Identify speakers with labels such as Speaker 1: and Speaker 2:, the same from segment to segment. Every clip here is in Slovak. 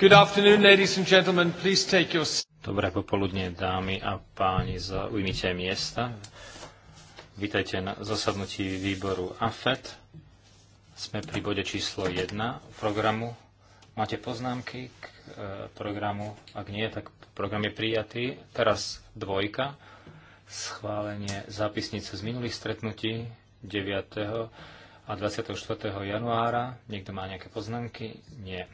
Speaker 1: Good afternoon, ladies and gentlemen. Please take your... Dobré popoludne, dámy a páni, zaujmite miesta. Vítajte na zasadnutí výboru AFET. Sme pri bode číslo 1 programu. Máte poznámky k e, programu? Ak nie, tak program je prijatý. Teraz dvojka. Schválenie zápisnice z minulých stretnutí 9. a 24. januára. Niekto má nejaké poznámky? Nie.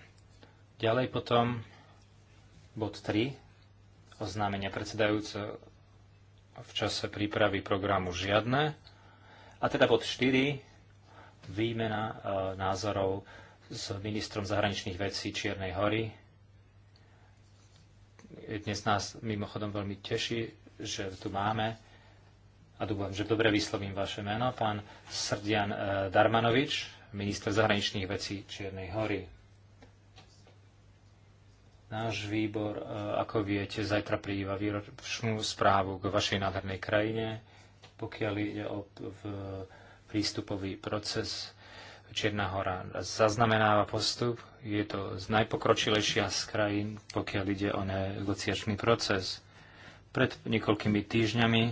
Speaker 1: Ďalej potom bod 3, oznámenia predsedajúceho v čase prípravy programu žiadne. A teda bod 4, výmena e, názorov s ministrom zahraničných vecí Čiernej hory. Dnes nás mimochodom veľmi teší, že tu máme a dúfam, že dobre vyslovím vaše meno, pán Srdian e, Darmanovič, minister zahraničných vecí Čiernej hory. Náš výbor, e, ako viete, zajtra príjima výročnú správu k vašej nádhernej krajine, pokiaľ ide o prístupový proces. Čierna hora zaznamenáva postup. Je to z najpokročilejšia z krajín, pokiaľ ide o negociačný proces. Pred niekoľkými týždňami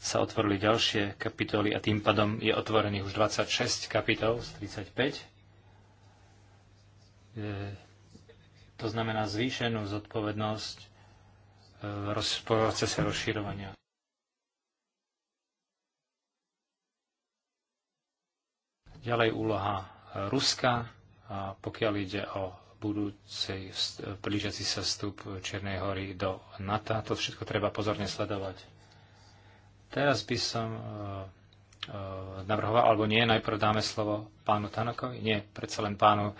Speaker 1: sa otvorili ďalšie kapitoly a tým pádom je otvorených už 26 kapitol z 35. E to znamená zvýšenú zodpovednosť v e, procese rozširovania. Ďalej úloha e, Ruska, a pokiaľ ide o budúcej e, blížiaci sa vstup Čiernej hory do NATO. To všetko treba pozorne sledovať. Teraz by som navrhoval, alebo nie, najprv dáme slovo pánu Tanokovi, nie, predsa len pánu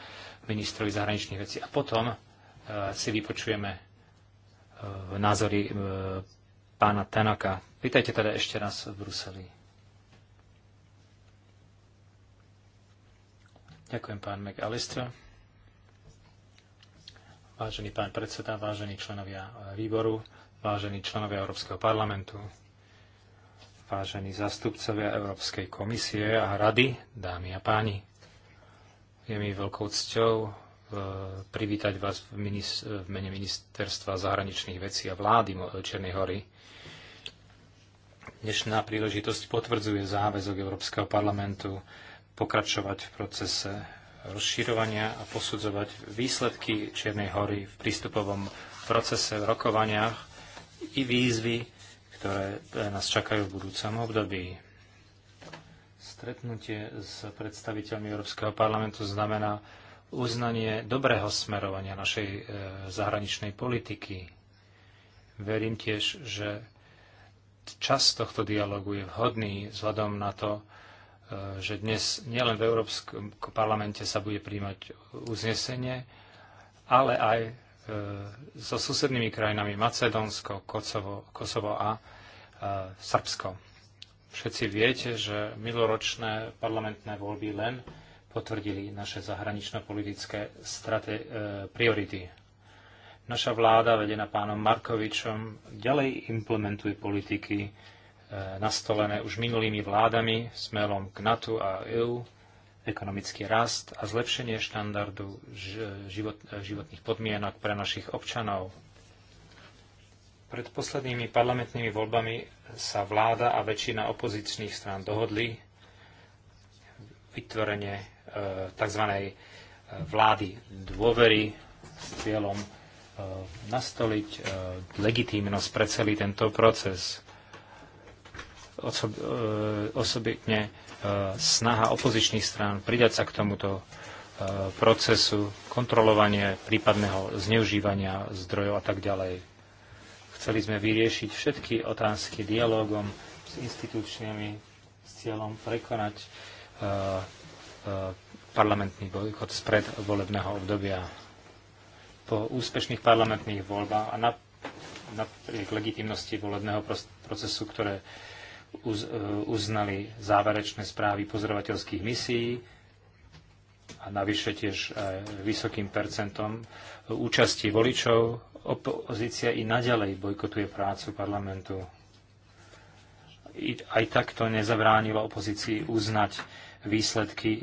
Speaker 1: ministrovi zahraničných vecí a potom si vypočujeme e, názory e, pána Tanaka. Pýtajte teda ešte raz v Bruseli. Ďakujem, pán McAllister. Vážený pán predseda, vážení členovia e, výboru, vážení členovia Európskeho parlamentu, vážení zastupcovia Európskej komisie a rady, dámy a páni. Je mi veľkou cťou E, privítať vás v, mene Ministerstva zahraničných vecí a vlády Černej hory. Dnešná príležitosť potvrdzuje záväzok Európskeho parlamentu pokračovať v procese rozširovania a posudzovať výsledky Čiernej hory v prístupovom procese v rokovaniach i výzvy, ktoré nás čakajú v budúcom období. Stretnutie s predstaviteľmi Európskeho parlamentu znamená uznanie dobrého smerovania našej e, zahraničnej politiky. Verím tiež, že čas tohto dialogu je vhodný vzhľadom na to, e, že dnes nielen v Európskom parlamente sa bude príjmať uznesenie, ale aj e, so susednými krajinami Macedónsko, Kosovo, Kosovo a Srbsko. Všetci viete, že miloročné parlamentné voľby len potvrdili naše zahranično-politické strate, e, priority. Naša vláda, vedená pánom Markovičom, ďalej implementuje politiky e, nastolené už minulými vládami smerom k NATO a EU, ekonomický rast a zlepšenie štandardu život, e, životných podmienok pre našich občanov. Pred poslednými parlamentnými voľbami sa vláda a väčšina opozičných strán dohodli vytvorenie Eh, tzv. Eh, vlády dôvery s cieľom eh, nastoliť legitímnosť pre celý tento proces. Osob, osobitne snaha opozičných strán pridať sa k tomuto procesu, kontrolovanie prípadného zneužívania zdrojov a tak ďalej. Chceli sme vyriešiť všetky otázky dialogom s inštitúciami s cieľom prekonať E, parlamentný bojkot z predvolebného obdobia. Po úspešných parlamentných voľbách a napriek legitimnosti volebného procesu, ktoré uz, e, uznali záverečné správy pozorovateľských misií a navyše tiež e, vysokým percentom účasti voličov, opozícia i naďalej bojkotuje prácu parlamentu. I, aj tak to nezabránilo opozícii uznať výsledky e,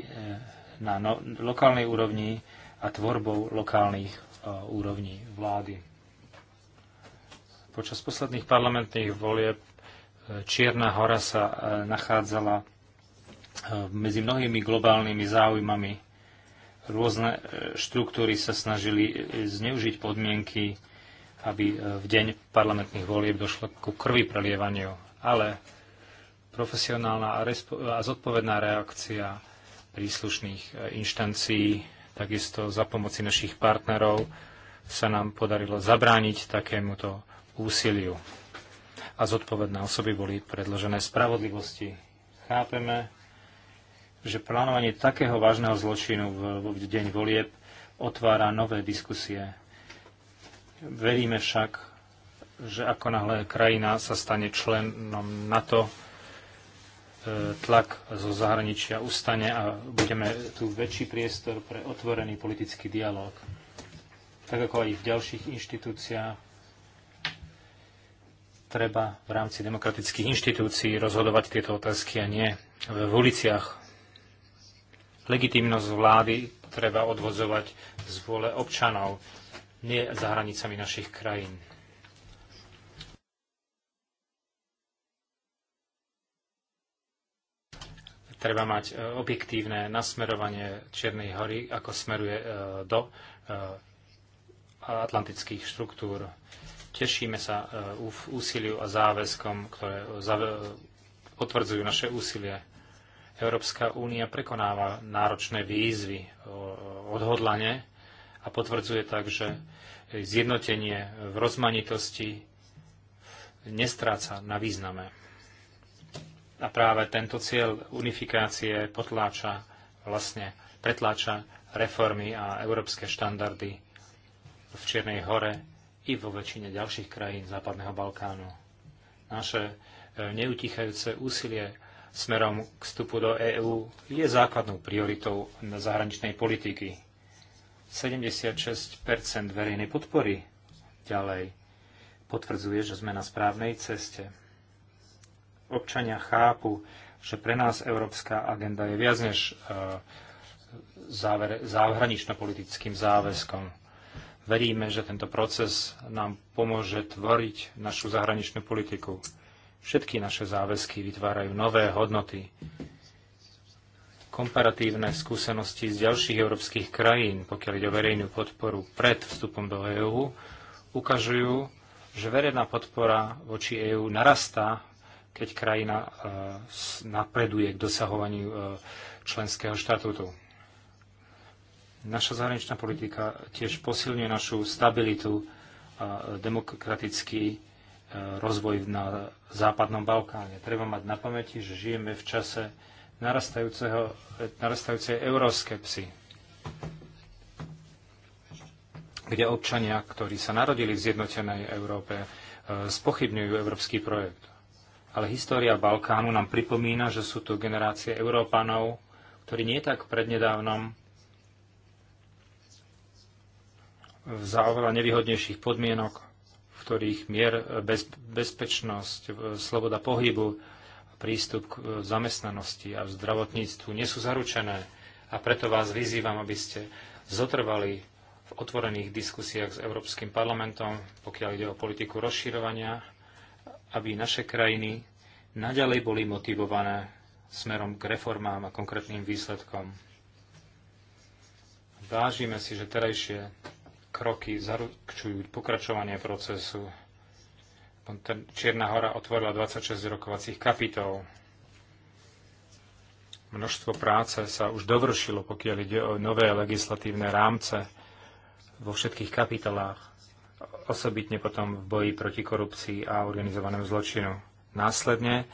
Speaker 1: na no, lokálnej úrovni a tvorbou lokálnych e, úrovní vlády. Počas posledných parlamentných volieb e, Čierna hora sa nachádzala medzi mnohými globálnymi záujmami. Rôzne štruktúry sa snažili zneužiť podmienky, aby v deň parlamentných volieb došlo ku krvi prelievaniu. Ale profesionálna a zodpovedná reakcia príslušných e, inštancií, takisto za pomoci našich partnerov sa nám podarilo zabrániť takémuto úsiliu. A zodpovedné osoby boli predložené spravodlivosti. Chápeme, že plánovanie takého vážneho zločinu v, deň volieb otvára nové diskusie. Veríme však, že ako náhle krajina sa stane členom NATO, E, tlak zo zahraničia ustane a budeme tu väčší priestor pre otvorený politický dialog. Tak ako aj v ďalších inštitúciách, treba v rámci demokratických inštitúcií rozhodovať tieto otázky a nie v uliciach. Legitímnosť vlády treba odvozovať z vôle občanov, nie za hranicami našich krajín. Treba mať e, objektívne nasmerovanie Čiernej hory, ako smeruje e, do e, atlantických štruktúr. Tešíme sa úsiliu a záväzkom, ktoré potvrdzujú naše úsilie. Európska únia prekonáva náročné výzvy odhodlane a potvrdzuje tak, že zjednotenie v rozmanitosti nestráca na význame. A práve tento cieľ unifikácie potláča, vlastne pretláča reformy a európske štandardy v Čiernej hore i vo väčšine ďalších krajín Západného Balkánu. Naše e, neutichajúce úsilie smerom k vstupu do EÚ je základnou prioritou zahraničnej politiky. 76 verejnej podpory ďalej potvrdzuje, že sme na správnej ceste občania chápu, že pre nás európska agenda je viac než e, záver, zahranično-politickým záväzkom. Veríme, že tento proces nám pomôže tvoriť našu zahraničnú politiku. Všetky naše záväzky vytvárajú nové hodnoty. Komparatívne skúsenosti z ďalších európskych krajín, pokiaľ ide o verejnú podporu pred vstupom do EÚ, ukazujú, že verejná podpora voči EÚ narastá keď krajina e, napreduje k dosahovaniu e, členského štatútu. Naša zahraničná politika tiež posilňuje našu stabilitu a demokratický e, rozvoj na západnom Balkáne. Treba mať na pamäti, že žijeme v čase narastajúcej euroskepsy, kde občania, ktorí sa narodili v zjednotenej Európe, spochybňujú európsky projekt ale história Balkánu nám pripomína, že sú tu generácie Európanov, ktorí nie tak prednedávnom za oveľa nevýhodnejších podmienok, v ktorých mier, bez, bezpečnosť, sloboda pohybu, prístup k zamestnanosti a zdravotníctvu nie sú zaručené. A preto vás vyzývam, aby ste zotrvali v otvorených diskusiách s Európskym parlamentom, pokiaľ ide o politiku rozširovania aby naše krajiny naďalej boli motivované smerom k reformám a konkrétnym výsledkom. Vážime si, že terajšie kroky zaručujú pokračovanie procesu. Čierna hora otvorila 26 rokovacích kapitol. Množstvo práce sa už dovršilo, pokiaľ ide o nové legislatívne rámce vo všetkých kapitolách osobitne potom v boji proti korupcii a organizovanému zločinu. Následne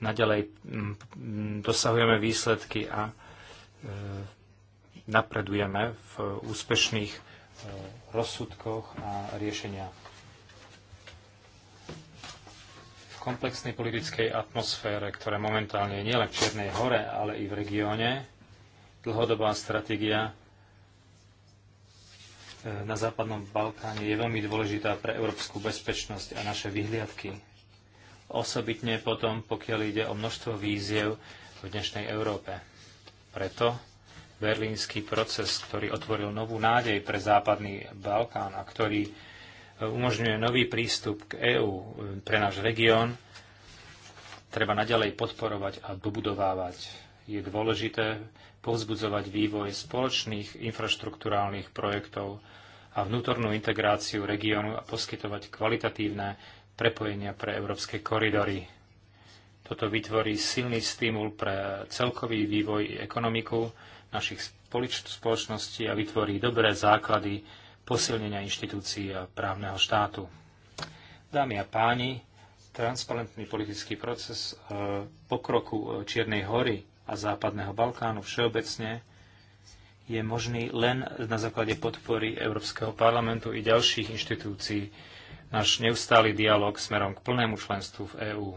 Speaker 1: naďalej mm, mm, dosahujeme výsledky a e, napredujeme v úspešných e, rozsudkoch a riešenia. V komplexnej politickej atmosfére, ktorá momentálne je nielen v Čiernej hore, ale i v regióne, dlhodobá stratégia na Západnom Balkáne je veľmi dôležitá pre európsku bezpečnosť a naše vyhliadky. Osobitne potom, pokiaľ ide o množstvo víziev v dnešnej Európe. Preto berlínsky proces, ktorý otvoril novú nádej pre Západný Balkán a ktorý e, umožňuje nový prístup k EÚ e, pre náš región, treba naďalej podporovať a dobudovávať. Je dôležité povzbudzovať vývoj spoločných infraštruktúrálnych projektov a vnútornú integráciu regiónu a poskytovať kvalitatívne prepojenia pre európske koridory. Toto vytvorí silný stimul pre celkový vývoj i ekonomiku našich spoločností a vytvorí dobré základy posilnenia inštitúcií a právneho štátu. Dámy a páni, transparentný politický proces e, pokroku e, Čiernej hory a Západného Balkánu všeobecne je možný len na základe podpory Európskeho parlamentu i ďalších inštitúcií náš neustály dialog smerom k plnému členstvu v EÚ.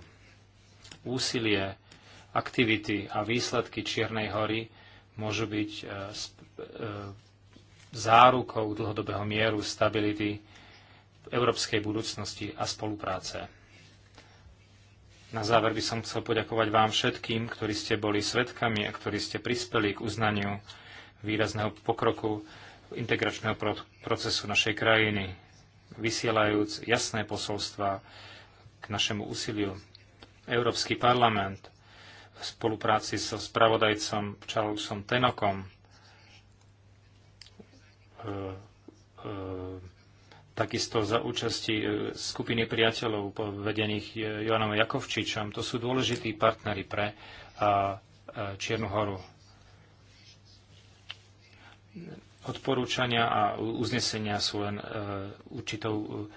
Speaker 1: Úsilie, aktivity a výsledky Čiernej hory môžu byť e, e, zárukou dlhodobého mieru, stability, európskej budúcnosti a spolupráce. Na záver by som chcel poďakovať vám všetkým, ktorí ste boli svetkami a ktorí ste prispeli k uznaniu výrazného pokroku integračného procesu našej krajiny, vysielajúc jasné posolstva k našemu úsiliu. Európsky parlament v spolupráci so spravodajcom Charlesom Tenokom e, e, takisto za účasti e, skupiny priateľov vedených e, Joanom Jakovčičom. To sú dôležití partnery pre e, Čiernu horu. Odporúčania a uznesenia sú len určitou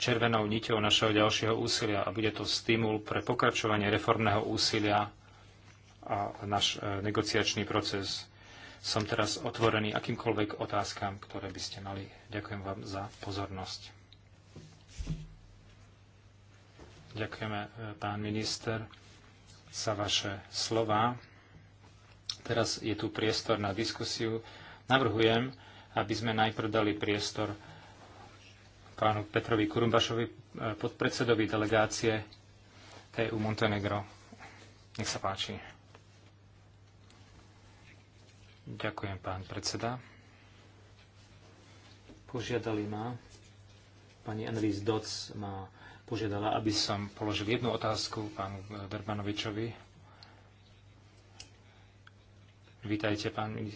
Speaker 1: červenou niťou našeho ďalšieho úsilia a bude to stimul pre pokračovanie reformného úsilia a náš negociačný proces som teraz otvorený akýmkoľvek otázkam, ktoré by ste mali. Ďakujem vám za pozornosť. Ďakujeme, e, pán minister, za vaše slova. Teraz je tu priestor na diskusiu. Navrhujem, aby sme najprv dali priestor pánu Petrovi Kurumbašovi, e, podpredsedovi delegácie TU Montenegro. Nech sa páči. Ďakujem, pán predseda. Požiadali ma, pani Enris Doc ma požiadala, aby som položil jednu otázku pánu Berbanovičovi. Vítajte, pán... E,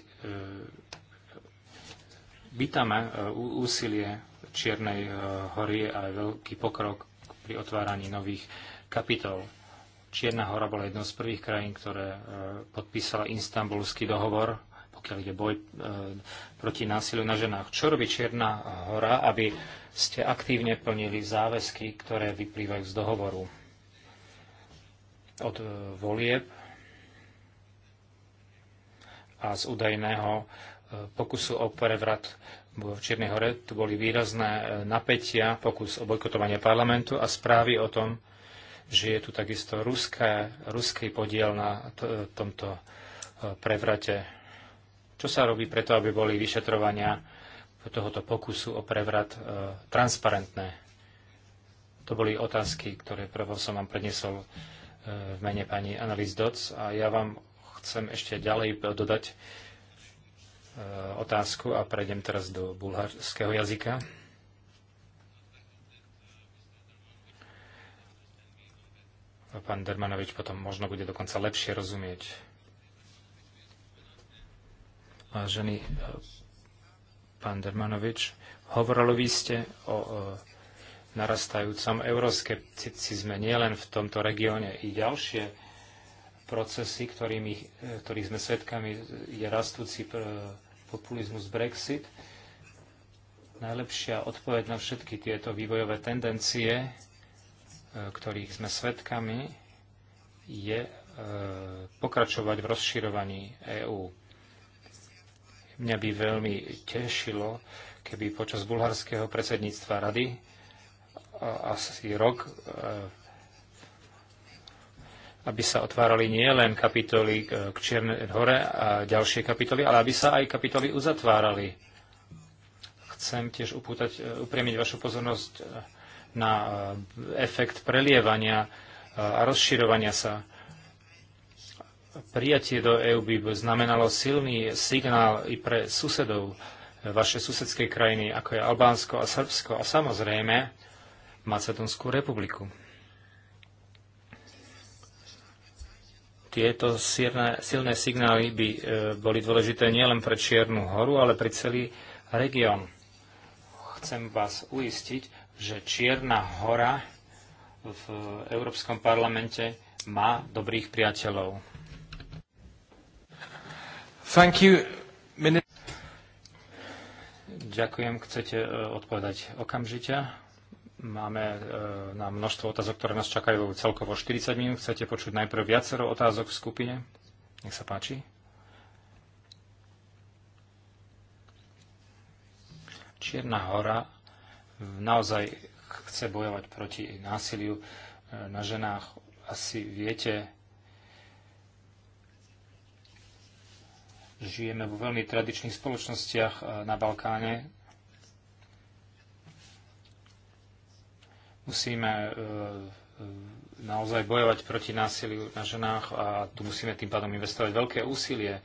Speaker 1: vítame e, úsilie Čiernej e, hory a veľký pokrok pri otváraní nových kapitol. Čierna hora bola jednou z prvých krajín, ktoré e, podpísala Istanbulský dohovor pokiaľ ide boj e, proti násiliu na ženách. Čo robí Čierna hora, aby ste aktívne plnili záväzky, ktoré vyplývajú z dohovoru od e, volieb a z údajného e, pokusu o prevrat v Čiernej hore. Tu boli výrazné napätia, pokus o bojkotovanie parlamentu a správy o tom, že je tu takisto ruské, ruský podiel na tomto prevrate. Čo sa robí preto, aby boli vyšetrovania tohoto pokusu o prevrat e, transparentné? To boli otázky, ktoré prvo som vám prednesol e, v mene pani Annalise Doc a ja vám chcem ešte ďalej dodať e, otázku a prejdem teraz do bulharského jazyka. pán Dermanovič potom možno bude dokonca lepšie rozumieť vážený e, pán Dermanovič. Hovorili vy ste o e, narastajúcom euroskepticizme nielen v tomto regióne i ďalšie procesy, ktorými, e, ktorých sme svedkami, je rastúci populizmus Brexit. Najlepšia odpoveď na všetky tieto vývojové tendencie, ktorých sme svedkami, je pokračovať v rozširovaní EÚ. Mňa by veľmi tešilo, keby počas bulharského predsedníctva rady asi rok, e, aby sa otvárali nie len kapitoly k Čiernej hore a ďalšie kapitoly, ale aby sa aj kapitoly uzatvárali. Chcem tiež upútať, e, upriemiť vašu pozornosť e, na efekt prelievania a rozširovania sa prijatie do EÚ by znamenalo silný signál i pre susedov e, vaše susedské krajiny, ako je Albánsko a Srbsko a samozrejme Macedónskú republiku. Tieto silné, silné signály by e, boli dôležité nielen pre Čiernu horu, ale pre celý región. Chcem vás uistiť, že Čierna hora v Európskom parlamente má dobrých priateľov. Thank you. Ďakujem. Chcete e, odpovedať okamžite? Máme e, na množstvo otázok, ktoré nás čakajú celkovo 40 minút. Chcete počuť najprv viacero otázok v skupine? Nech sa páči. Čierna hora naozaj chce bojovať proti násiliu e, na ženách. Asi viete, Žijeme vo veľmi tradičných spoločnostiach e, na Balkáne. Musíme e, e, naozaj bojovať proti násiliu na ženách a tu musíme tým pádom investovať veľké úsilie.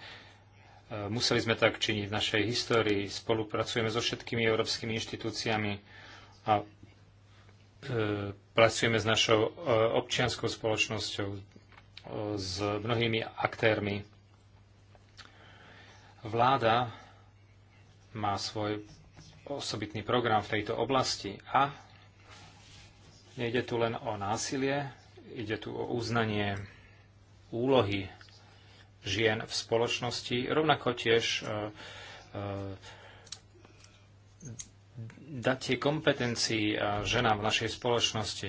Speaker 1: Museli sme tak činiť v našej histórii. Spolupracujeme so všetkými európskymi inštitúciami a pracujeme s našou občianskou spoločnosťou, s mnohými aktérmi. Vláda má svoj osobitný program v tejto oblasti a nejde tu len o násilie, ide tu o uznanie úlohy žien v spoločnosti, rovnako tiež e, e, dať tie kompetencii e, ženám v našej spoločnosti.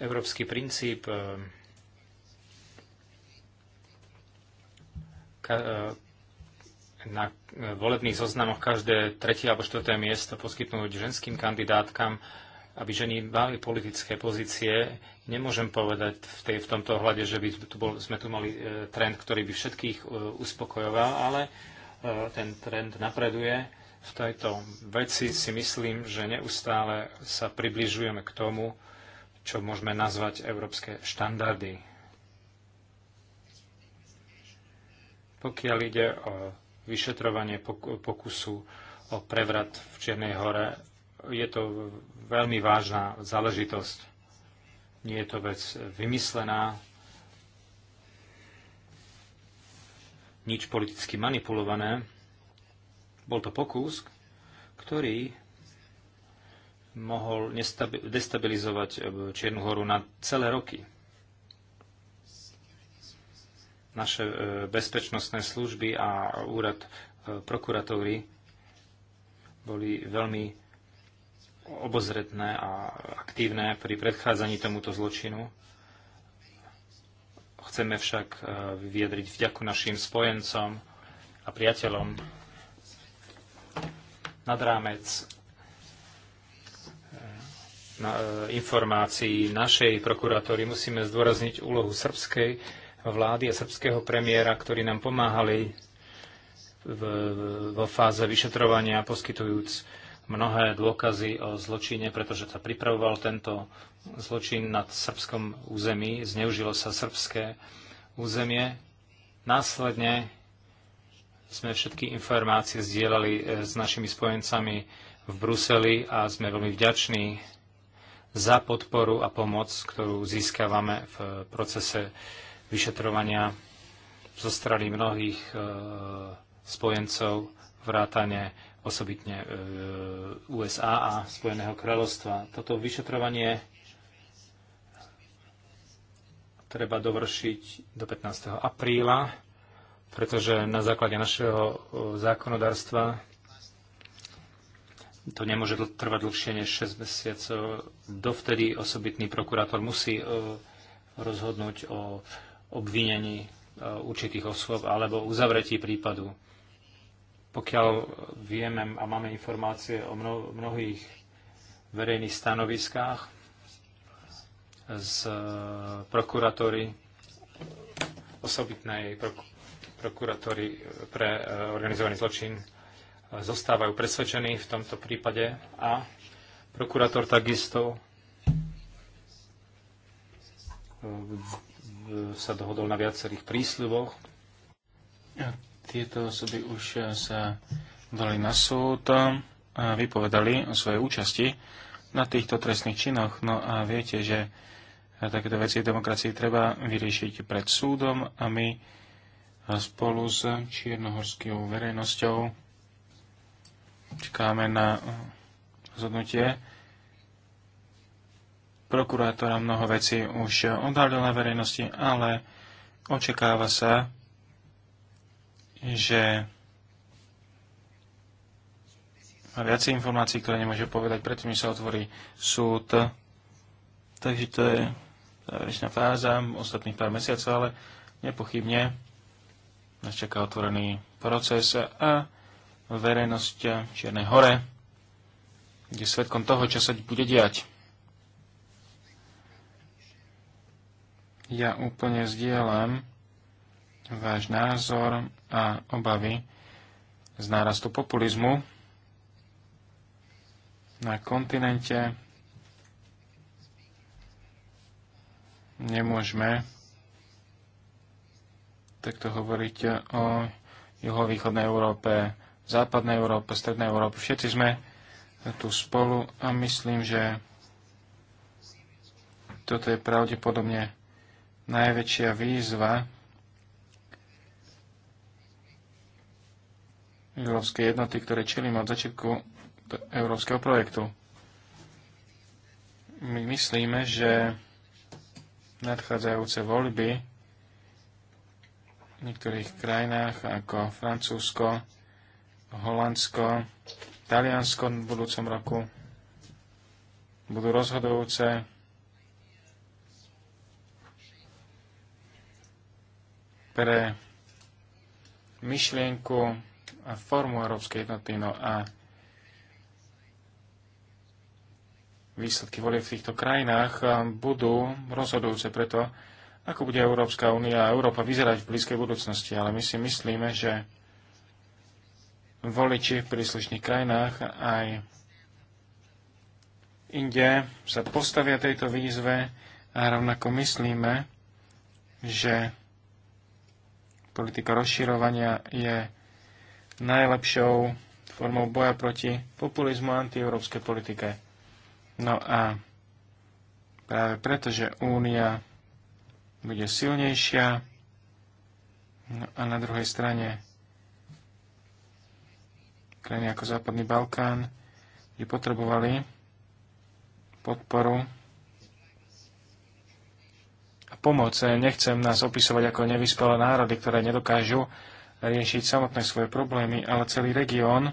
Speaker 1: Európsky princíp E, na volebných zoznamoch každé tretie alebo štvrté miesto poskytnúť ženským kandidátkam, aby ženy mali politické pozície. Nemôžem povedať v, tej, v tomto ohľade, že by tu bol, sme tu mali e, trend, ktorý by všetkých e, uspokojoval, ale ten trend napreduje. V tejto veci si myslím, že neustále sa približujeme k tomu, čo môžeme nazvať európske štandardy. Pokiaľ ide o vyšetrovanie pokusu o prevrat v Čiernej hore, je to veľmi vážna záležitosť. Nie je to vec vymyslená, nič politicky manipulované. Bol to pokus, ktorý mohol destabilizovať Čiernu horu na celé roky naše e, bezpečnostné služby a úrad e, prokuratóry boli veľmi obozretné a aktívne pri predchádzaní tomuto zločinu. Chceme však e, vyjadriť vďaku našim spojencom a priateľom nad rámec informácií našej prokuratóry musíme zdôrazniť úlohu srbskej vlády a srbského premiéra, ktorí nám pomáhali v, vo fáze vyšetrovania, poskytujúc mnohé dôkazy o zločine, pretože sa pripravoval tento zločin nad srbskom území, zneužilo sa srbské územie. Následne sme všetky informácie zdieľali eh, s našimi spojencami v Bruseli a sme veľmi vďační za podporu a pomoc, ktorú získavame v procese vyšetrovania zo strany mnohých e, spojencov, vrátane osobitne e, USA a Spojeného kráľovstva. Toto vyšetrovanie treba dovršiť do 15. apríla, pretože na základe našeho e, zákonodárstva to nemôže trvať dlhšie než 6 mesiacov. Dovtedy osobitný prokurátor musí rozhodnúť o obvinení e, určitých osôb alebo uzavretí prípadu. Pokiaľ vieme a máme informácie o mnohých verejných stanoviskách z e, prokuratóry, osobitnej prokuratóry pre e, organizovaný zločin, zostávajú presvedčení v tomto prípade a prokurátor takisto E, sa dohodol na viacerých prísľuboch.
Speaker 2: Tieto osoby už e, sa dali na súd a vypovedali o svojej účasti na týchto trestných činoch. No a viete, že takéto veci v demokracii treba vyriešiť pred súdom a my spolu s čiernohorskou verejnosťou čakáme na e, rozhodnutie prokurátora mnoho vecí už odhalil na verejnosti, ale očakáva sa, že má viacej informácií, ktoré nemôže povedať, predtým sa otvorí súd. Takže to je záverečná fáza ostatných pár mesiacov, ale nepochybne nás čaká otvorený proces a verejnosť v Čiernej hore kde svetkom toho, čo sa bude diať. Ja úplne zdieľam váš názor a obavy z nárastu populizmu na kontinente. Nemôžeme takto hovoriť o juhovýchodnej Európe, západnej Európe, strednej Európe. Všetci sme tu spolu a myslím, že toto je pravdepodobne najväčšia výzva európskej jednoty, ktoré čelím od začiatku európskeho projektu. My myslíme, že nadchádzajúce voľby v niektorých krajinách ako Francúzsko, Holandsko, Taliansko v budúcom roku budú rozhodujúce pre myšlienku a formu Európskej jednoty. No a výsledky volie v týchto krajinách eh, budú rozhodujúce preto, ako bude Európska únia a Európa vyzerať v blízkej budúcnosti. Ale my si myslíme, že voliči v príslušných krajinách aj inde sa postavia tejto výzve a rovnako myslíme, že politika rozširovania je najlepšou formou boja proti populizmu a antieurópskej politike. No a práve preto, že Únia bude silnejšia no a na druhej strane krajiny ako Západný Balkán by potrebovali podporu pomoc. Nechcem nás opisovať ako nevyspelé národy, ktoré nedokážu riešiť samotné svoje problémy, ale celý región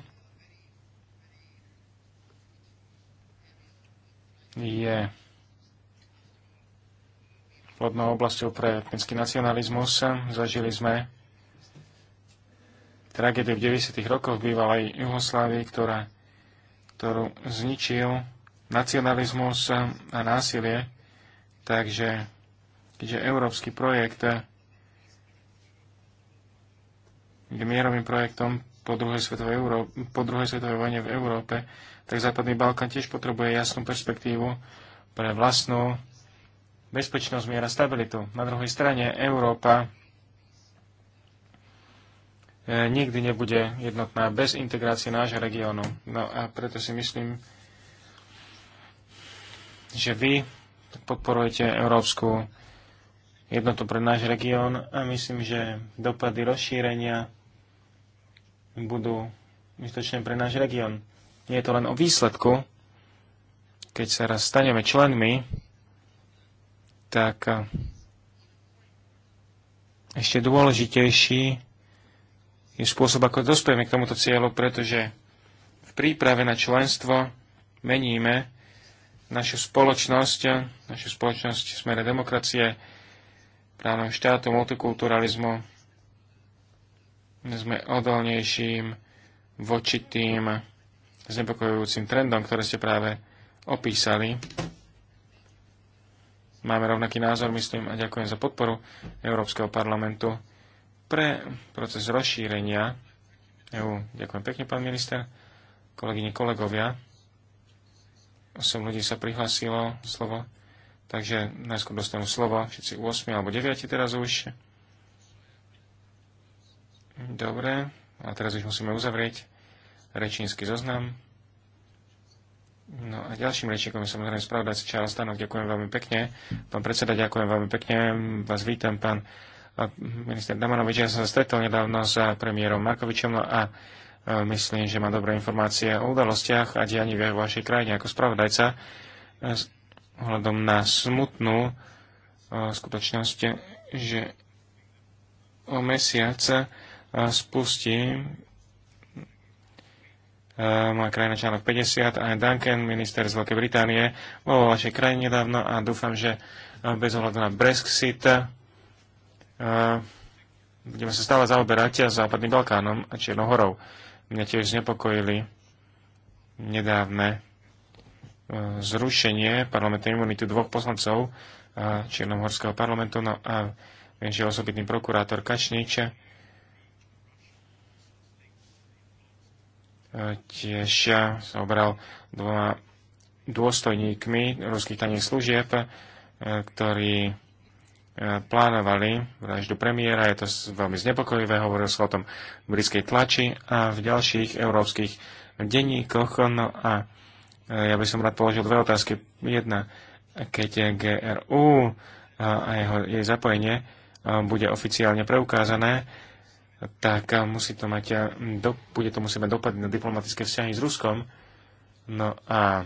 Speaker 2: je plodnou oblasťou pre etnický nacionalizmus. Zažili sme tragédiu v 90. rokoch v bývalej Juhoslávii, ktorá, ktorú zničil nacionalizmus a násilie. Takže keďže európsky projekt je mierovým projektom po druhej, svetovej Euró- po druhej svetovej vojne v Európe, tak Západný Balkán tiež potrebuje jasnú perspektívu pre vlastnú bezpečnosť, miera, stabilitu. Na druhej strane Európa e, nikdy nebude jednotná bez integrácie nášho regiónu. No a preto si myslím, že vy podporujete európsku jednotu pre náš región a myslím, že dopady rozšírenia budú užitočné pre náš región. Nie je to len o výsledku, keď sa raz staneme členmi, tak eh, ešte dôležitejší je spôsob, ako dospieme k tomuto cieľu, pretože v príprave na členstvo meníme našu spoločnosť, eh, našu spoločnosť smere demokracie, právneho štátu, multikulturalizmu. Sme odolnejším voči tým znepokojujúcim trendom, ktoré ste práve opísali. Máme rovnaký názor, myslím, a ďakujem za podporu Európskeho parlamentu pre proces rozšírenia EU. Ďakujem pekne, pán minister, kolegyne, kolegovia. 8 ľudí sa prihlásilo slovo. Takže najskôr dostanú slovo všetci 8 alebo 9 teraz už. Dobre, a teraz už musíme uzavrieť rečínsky zoznam. No a ďalším rečníkom je samozrejme spravodajca Charles Stanov. Ďakujem veľmi pekne. Pán predseda, ďakujem veľmi pekne. Vás vítam, pán minister Damanovič. Ja som sa stretol nedávno s premiérom Markovičom a myslím, že má dobré informácie o udalostiach a dianí v vašej krajine ako spravodajca hľadom na smutnú eh, skutočnosť, že o mesiac eh, spustí eh, moja krajina článok 50 a Duncan, minister z Veľkej Británie, bol vo vašej krajine nedávno a dúfam, že bez ohľadu na Brexit budeme sa stále zaoberať Západným Balkánom a Čiernohorou. Mňa tiež znepokojili nedávne zrušenie parlamentnej imunity dvoch poslancov Čiernomorského parlamentu no a viem, že osobitný prokurátor Kačnič tiež sa obral dvoma dôstojníkmi ruských tajných služieb, ktorí plánovali vraždu premiéra. Je to veľmi znepokojivé, hovoril sa o tom v britskej tlači a v ďalších európskych denníkoch. No a ja by som rád položil dve otázky. Jedna, keď GRU a jeho, jej zapojenie bude oficiálne preukázané, tak musí to mať, do, bude to musieť mať dopad na diplomatické vzťahy s Ruskom. No a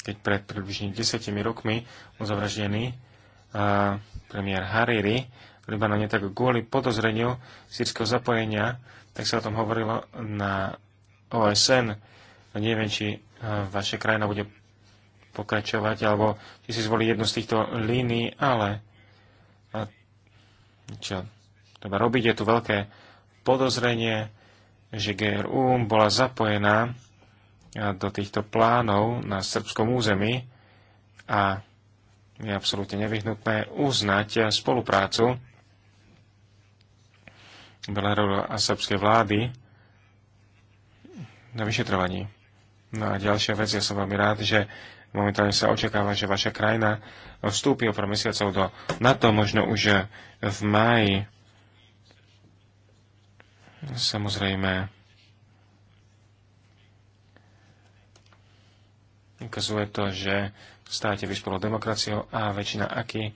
Speaker 2: keď pred približne desiatimi rokmi uzavraždený a, premiér Hariri v Libanone, tak kvôli podozreniu sírskeho zapojenia, tak sa o tom hovorilo na OSN neviem, či vaša krajina bude pokračovať, alebo či si zvolí jednu z týchto línií, ale čo treba robiť, je tu veľké podozrenie, že GRU bola zapojená do týchto plánov na srbskom území a je absolútne nevyhnutné uznať spoluprácu Belarusu a srbskej vlády na vyšetrovaní. No a ďalšia vec, ja som veľmi rád, že momentálne sa očakáva, že vaša krajina vstúpi o pár mesiacov do NATO, možno už eh, v máji. Samozrejme, ukazuje to, že státe vyspolo demokraciou a väčšina aký eh,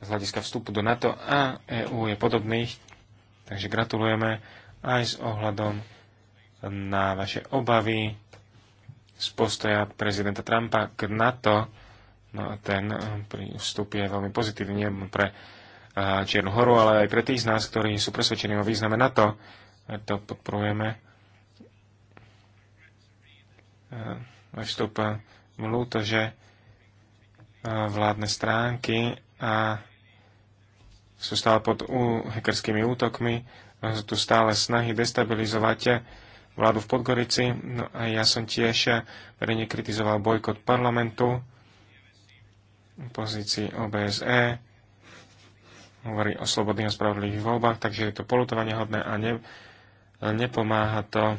Speaker 2: z hľadiska vstupu do NATO a EÚ je podobných. Takže gratulujeme aj s ohľadom na vaše obavy z postoja prezidenta Trumpa k NATO. No a ten eh, vstup je veľmi pozitívny pre eh, Čiernu horu, ale aj pre tých z nás, ktorí sú presvedčení o význame NATO. To podporujeme. Eh, vstup ľúto, že vládne stránky a sú stále pod hackerskými útokmi, sú tu stále snahy destabilizovať vládu v Podgorici. No a ja som tiež verejne kritizoval bojkot parlamentu pozícii OBSE. Hovorí o slobodných a spravodlivých voľbách, takže je to polutovanie hodné a ne, nepomáha to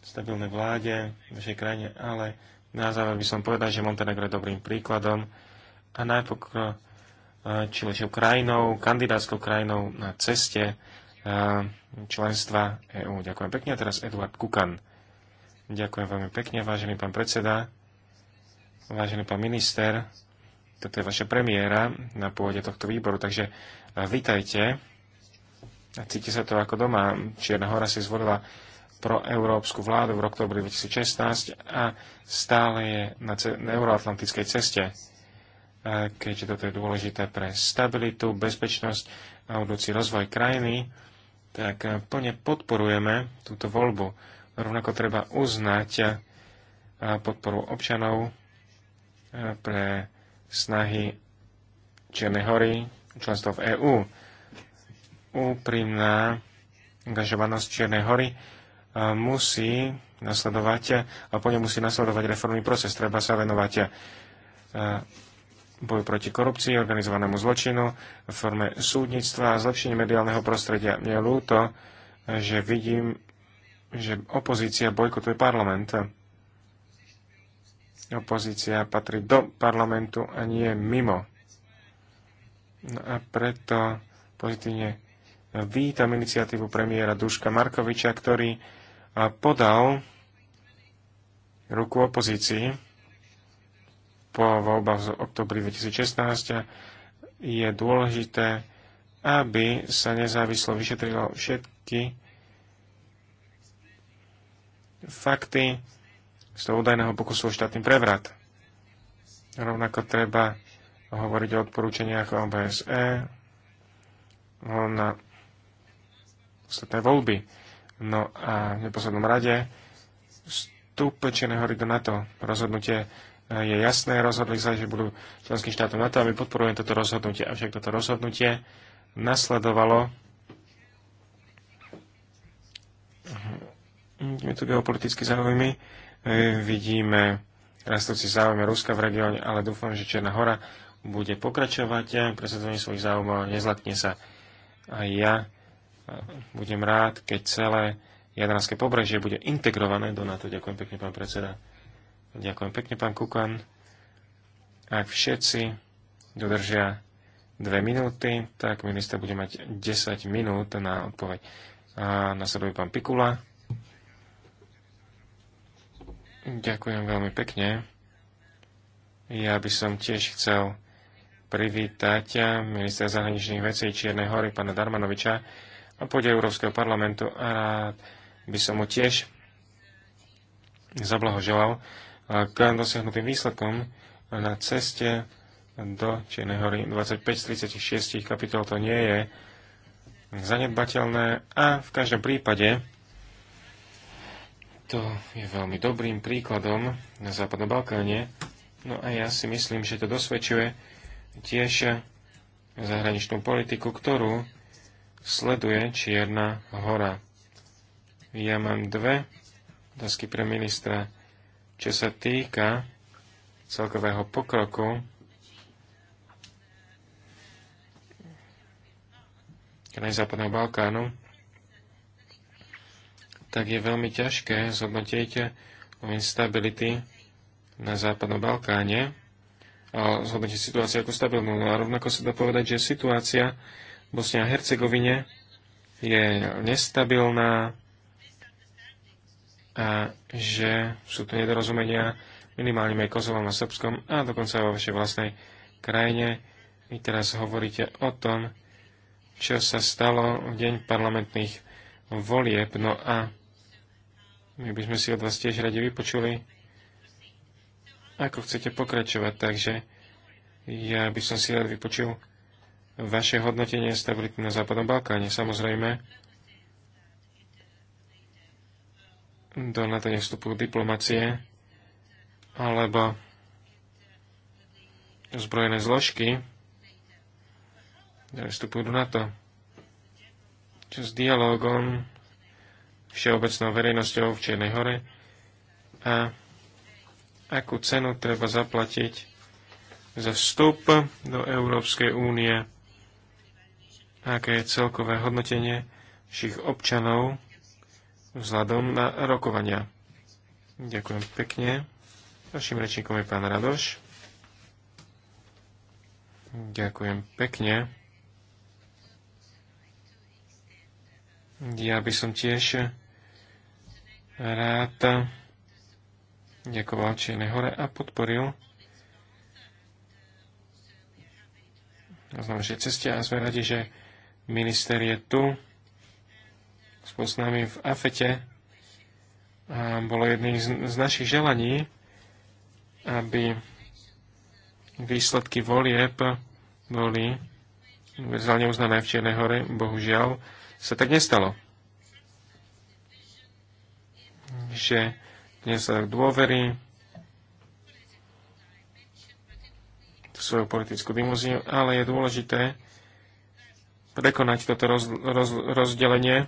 Speaker 2: stabilnej vláde v našej krajine, ale na záver by som povedal, že Montenegro je dobrým príkladom a najpokročilejšou e, krajinou, kandidátskou krajinou na ceste Eh, členstva EÚ. Ďakujem pekne. A teraz Eduard Kukan. Ďakujem veľmi pekne, vážený pán predseda, vážený pán minister. Toto je vaša premiéra na pôde tohto výboru, takže eh, vítajte. Cíti sa to ako doma. Čierna hora si zvolila pro európsku vládu v oktobri 2016 a stále je na, na euroatlantickej ceste. Eh, keďže toto je dôležité pre stabilitu, bezpečnosť a budúci rozvoj krajiny, tak eh, plne podporujeme túto voľbu. Rovnako treba uznať eh, podporu občanov eh, pre snahy Čiernej hory, členstvo v EÚ. Úprimná angažovanosť Čiernej hory musí nasledovať, a po ňom musí nasledovať reformný proces. Treba sa venovať boju proti korupcii, organizovanému zločinu, v forme súdnictva a zlepšenie mediálneho prostredia. Mne je ľúto, že vidím, že opozícia bojkotuje parlament. Opozícia patrí do parlamentu a nie mimo. No a preto pozitívne vítam iniciatívu premiéra Duška Markoviča, ktorý podal ruku opozícii po voľbách z oktobri 2016 je dôležité, aby sa nezávislo vyšetrilo všetky fakty z toho údajného pokusu o štátny prevrat. Rovnako treba hovoriť o odporúčaniach OBSE na ostatné voľby. No a v neposlednom rade vstup Čiernej hory do NATO rozhodnutie je jasné, rozhodli sa, že budú členským štátom na to a my podporujeme toto rozhodnutie. Avšak toto rozhodnutie nasledovalo my tu geopoliticky záujmy, e, vidíme rastúci záujme Ruska v regióne, ale dúfam, že Černá hora bude pokračovať v svojich záujmov a nezlatne sa. A ja e, budem rád, keď celé Jadranské pobrežie bude integrované do NATO. Ďakujem pekne, pán predseda. Ďakujem pekne, pán Kukan. Ak všetci dodržia dve minúty, tak minister bude mať 10 minút na odpoveď. A nasleduje pán Pikula. Ďakujem veľmi pekne. Ja by som tiež chcel privítať ministra zahraničných vecí Čiernej hory, pána Darmanoviča, a pôde Európskeho parlamentu a rád by som mu tiež zablahoželal k dosiahnutým výsledkom na ceste do Čiernej hory 25 z 36 kapitol to nie je zanedbateľné a v každom prípade to je veľmi dobrým príkladom na Západnom Balkáne. No a ja si myslím, že to dosvedčuje tiež zahraničnú politiku, ktorú sleduje Čierna hora. Ja mám dve otázky pre ministra čo sa týka celkového pokroku, krajín Západného Balkánu, tak je veľmi ťažké zhodnotiť o instability na Západnom Balkáne a zhodnotiť situáciu ako stabilnú. No a rovnako sa dá povedať, že situácia v Bosne a Hercegovine je nestabilná, a že sú tu nedorozumenia minimálne aj Kosovom a Srbskom a dokonca aj vo vašej vlastnej krajine. Vy teraz hovoríte o tom, čo sa stalo v deň parlamentných volieb. No a my by sme si od vás tiež radi vypočuli, ako chcete pokračovať. Takže ja by som si rád vypočul vaše hodnotenie stability na Západnom Balkáne. Samozrejme, do NATO nestupu diplomacie alebo zbrojené zložky vstupujú do NATO. Čo s dialogom, všeobecnou verejnosťou v Čiernej hore a akú cenu treba zaplatiť za vstup do Európskej únie, aké je celkové hodnotenie všich občanov vzhľadom na rokovania. Ďakujem pekne. Našim rečníkom je pán Radoš. Ďakujem pekne. Ja by som tiež rád ďakoval Čiernej hore a podporil na znamenšej ceste a sme radi, že minister je tu spolu s nami v AFETE a bolo jedným z, z našich želaní, aby výsledky volieb boli univerzálne uznané v Čiernej hore. Bohužiaľ sa tak nestalo. Že dnes dôvery v svoju politickú dimuziu, ale je dôležité prekonať toto roz, roz, rozdelenie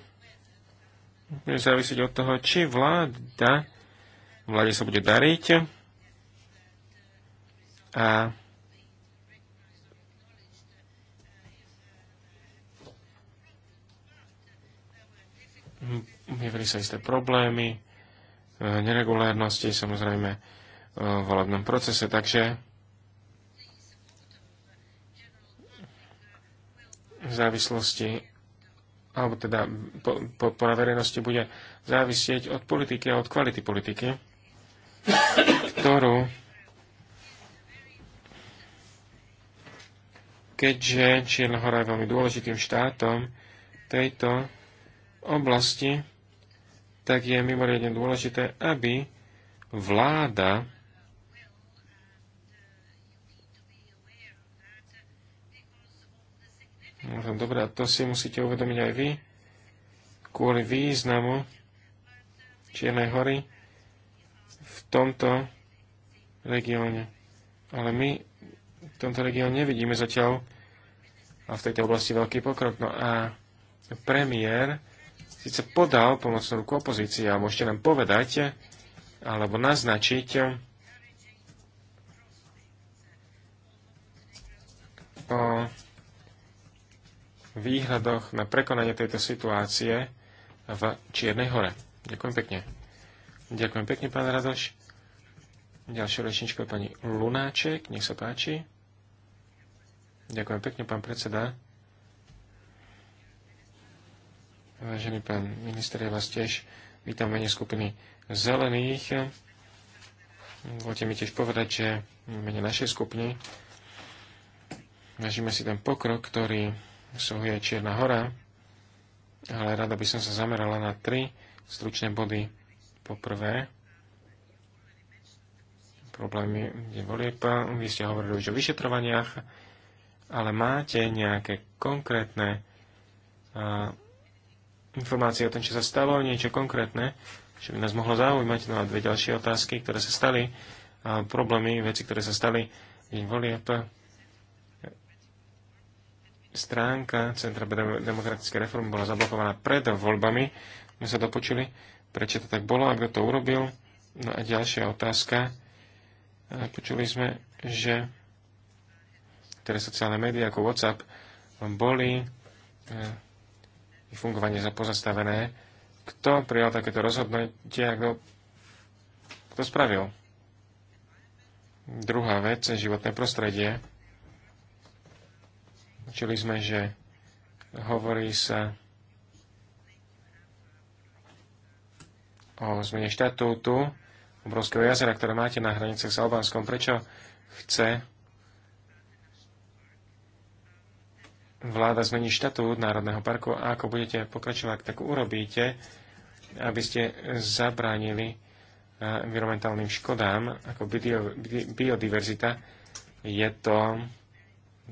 Speaker 2: bude závisieť od toho, či vláda, vláde sa bude dariť a objavili sa isté problémy, e, neregulárnosti samozrejme e, v volebnom procese, takže v závislosti alebo teda podpora verejnosti bude závisieť od politiky a od kvality politiky, ktorú keďže Čierna hora je veľmi dôležitým štátom tejto oblasti, tak je mimoriadne dôležité, aby vláda Dobre, a to si musíte uvedomiť aj vy. Kvôli významu Čiernej hory v tomto regióne. Ale my v tomto regióne nevidíme zatiaľ a v tejto oblasti veľký pokrok. No a premiér síce podal pomocnú ruku opozícii a môžete nám povedať alebo naznačiť, výhľadoch na prekonanie tejto situácie v Čiernej hore. Ďakujem pekne. Ďakujem pekne, pán Radoš. Ďalšia rečnička je pani Lunáček, nech sa páči. Ďakujem pekne, pán predseda. Vážený pán minister, ja vás tiež vítam mene skupiny zelených. Dovolte mi tiež povedať, že v mene našej skupiny vážime si ten pokrok, ktorý obsahuje aj Čierna hora, ale rada by som sa zamerala na tri stručné body. Po prvé, problémy pán, vy ste hovorili už o vyšetrovaniach, ale máte nejaké konkrétne a, informácie o tom, čo sa stalo, niečo konkrétne, čo by nás mohlo zaujímať. No a dve ďalšie otázky, ktoré sa stali, a problémy, veci, ktoré sa stali deň volieb stránka Centra demokratické reformy bola zablokovaná pred voľbami. My sa dopočuli, prečo to tak bolo a kto to urobil. No a ďalšia otázka. E, počuli sme, že ktoré sociálne médiá ako WhatsApp boli e, ich fungovanie za pozastavené. Kto prijal takéto rozhodnutie a kto, kto spravil? Druhá vec, životné prostredie. Čili sme, že hovorí sa o zmene štatútu obrovského jazera, ktoré máte na hranicách s Albánskom. Prečo chce vláda zmeniť štatút Národného parku a ako budete pokračovať, tak urobíte, aby ste zabránili e, environmentálnym škodám, ako biodiverzita. Je to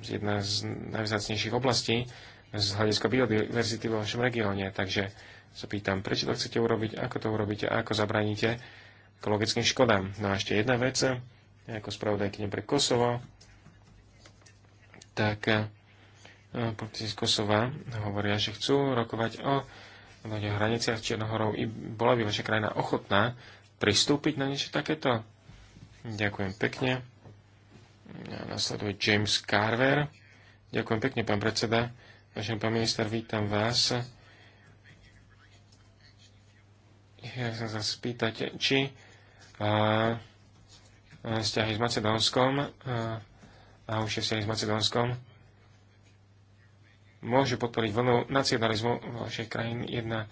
Speaker 2: jedna z najvzácnejších oblastí z hľadiska biodiverzity vo vašom regióne. Takže sa pýtam, prečo to chcete urobiť, ako to urobíte a ako zabraníte ekologickým škodám. No a ešte jedna vec, ako spravodajkyne pre Kosovo, tak eh, politici z Kosova hovoria, že chcú rokovať o dohode o hraniciach Černohorov. I bola by vaša krajina ochotná pristúpiť na niečo takéto? Ďakujem pekne. Nasleduje James Carver. Ďakujem pekne, pán predseda. Vážený pán minister, vítam vás. Ja sa sa spýtať, či a, a, vzťahy s Macedónskom a, a už vzťahy s Macedónskom môžu podporiť vlnu nacionalizmu v vašej krajín. Jedna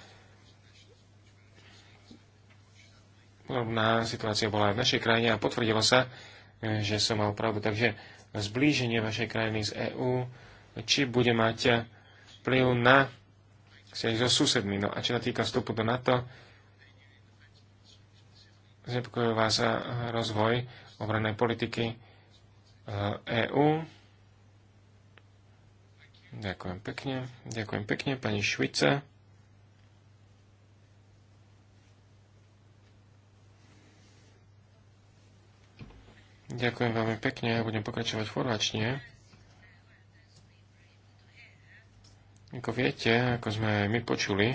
Speaker 2: podobná situácia bola aj v našej krajine a potvrdilo sa, že som mal pravdu. Takže zblíženie vašej krajiny z EÚ, či bude mať vplyv na vzťahy so susedmi. No a čo sa týka vstupu do NATO, znepokojuje vás eh, rozvoj obranej politiky EÚ. Eh, e Ďakujem pekne. Ďakujem pekne, pani Švica. Ďakujem veľmi pekne, ja budem pokračovať forvačne. Ako viete, ako sme my počuli,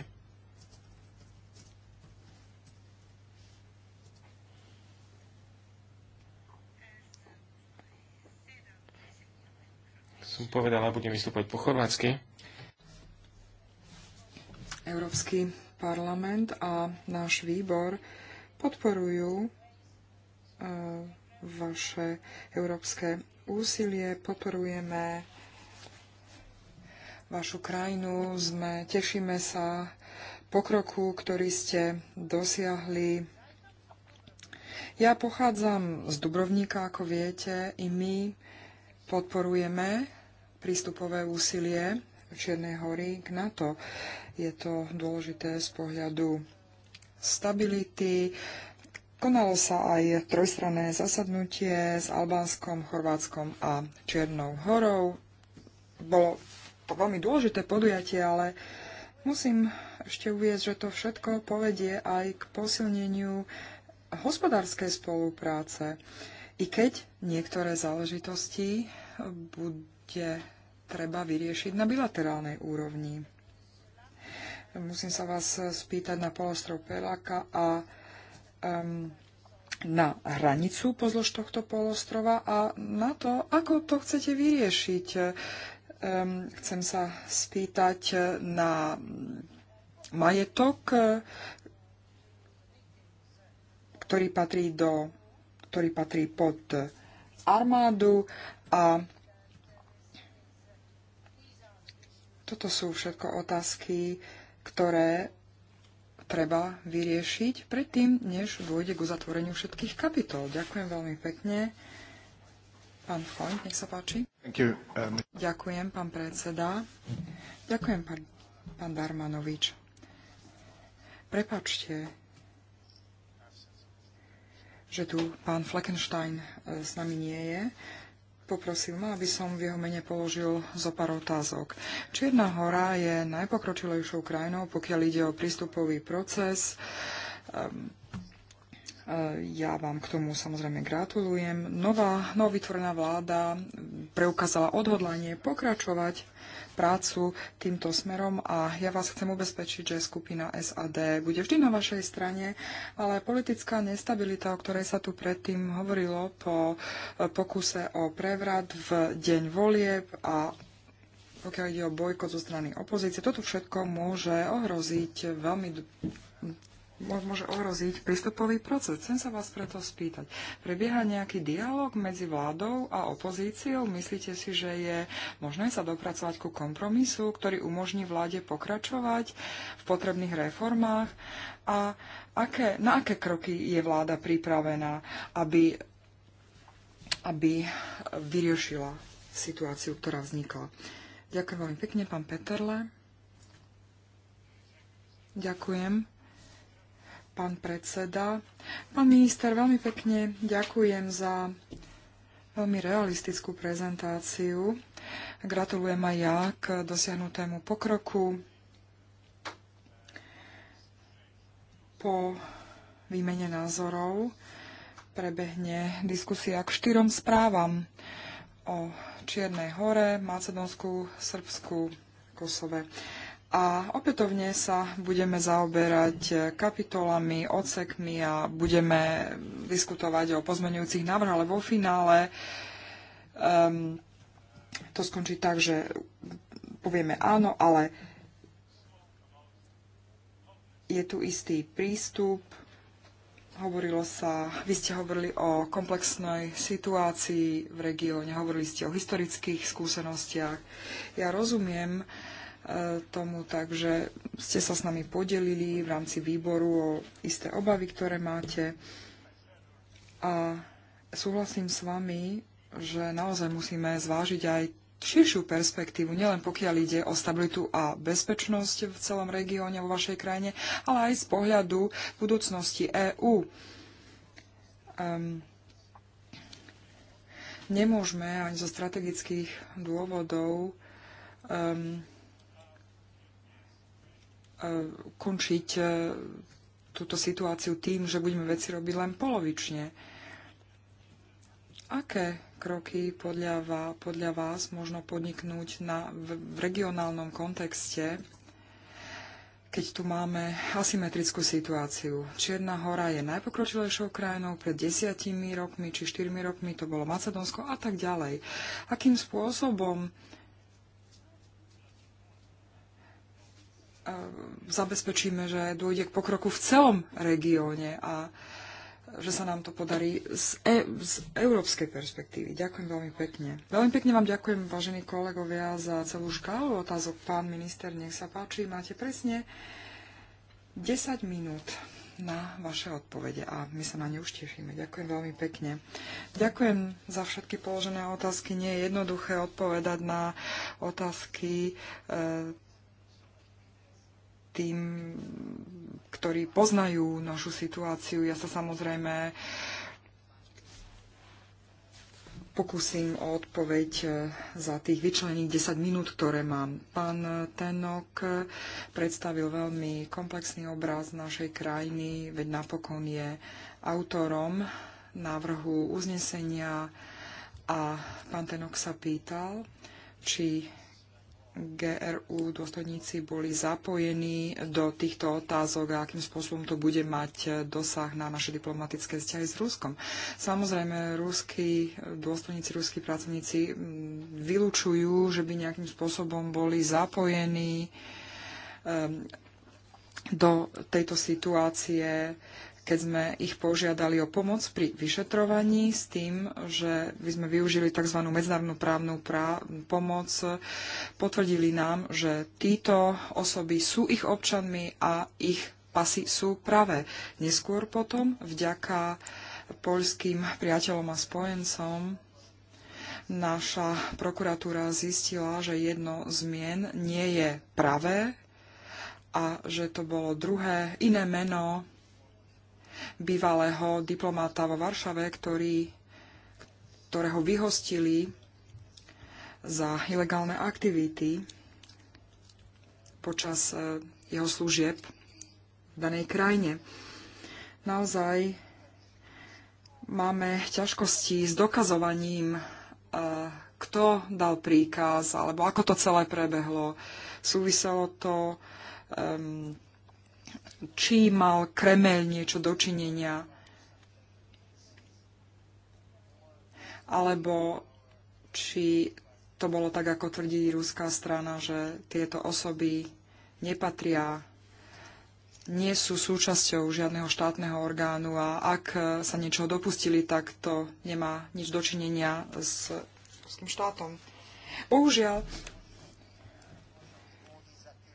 Speaker 2: som povedala, budem vystúpať po chorvátsky.
Speaker 3: Európsky parlament a náš výbor podporujú e vaše európske úsilie. Podporujeme vašu krajinu. Sme, tešíme sa pokroku, ktorý ste dosiahli. Ja pochádzam z Dubrovníka, ako viete, i my podporujeme prístupové úsilie Čiernej hory k NATO. Je to dôležité z pohľadu stability, Konalo sa aj trojstranné zasadnutie s Albánskom, Chorvátskom a Černou horou. Bolo to veľmi dôležité podujatie, ale musím ešte uvieť, že to všetko povedie aj k posilneniu hospodárskej spolupráce. I keď niektoré záležitosti bude treba vyriešiť na bilaterálnej úrovni. Musím sa vás spýtať na polostrov Pelaka a um, na hranicu pozlož tohto polostrova a na to, ako to chcete vyriešiť. Um, chcem sa spýtať na majetok, ktorý patrí, do, ktorý patrí pod armádu a toto sú všetko otázky, ktoré treba vyriešiť predtým, než dôjde k uzatvoreniu všetkých kapitol. Ďakujem veľmi pekne. Pán Fond, nech sa páči. Um... Ďakujem, pán predseda. Ďakujem, pán, pán Darmanovič. Prepačte, že tu pán Fleckenstein e, s nami nie je poprosil ma, aby som v jeho mene položil zo pár otázok. Čierna hora je najpokročilejšou krajinou, pokiaľ ide o prístupový proces. Ehm, eh, ja vám k tomu samozrejme gratulujem. Nová, novovytvorená vláda preukázala odhodlanie pokračovať prácu týmto smerom a ja vás chcem ubezpečiť, že skupina SAD bude vždy na vašej strane, ale politická nestabilita, o ktorej sa tu predtým hovorilo po eh, pokuse o prevrat v deň volieb a pokiaľ ide o bojko zo strany opozície, toto všetko môže ohroziť veľmi môže ohroziť prístupový proces. Chcem sa vás preto spýtať. Prebieha nejaký dialog medzi vládou a opozíciou? Myslíte si, že je možné sa dopracovať ku kompromisu, ktorý umožní vláde pokračovať v potrebných reformách? A aké, na aké kroky je vláda pripravená, aby, aby vyriešila situáciu, ktorá vznikla? Ďakujem veľmi pekne, pán Peterle. Ďakujem pán predseda. Pán minister, veľmi pekne ďakujem za veľmi realistickú prezentáciu. Gratulujem aj ja k dosiahnutému pokroku. Po výmene názorov prebehne diskusia k štyrom správam o Čiernej hore, Macedónsku, Srbsku, Kosove. A opätovne sa budeme zaoberať kapitolami, odsekmi a budeme diskutovať o pozmenujúcich návrhoch, ale vo finále um, to skončí tak, že povieme áno, ale je tu istý prístup. Hovorilo sa, vy ste hovorili o komplexnej situácii v regióne, hovorili ste o historických skúsenostiach. Ja rozumiem, tomu, takže ste sa s nami podelili v rámci výboru o isté obavy, ktoré máte. A súhlasím s vami, že naozaj musíme zvážiť aj širšiu perspektívu, nielen pokiaľ ide o stabilitu a bezpečnosť v celom regióne, vo vašej krajine, ale aj z pohľadu budúcnosti EÚ. Um, ehm, nemôžeme ani zo strategických dôvodov um, Eh, končiť eh, túto situáciu tým, že budeme veci robiť len polovične. Aké kroky podľa vás, podľa vás možno podniknúť na, v, v regionálnom kontexte, keď tu máme asymetrickú situáciu. Čierna hora je najpokročilejšou krajinou pred desiatimi rokmi či štyrmi rokmi, to bolo Macedónsko a tak ďalej. Akým spôsobom E, zabezpečíme, že dôjde k pokroku v celom regióne a že sa nám to podarí z, e- z európskej perspektívy. Ďakujem veľmi pekne. Veľmi pekne vám ďakujem, vážení kolegovia, za celú škálu otázok. Pán minister, nech sa páči, máte presne 10 minút na vaše odpovede a my sa na ne už tešíme. Ďakujem veľmi pekne. Ďakujem za všetky položené otázky. Nie je jednoduché odpovedať na otázky e, tým, ktorí poznajú našu situáciu. Ja sa samozrejme pokúsim o odpoveď e, za tých vyčlených 10 minút, ktoré mám. Pán Tenok predstavil veľmi komplexný obraz našej krajiny, veď napokon je autorom návrhu uznesenia a pán Tenok sa pýtal, či GRU dôstojníci boli zapojení do týchto otázok a akým spôsobom to bude mať dosah na naše diplomatické vzťahy s Ruskom. Samozrejme, ruskí dôstojníci, ruskí pracovníci mm, vylúčujú, že by nejakým spôsobom boli zapojení um, do tejto situácie keď sme ich požiadali o pomoc pri vyšetrovaní s tým, že by sme využili tzv. medzinárodnú právnu prá- pomoc. Potvrdili nám, že títo osoby sú ich občanmi a ich pasy sú práve. Neskôr potom, vďaka poľským priateľom a spojencom, naša prokuratúra zistila, že jedno zmien nie je pravé a že to bolo druhé iné meno bývalého diplomáta vo Varšave, ktorý, ktorého vyhostili za ilegálne aktivity počas e, jeho služieb v danej krajine. Naozaj máme ťažkosti s dokazovaním, e, kto dal príkaz, alebo ako to celé prebehlo. Súviselo to um, či mal Kremel niečo dočinenia, alebo či to bolo tak, ako tvrdí ruská strana, že tieto osoby nepatria, nie sú súčasťou žiadneho štátneho orgánu a ak sa niečo dopustili, tak to nemá nič dočinenia s ruským štátom. Bohužiaľ,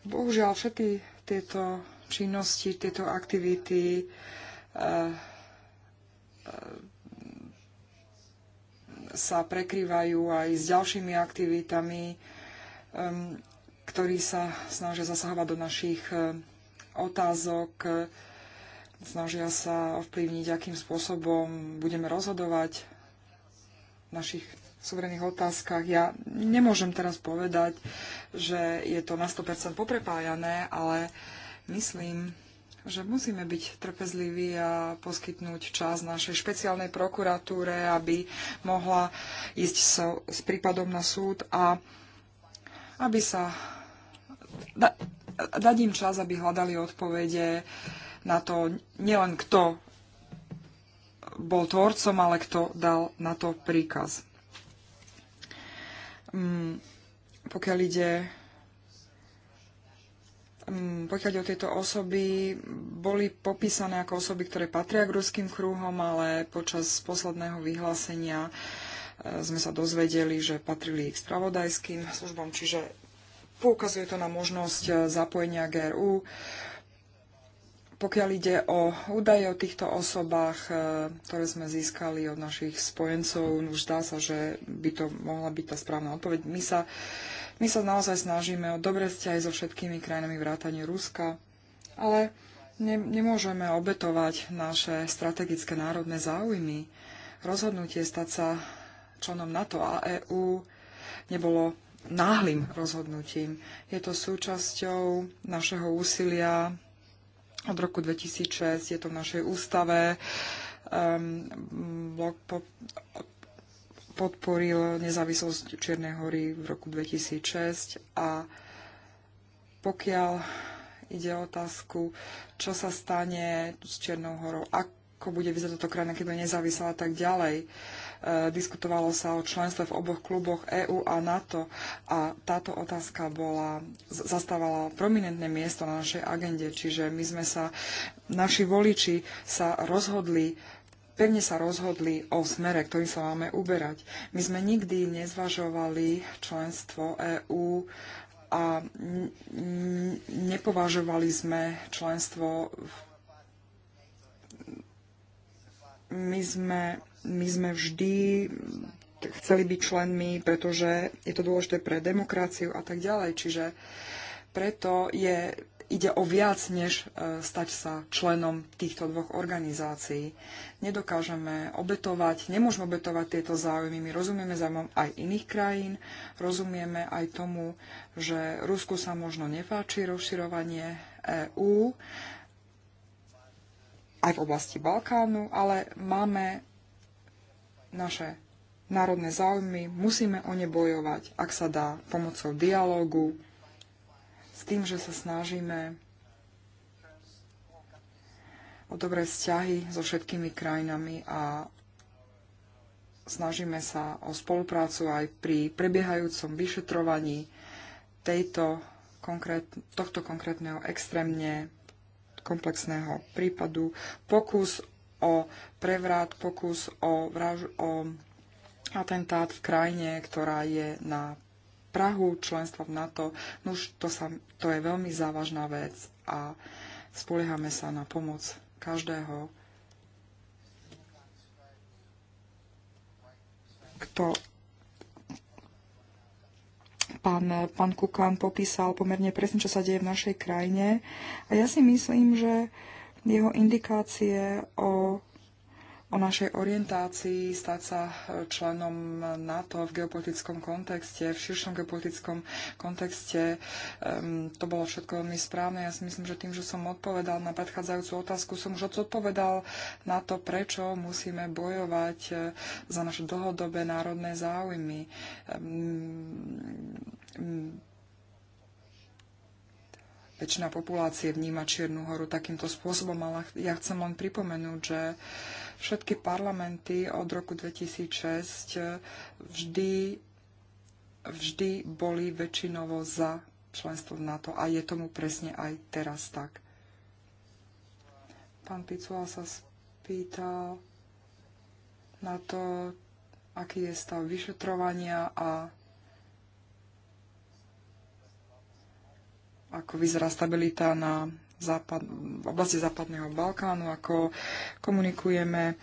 Speaker 3: bohužiaľ všetky tieto činnosti, tieto aktivity eh, eh, sa prekrývajú aj s ďalšími aktivitami, ktorí sa snažia zasahovať do našich eh, otázok, snažia sa ovplyvniť, akým spôsobom budeme rozhodovať v našich suverených otázkach. Ja nemôžem teraz povedať, že je to na 100% poprepájané, ale uh, Myslím, že musíme byť trpezliví a poskytnúť čas našej špeciálnej prokuratúre, aby mohla ísť so, s prípadom na súd a aby sa da, dať im čas, aby hľadali odpovede na to nielen kto bol tvorcom, ale kto dal na to príkaz. Mm, pokiaľ ide Mm, pokiaľ o tieto osoby, boli popísané ako osoby, ktoré patria k ruským krúhom, ale počas posledného vyhlásenia e, sme sa dozvedeli, že patrili k spravodajským službám, čiže poukazuje to na možnosť e, zapojenia GRU. Pokiaľ ide o údaje o týchto osobách, e, ktoré sme získali od našich spojencov, už zdá sa, že by to mohla byť tá správna odpoveď. My sa my sa naozaj snažíme o dobré vzťahy so všetkými krajinami vrátane Ruska, ale ne, nemôžeme obetovať naše strategické národné záujmy. Rozhodnutie stať sa členom NATO a EÚ nebolo náhlým rozhodnutím. Je to súčasťou našeho úsilia od roku 2006, je to v našej ústave. Um, blok, po, podporil nezávislosť Čiernej hory v roku 2006 a pokiaľ ide o otázku, čo sa stane s Čiernou horou, ako bude vyzerať toto krajina, keď bude nezávislá a tak ďalej. E, diskutovalo sa o členstve v oboch kluboch EÚ a NATO a táto otázka bola, zastávala prominentné miesto na našej agende, čiže my sme sa, naši voliči sa rozhodli pevne sa rozhodli o smere, ktorým sa máme uberať. My sme nikdy nezvažovali členstvo EÚ a nepovažovali sme členstvo my sme, my sme vždy chceli byť členmi, pretože je to dôležité pre demokraciu a tak ďalej. Čiže preto je ide o viac, než e, stať sa členom týchto dvoch organizácií. Nedokážeme obetovať, nemôžeme obetovať tieto záujmy. My rozumieme záujmom aj iných krajín, rozumieme aj tomu, že Rusku sa možno nepáči rozširovanie EÚ aj v oblasti Balkánu, ale máme naše národné záujmy, musíme o ne bojovať, ak sa dá pomocou dialógu, s tým, že sa snažíme o dobré vzťahy so všetkými krajinami a snažíme sa o spoluprácu aj pri prebiehajúcom vyšetrovaní tejto konkrét, tohto konkrétneho extrémne komplexného prípadu. Pokus o prevrat, pokus o, vraž, o atentát v krajine, ktorá je na Prahu členstva v NATO. No už to, sa, to je veľmi závažná vec a spoliehame sa na pomoc každého, kto pán, pán Kukan popísal pomerne presne, čo sa deje v našej krajine. A ja si myslím, že jeho indikácie o o našej orientácii stať sa e, členom NATO v geopolitickom kontexte, v širšom geopolitickom kontexte. Um, to bolo všetko veľmi správne. Ja si myslím, že tým, že som odpovedal na predchádzajúcu otázku, som už odpovedal na to, prečo musíme bojovať e, za naše dlhodobé národné záujmy. Um, um, väčšina populácie vníma Čiernu horu takýmto spôsobom, ale ja chcem len pripomenúť, že všetky parlamenty od roku 2006 eh, vždy, vždy boli väčšinovo za členstvo v NATO a je tomu presne aj teraz tak. Pán Picuál sa spýtal na to, aký je stav vyšetrovania a ako vyzerá stabilita na západ, v oblasti západného Balkánu, ako komunikujeme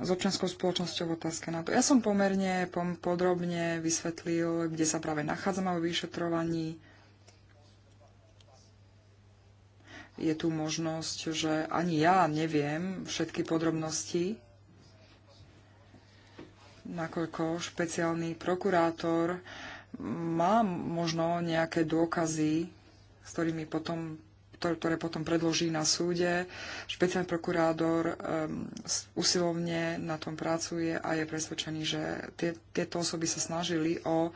Speaker 3: s občanskou spoločnosťou v otázke na to. Ja som pomerne pom- podrobne vysvetlil, kde sa práve nachádzame vo vyšetrovaní. Je tu možnosť, že ani ja neviem všetky podrobnosti, nakoľko špeciálny prokurátor má možno nejaké dôkazy s ktorými potom ktoré potom predloží na súde. Špeciálny prokurátor um, usilovne na tom pracuje a je presvedčený, že tie, tieto osoby sa snažili o e,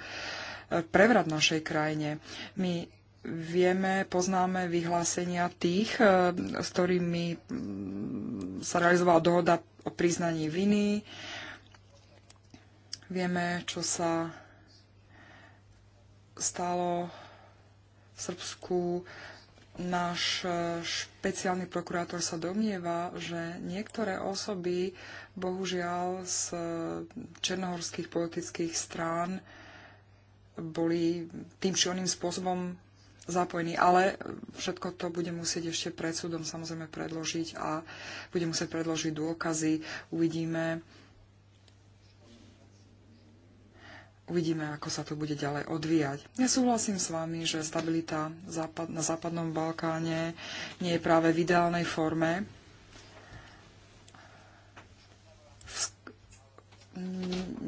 Speaker 3: prevrat našej krajine. My vieme, poznáme vyhlásenia tých, e, s ktorými mm, sa realizovala dohoda o priznaní viny. Vieme, čo sa stalo v Srbsku. Náš e, špeciálny prokurátor sa domnieva, že niektoré osoby, bohužiaľ z e, černohorských politických strán, boli tým či oným spôsobom zapojení. Ale všetko to bude musieť ešte pred súdom samozrejme predložiť a bude musieť predložiť dôkazy. Uvidíme, Uvidíme, ako sa to bude ďalej odvíjať. Ja súhlasím s vami, že stabilita na západnom Balkáne nie je práve v ideálnej forme.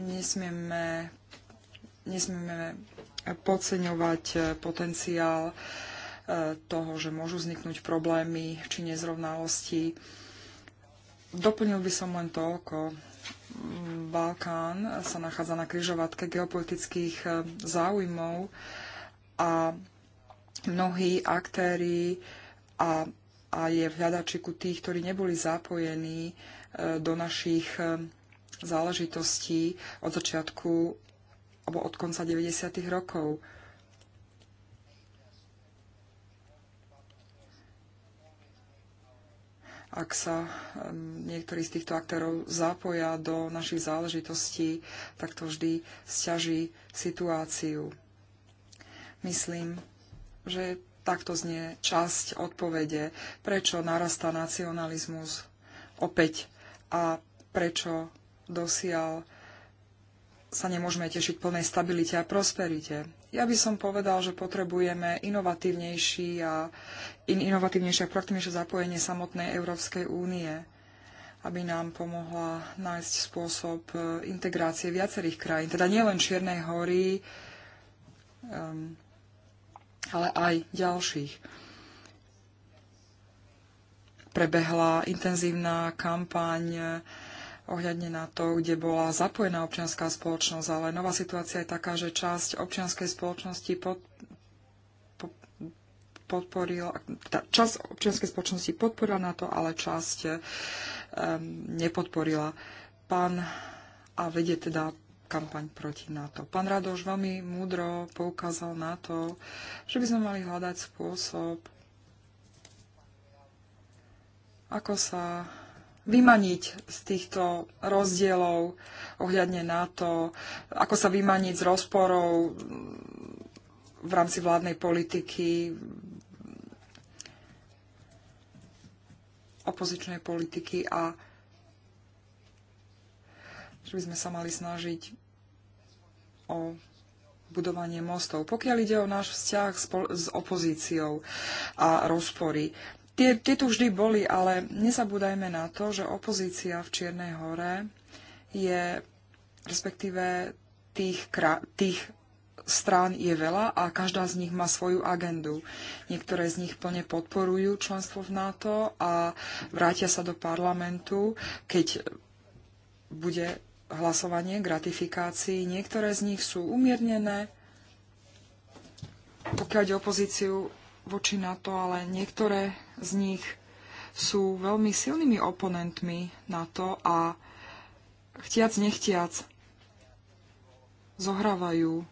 Speaker 3: Nesmieme, nesmieme podceňovať eh, potenciál eh, toho, že môžu vzniknúť problémy či nezrovnalosti. Doplnil by som len toľko, Balkán sa nachádza na križovatke geopolitických eh, záujmov a mnohí aktéry a, a je v hľadačiku tých, ktorí neboli zapojení eh, do našich eh, záležitostí od začiatku alebo od konca 90. rokov. ak sa niektorí z týchto aktérov zapoja do našich záležitostí, tak to vždy sťaží situáciu. Myslím, že takto znie časť odpovede, prečo narastá nacionalizmus opäť a prečo dosial sa nemôžeme tešiť plnej stabilite a prosperite. Ja by som povedal, že potrebujeme inovatívnejší a in, inovatívnejšie a proaktívnejšie zapojenie samotnej Európskej únie, aby nám pomohla nájsť spôsob e, integrácie viacerých krajín, teda nielen Čiernej hory, um, ale aj ďalších prebehla intenzívna kampaň ohľadne na to, kde bola zapojená občianská spoločnosť, ale nová situácia je taká, že časť občianskej spoločnosti pod, podporil, tá, časť občianskej spoločnosti podporila na to, ale časť um, nepodporila. Pán a vedie teda kampaň proti NATO. Pán Radoš veľmi múdro poukázal na to, že by sme mali hľadať spôsob, ako sa vymaniť z týchto rozdielov ohľadne na to, ako sa vymaniť z rozporov v rámci vládnej politiky, opozičnej politiky a že by sme sa mali snažiť o budovanie mostov. Pokiaľ ide o náš vzťah s opozíciou a rozpory, Tie, tie tu vždy boli, ale nezabúdajme na to, že opozícia v Čiernej hore je, respektíve tých, tých strán je veľa a každá z nich má svoju agendu. Niektoré z nich plne podporujú členstvo v NATO a vrátia sa do parlamentu, keď bude hlasovanie k ratifikácii. Niektoré z nich sú umiernené, pokiaľ opozíciu voči NATO, ale niektoré z nich sú veľmi silnými oponentmi na to a chtiac nechtiac zohrávajú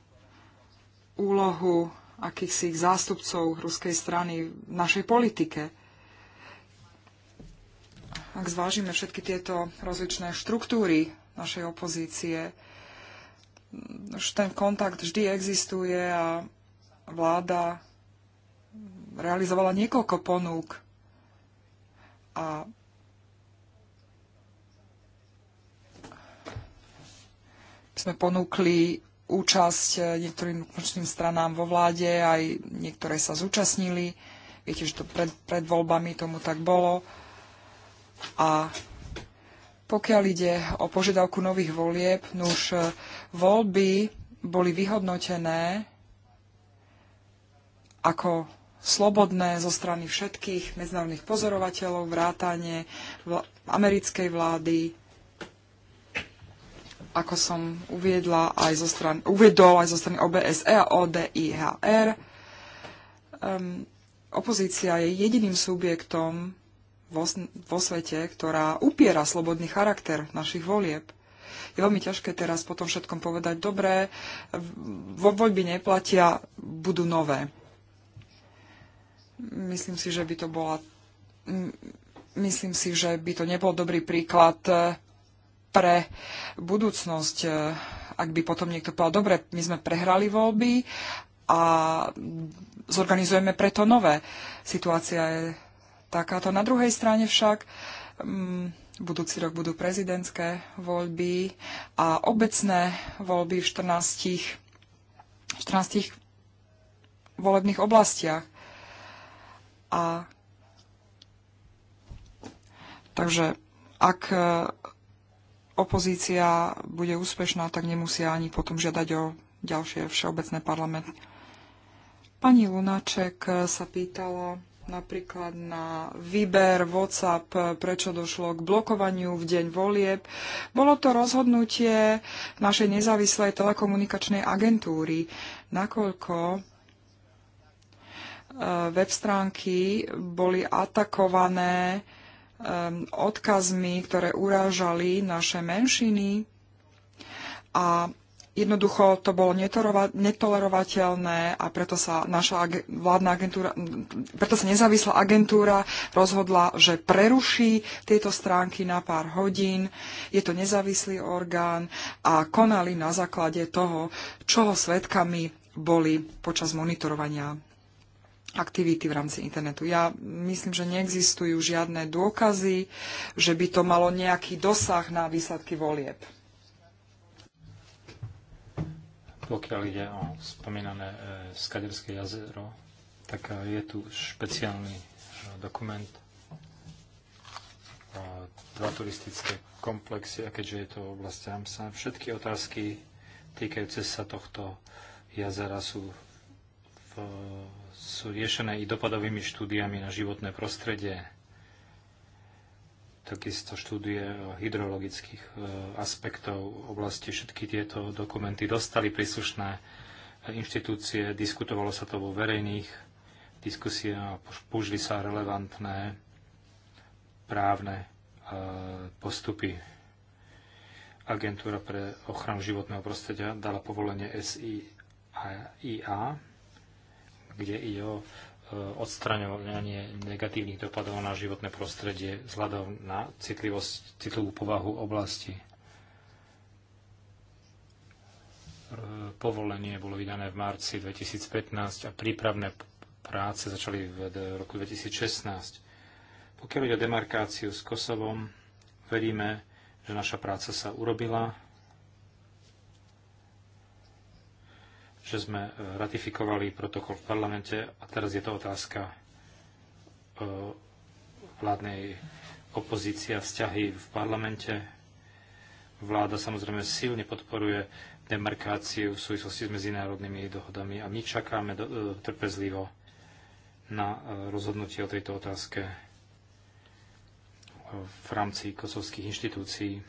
Speaker 3: úlohu akýchsi ich zástupcov ruskej strany v našej politike. Ak zvážime všetky tieto rozličné štruktúry našej opozície, ten kontakt vždy existuje a vláda realizovala niekoľko ponúk a sme ponúkli účasť niektorým končným stranám vo vláde, aj niektoré sa zúčastnili. Viete, že to pred, pred voľbami tomu tak bolo. A pokiaľ ide o požiadavku nových volieb, už e, voľby boli vyhodnotené ako slobodné zo strany všetkých medzinárodných pozorovateľov, vrátanie vl- americkej vlády, ako som uviedla aj zo strany, uviedol aj zo strany OBSE a ODIHR. Um, ehm, opozícia je jediným subjektom vo, vo svete, ktorá upiera slobodný charakter našich volieb. Je veľmi ťažké teraz po tom všetkom povedať, dobre, vo voľby neplatia, budú nové. Myslím si, že by to bola... Myslím si, že by to nebol dobrý príklad e, pre budúcnosť, e, ak by potom niekto povedal, dobre, my sme prehrali voľby a zorganizujeme preto nové. Situácia je takáto. Na druhej strane však budúci rok budú prezidentské voľby a obecné voľby v 14, 14 volebných oblastiach. A takže ak e, opozícia bude úspešná, tak nemusia ani potom žiadať o ďalšie všeobecné parlament. Pani Lunaček e, sa pýtala napríklad na výber WhatsApp, e, prečo došlo k blokovaniu v deň volieb. Bolo to rozhodnutie našej nezávislej telekomunikačnej agentúry, nakoľko E, web stránky boli atakované odkazmi, ktoré urážali naše menšiny a jednoducho to bolo netolerovateľné a preto sa naša vládna agentúra, preto sa nezávislá agentúra rozhodla, že preruší tieto stránky na pár hodín. Je to nezávislý orgán a konali na základe toho, čoho svetkami boli počas monitorovania aktivity v rámci internetu. Ja myslím, že neexistujú žiadne dôkazy, že by to malo nejaký dosah na výsledky volieb.
Speaker 1: Pokiaľ ide o spomínané e, Skaderské jazero, tak e, je tu špeciálny e, dokument dva turistické komplexy a keďže je to oblasť Ramsa, všetky otázky týkajúce sa tohto jazera sú v sú riešené i dopadovými štúdiami na životné prostredie, takisto štúdie hydrologických e, aspektov oblasti. Všetky tieto dokumenty dostali príslušné inštitúcie, diskutovalo sa to vo verejných diskusiách, použili sa relevantné právne e, postupy. Agentúra pre ochranu životného prostredia dala povolenie SIA kde ide o e, odstraňovanie negatívnych dopadov na životné prostredie vzhľadom na citlivosť, citlivú povahu oblasti. E, povolenie bolo vydané v marci 2015 a prípravné práce začali v roku 2016. Pokiaľ ide o demarkáciu s Kosovom, veríme, že naša práca sa urobila že sme e, ratifikovali protokol v parlamente a teraz je to otázka e, vládnej opozície a vzťahy v parlamente. Vláda samozrejme silne podporuje demarkáciu v súvislosti s medzinárodnými dohodami a my čakáme e, trpezlivo na rozhodnutie o tejto otázke v rámci kosovských inštitúcií.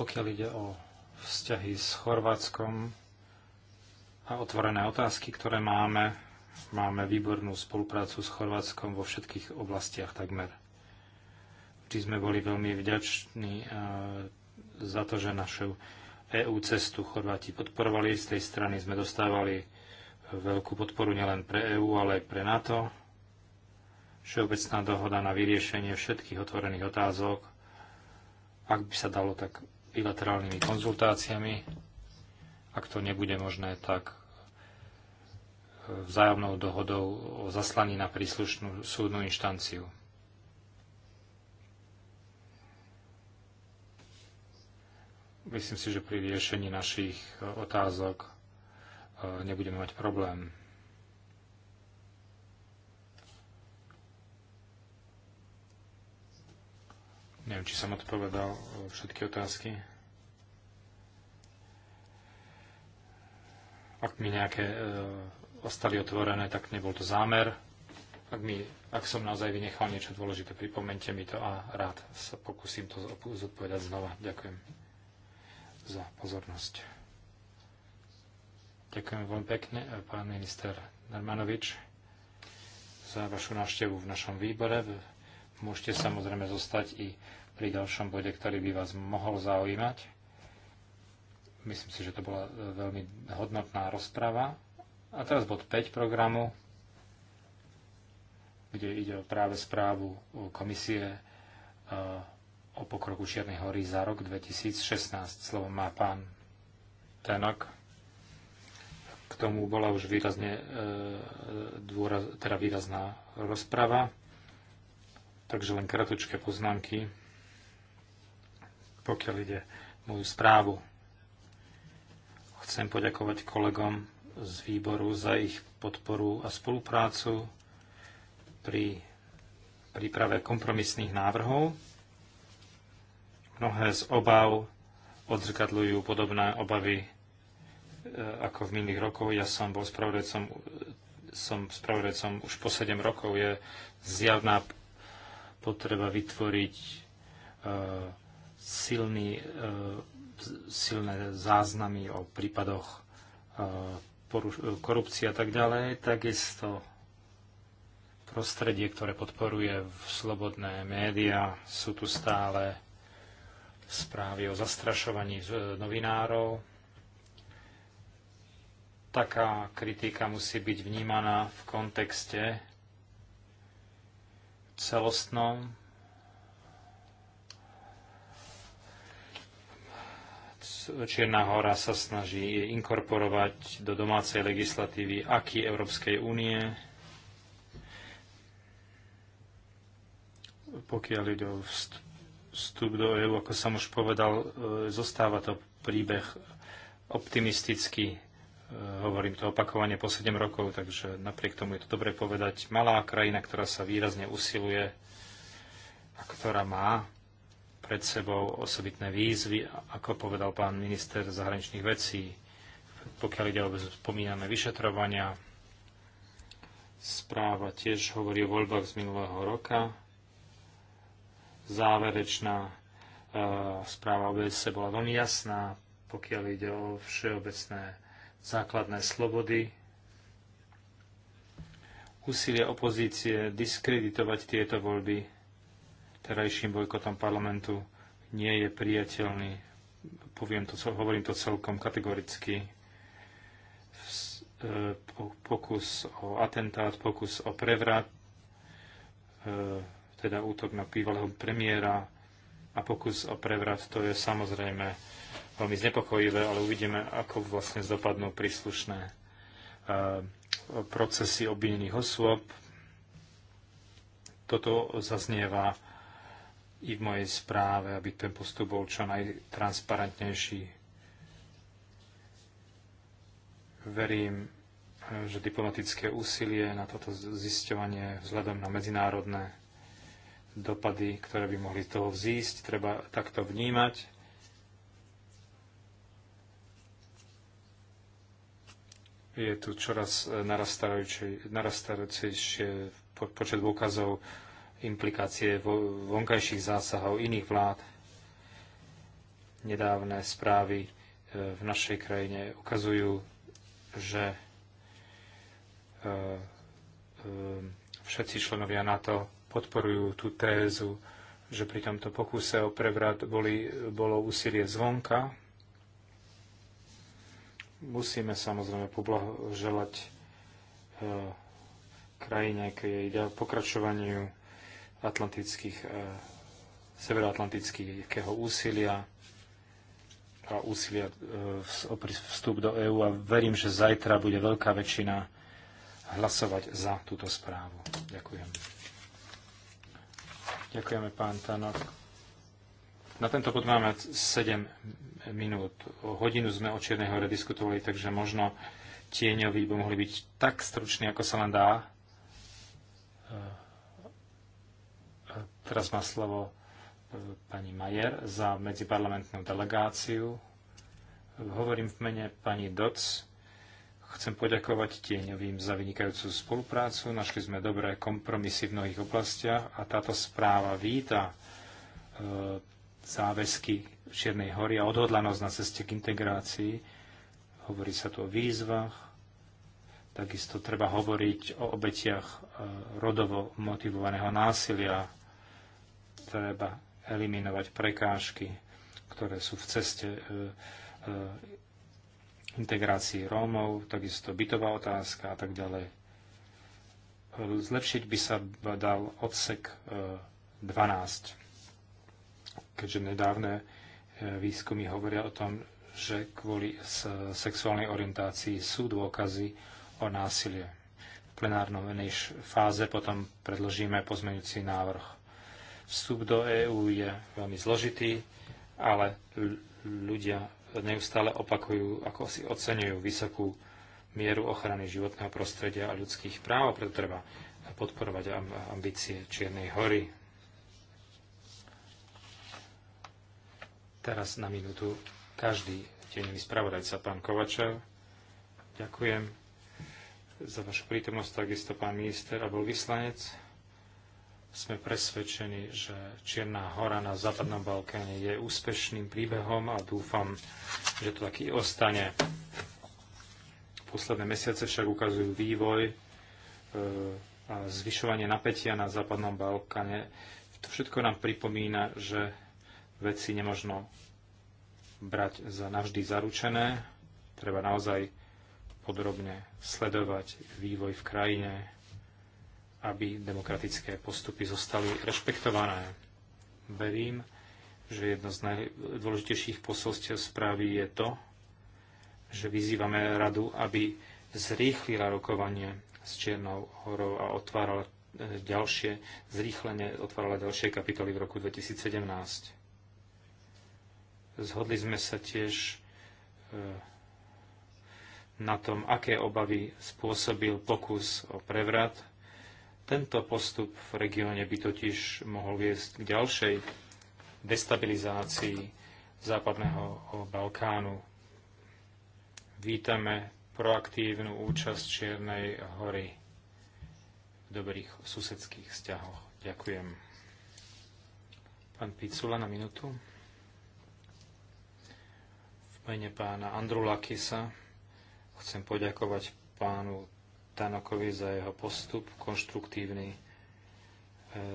Speaker 1: Pokiaľ ide o vzťahy s Chorvátskom a otvorené otázky, ktoré máme. Máme výbornú spoluprácu s Chorvátskom vo všetkých oblastiach takmer. Vždy sme boli veľmi vďační eh, za to, že našu EU cestu Chorváti podporovali. Z tej strany sme dostávali veľkú podporu nielen pre EU, ale aj pre NATO. Všeobecná dohoda na vyriešenie všetkých otvorených otázok, ak by sa dalo, tak bilaterálnymi konzultáciami. Ak to nebude možné, tak e, vzájomnou dohodou o zaslaní na príslušnú súdnu inštanciu. Myslím si, že pri riešení našich e, otázok e, nebudeme mať problém. Neviem, či som odpovedal e, všetky otázky. Ak mi nejaké e, ostali otvorené, tak nebol to zámer. Ak, mi, ak som naozaj vynechal niečo dôležité, pripomente mi to a rád sa pokúsim to zodpovedať znova. Ďakujem za pozornosť. Ďakujem veľmi pekne, e, pán minister Narmanovič, za vašu návštevu v našom výbore. Môžete samozrejme zostať i pri ďalšom bode, ktorý by vás mohol zaujímať. Myslím si, že to bola e, veľmi hodnotná rozprava. A teraz bod 5 programu, kde ide o práve správu komisie e, o pokroku Čiernej hory za rok 2016. Slovo má pán Tenok. K tomu bola už výrazne, e, dôraz, teda výrazná rozprava. Takže len kratočké poznámky, pokiaľ ide moju správu. Chcem poďakovať kolegom z výboru za ich podporu a spoluprácu pri príprave kompromisných návrhov. Mnohé z obav odzrkadľujú podobné obavy e, ako v minulých rokoch. Ja som bol spravodajcom, som spravodajcom už po 7 rokov. Je zjavná potreba vytvoriť e, silný, e, silné záznamy o prípadoch e, korupcie a tak ďalej, takisto prostredie, ktoré podporuje slobodné médiá, sú tu stále správy o zastrašovaní novinárov. Taká kritika musí byť vnímaná v kontexte celostnom Čierna hora sa snaží inkorporovať do domácej legislatívy aký Európskej únie, pokiaľ ide o vstup do EÚ, ako som už povedal, e, zostáva to príbeh optimistický. Hovorím to opakovane po 7 rokov, takže napriek tomu je to dobre povedať. Malá krajina, ktorá sa výrazne usiluje a ktorá má pred sebou osobitné výzvy, ako povedal pán minister zahraničných vecí, pokiaľ ide o spomínané vyšetrovania. Správa tiež hovorí o voľbách z minulého roka. Záverečná e, správa OBS e bola veľmi jasná, pokiaľ ide o všeobecné základné slobody, úsilie opozície diskreditovať tieto voľby terajším bojkotom parlamentu nie je priateľný. Poviem to, hovorím to celkom kategoricky. E, pokus o atentát, pokus o prevrat, e, teda útok na bývalého premiéra a pokus o prevrat, to je samozrejme veľmi znepokojivé, ale uvidíme, ako vlastne dopadnú príslušné procesy obvinených osôb. Toto zaznieva i v mojej správe, aby ten postup bol čo najtransparentnejší. Verím, že diplomatické úsilie na toto zisťovanie vzhľadom na medzinárodné dopady, ktoré by mohli z toho vzísť, treba takto vnímať je tu čoraz e, narastajúcejšie počet dôkazov implikácie vonkajších zásahov iných vlád. Nedávne správy e, v našej krajine ukazujú, že e, všetci členovia NATO podporujú tú tézu, že pri tomto pokuse o prevrat boli, bolo úsilie zvonka, Musíme samozrejme poblahoželať e, krajine k jej pokračovaniu atlantických, e, severoatlantických úsilia a úsilia e, o vstup do EÚ a verím, že zajtra bude veľká väčšina hlasovať za túto správu. Ďakujem. Ďakujeme, pán Tanok. Na tento bod máme 7 minút. O hodinu sme o Čiernej hore diskutovali, takže možno tieňoví by mohli byť tak struční, ako sa len dá. Teraz má slovo e, pani Majer za medziparlamentnú delegáciu. Hovorím v mene pani Doc. Chcem poďakovať tieňovým za vynikajúcu spoluprácu. Našli sme dobré kompromisy v mnohých oblastiach a táto správa víta e, záväzky Čiernej hory a odhodlanosť na ceste k integrácii. Hovorí sa tu o výzvach, takisto treba hovoriť o obetiach e, rodovo motivovaného násilia, treba eliminovať prekážky, ktoré sú v ceste e, e, integrácii Rómov, takisto bytová otázka a tak ďalej. Zlepšiť by sa dal odsek 12 keďže nedávne e, výskumy hovoria o tom, že kvôli sexuálnej orientácii sú dôkazy o násilie. V plenárnej fáze potom predložíme pozmeňujúci návrh. Vstup do EÚ je veľmi zložitý, ale ľudia neustále opakujú, ako si oceňujú vysokú mieru ochrany životného prostredia a ľudských práv, preto treba podporovať ambície Čiernej hory Teraz na minútu každý deňový spravodajca, pán Kovačev. Ďakujem za vašu prítomnosť, takisto pán minister a bol vyslanec. Sme presvedčení, že Čierna hora na Západnom Balkáne je úspešným príbehom a dúfam, že to taký ostane. Posledné mesiace však ukazujú vývoj e, a zvyšovanie napätia na Západnom Balkáne. To všetko nám pripomína, že veci nemožno brať za navždy zaručené. Treba naozaj podrobne sledovať vývoj v krajine, aby demokratické postupy zostali rešpektované. Verím, že jedno z najdôležitejších posolstiev správy je to, že vyzývame radu, aby zrýchlila rokovanie s Čiernou horou a otvárala e, ďalšie, zrýchlene otvárala ďalšie kapitoly v roku 2017. Zhodli sme sa tiež e, na tom, aké obavy spôsobil pokus o prevrat. Tento postup v regióne by totiž mohol viesť k ďalšej destabilizácii západného Balkánu. Vítame proaktívnu účasť Čiernej hory v dobrých susedských vzťahoch. Ďakujem. Pán Picula na minútu mene pána Andrulakisa chcem poďakovať pánu Tanokovi za jeho postup, konštruktívny. E,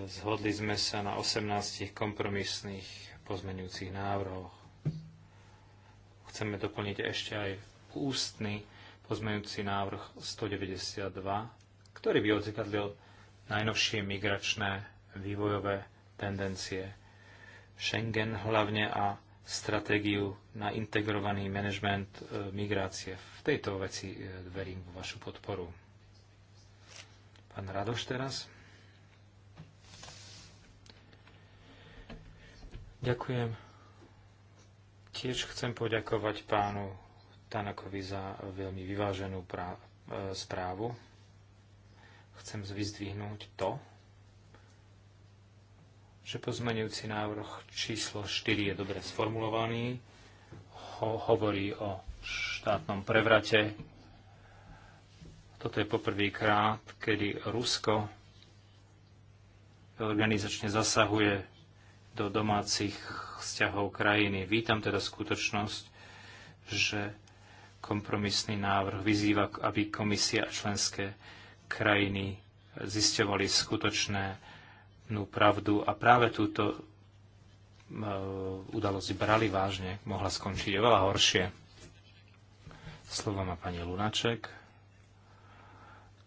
Speaker 1: zhodli sme sa na 18 kompromisných pozmenujúcich návrhoch. Chceme doplniť ešte aj ústny pozmenujúci návrh 192, ktorý by odzrkadlil najnovšie migračné vývojové tendencie. Schengen hlavne a stratégiu na integrovaný manažment e, migrácie. V tejto veci e, verím v vašu podporu. Pán Radoš teraz. Ďakujem. Tiež chcem poďakovať pánu Tanakovi za veľmi vyváženú e, správu. Chcem zvyzdvihnúť to, že pozmenujúci návrh číslo 4 je dobre sformulovaný, ho- hovorí o štátnom prevrate. Toto je poprvýkrát, kedy Rusko organizačne zasahuje do domácich vzťahov krajiny. Vítam teda skutočnosť, že kompromisný návrh vyzýva, aby komisia a členské krajiny zisťovali skutočné pravdu a práve túto e, udalosť brali vážne, mohla skončiť oveľa horšie. Slovo má pani Lunaček.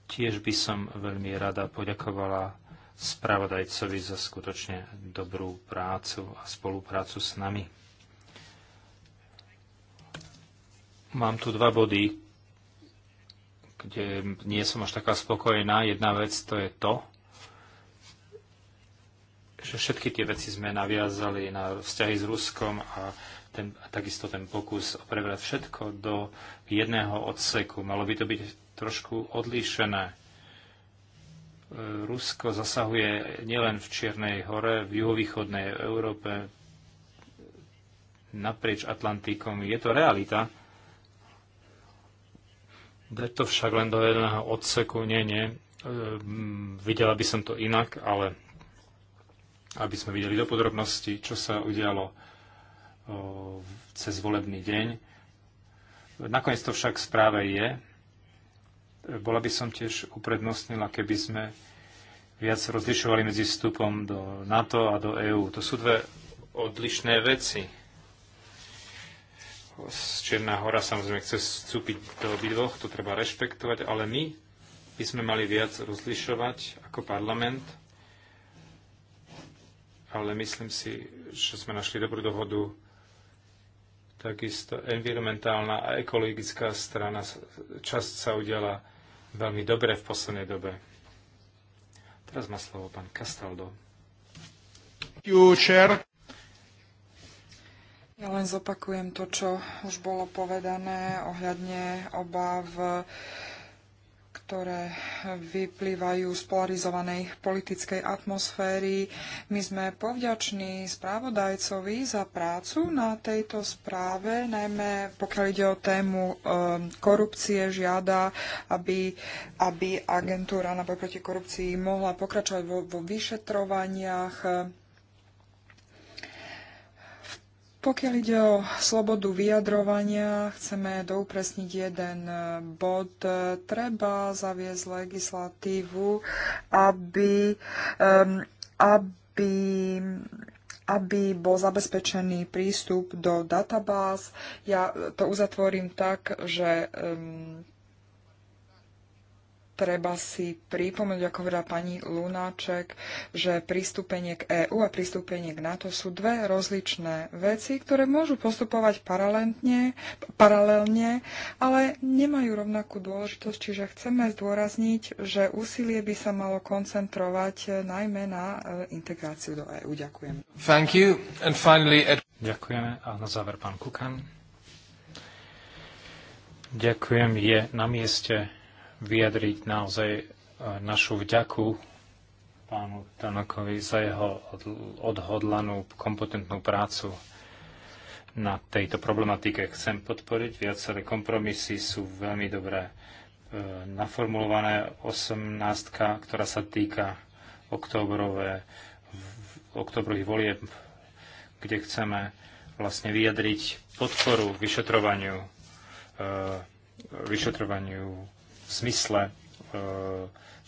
Speaker 1: Tiež by som veľmi rada poďakovala spravodajcovi za skutočne dobrú prácu a spoluprácu s nami. Mám tu dva body, kde nie som až taká spokojná. Jedna vec to je to, že všetky tie veci sme naviazali na vzťahy s Ruskom a ten, a takisto ten pokus prebrať všetko do jedného odseku. Malo by to byť trošku odlíšené. E, Rusko zasahuje nielen v Čiernej hore, v juhovýchodnej Európe, naprieč Atlantikom. Je to realita. Dať to však len do jedného odseku, nie, nie. E, videla by som to inak, ale aby sme videli do podrobnosti, čo sa udialo cez volebný deň. Nakoniec to však správe je. Bola by som tiež uprednostnila, keby sme viac rozlišovali medzi vstupom do NATO a do EÚ. To sú dve odlišné veci. Černá hora samozrejme chce vstúpiť do obidvoch, to treba rešpektovať, ale my by sme mali viac rozlišovať ako parlament ale myslím si, že sme našli dobrú dohodu. Takisto environmentálna a ekologická strana, časť sa udiala veľmi dobre v poslednej dobe. Teraz má slovo pán Castaldo.
Speaker 3: Future. Ja len zopakujem to, čo už bolo povedané ohľadne obav ktoré vyplývajú z polarizovanej politickej atmosféry. My sme povďační správodajcovi za prácu na tejto správe, najmä pokiaľ ide o tému e, korupcie, žiada, aby, aby agentúra na boj proti korupcii mohla pokračovať vo, vo vyšetrovaniach pokiaľ ide o slobodu vyjadrovania, chceme doupresniť jeden e, bod. E, Treba zaviesť legislatívu, aby, um, aby aby bol zabezpečený prístup do databáz. Ja to uzatvorím tak, že um, treba si pripomenúť, ako hovorila pani Lunáček, že pristúpenie k EÚ a pristúpenie k NATO sú dve rozličné veci, ktoré môžu postupovať paralelne, paralelne ale nemajú rovnakú dôležitosť. Čiže chceme zdôrazniť, že úsilie by sa malo koncentrovať najmä na e, integráciu do EÚ. Ďakujem.
Speaker 1: Thank you. And finally... Ďakujeme. A na záver pán Kukan. Ďakujem. Je na mieste vyjadriť naozaj e, našu vďaku pánu Tanakovi za jeho odhodlanú, kompetentnú prácu na tejto problematike. Chcem podporiť, viaceré kompromisy sú veľmi dobré e, naformulované 18, ktorá sa týka oktobrové, oktobrových volieb, kde chceme vlastne vyjadriť podporu vyšetrovaniu, e, vyšetrovaniu v smysle e,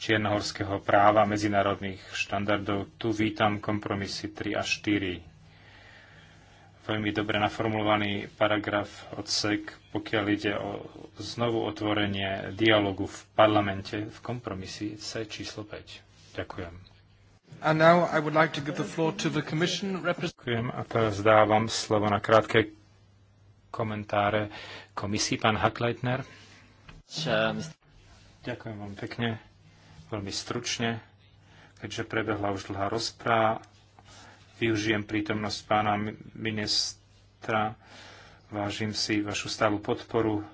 Speaker 1: čiernohorského práva medzinárodných štandardov. Tu vítam kompromisy 3 a 4. Veľmi dobre naformulovaný paragraf odsek, pokiaľ ide o znovu otvorenie dialogu v parlamente v kompromisi C číslo 5. Ďakujem. And now I would like to give the floor to the commission Ďakujem a teraz dávam slovo na krátke komentáre komisii. Pán Hackleitner. Sure, Ďakujem vám pekne, veľmi stručne, keďže prebehla už dlhá rozpráva. Využijem prítomnosť pána ministra. Vážim si vašu stálu podporu, e,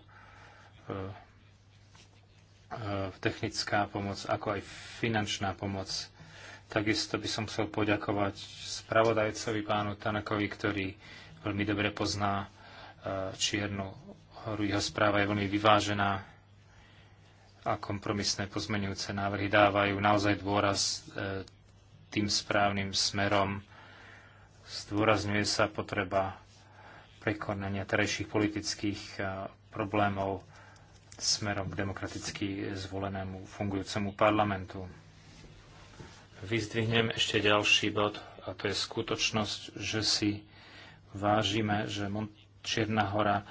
Speaker 1: e, technická pomoc, ako aj finančná pomoc. Takisto by som chcel poďakovať spravodajcovi pánu Tanakovi, ktorý veľmi dobre pozná e, čiernu horu. Jeho správa je veľmi vyvážená a kompromisné pozmeňujúce návrhy dávajú naozaj dôraz e, tým správnym smerom. Zdôrazňuje sa potreba prekonania terajších politických e, problémov smerom k demokraticky zvolenému fungujúcemu parlamentu. Vyzdvihnem ešte ďalší bod, a to je skutočnosť, že si vážime, že Čierna hora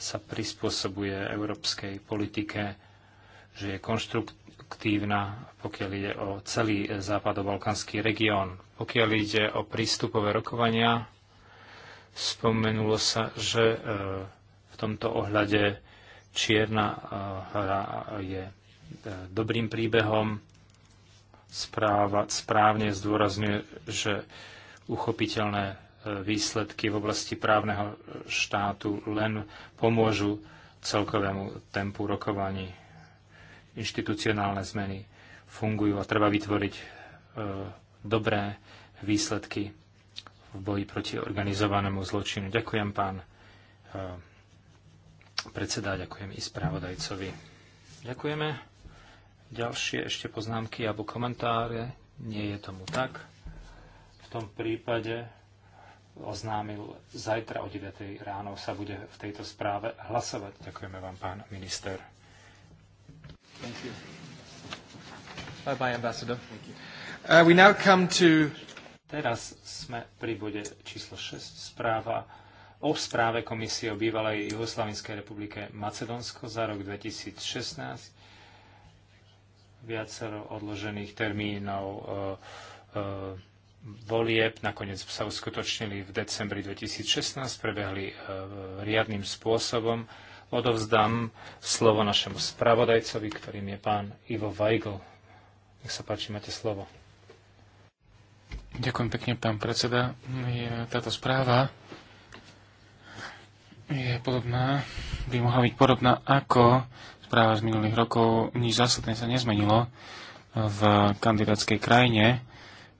Speaker 1: sa prispôsobuje európskej politike že je konštruktívna, pokiaľ ide o celý západobalkanský región. Pokiaľ ide o prístupové rokovania, spomenulo sa, že e, v tomto ohľade Čierna e, hra je e, dobrým príbehom. Správa správne zdôrazňuje, že uchopiteľné výsledky v oblasti právneho štátu len pomôžu celkovému tempu rokovaní inštitucionálne zmeny fungujú a treba vytvoriť e, dobré výsledky v boji proti organizovanému zločinu. Ďakujem pán e, predseda, ďakujem i správodajcovi. Ďakujeme. Ďalšie ešte poznámky alebo komentáre. Nie je tomu tak. V tom prípade oznámil, zajtra o 9. ráno sa bude v tejto správe hlasovať. Ďakujeme vám, pán minister. Thank you. Bye bye, Ambassador. Thank you. Uh, we now come to... Teraz sme pri bode číslo 6, správa o správe Komisie o bývalej Jugoslavinskej republike Macedónsko za rok 2016. Viacero odložených termínov uh, uh, volieb nakoniec sa uskutočnili v decembri 2016, prebehli e, uh, riadnym spôsobom odovzdám slovo našemu spravodajcovi, ktorým je pán Ivo Weigl. Nech sa páči, máte slovo.
Speaker 2: Ďakujem pekne, pán predseda. Táto správa je podobná, by mohla byť podobná ako správa z minulých rokov. Nič zásadne sa nezmenilo v kandidátskej krajine.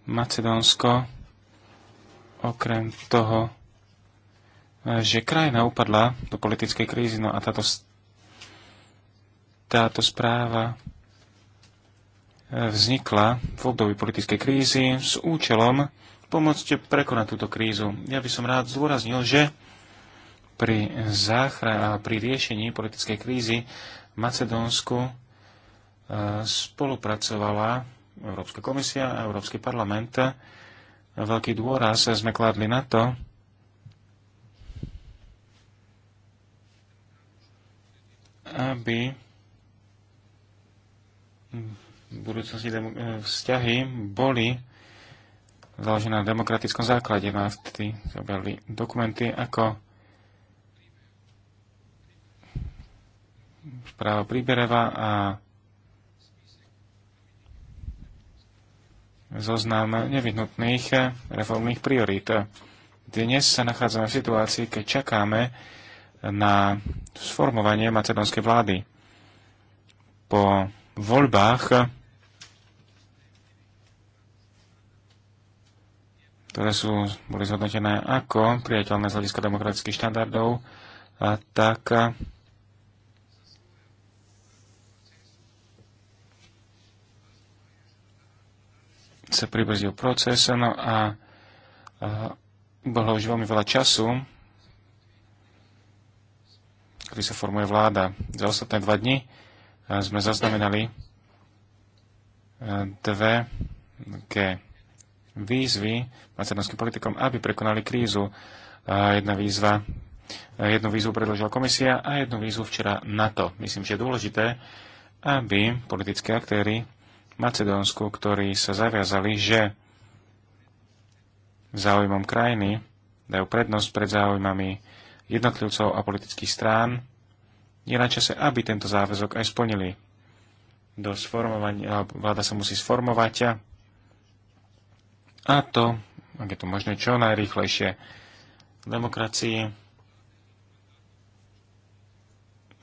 Speaker 2: Macedónsko okrem toho že krajina upadla do politickej krízy, no a táto, táto správa e, vznikla v období politickej krízy s účelom pomôcť prekonať túto krízu. Ja by som rád zdôraznil, že pri, záchra- pri riešení politickej krízy v Macedónsku e, spolupracovala Európska komisia a Európsky parlament. Veľký dôraz sme kladli na to, aby v budúcnosti e, vzťahy boli založené na demokratickom základe. Má tí zobrali dokumenty ako správa Príbereva a zoznam nevyhnutných reformných priorít. Dnes sa nachádzame v situácii, keď čakáme na sformovanie macedonskej vlády. Po voľbách, ktoré sú, boli zhodnotené ako priateľné z hľadiska demokratických štandardov, a tak sa pribrzdil proces, no a, a bolo už veľmi veľa času kedy sa formuje vláda. Za ostatné dva dni eh, sme zaznamenali eh, dve ke výzvy macedonským politikom, aby prekonali krízu. Jedna výzva, eh, jednu výzvu predložila komisia a jednu výzvu včera NATO. Myslím, že je dôležité, aby politické aktéry Macedónsku, ktorí sa zaviazali, že záujmom krajiny dajú prednosť pred záujmami jednotlivcov a politických strán, je na čase, aby tento záväzok aj splnili. Do sformovania, vláda sa musí sformovať a, to, ak je to možné, čo najrýchlejšie demokracii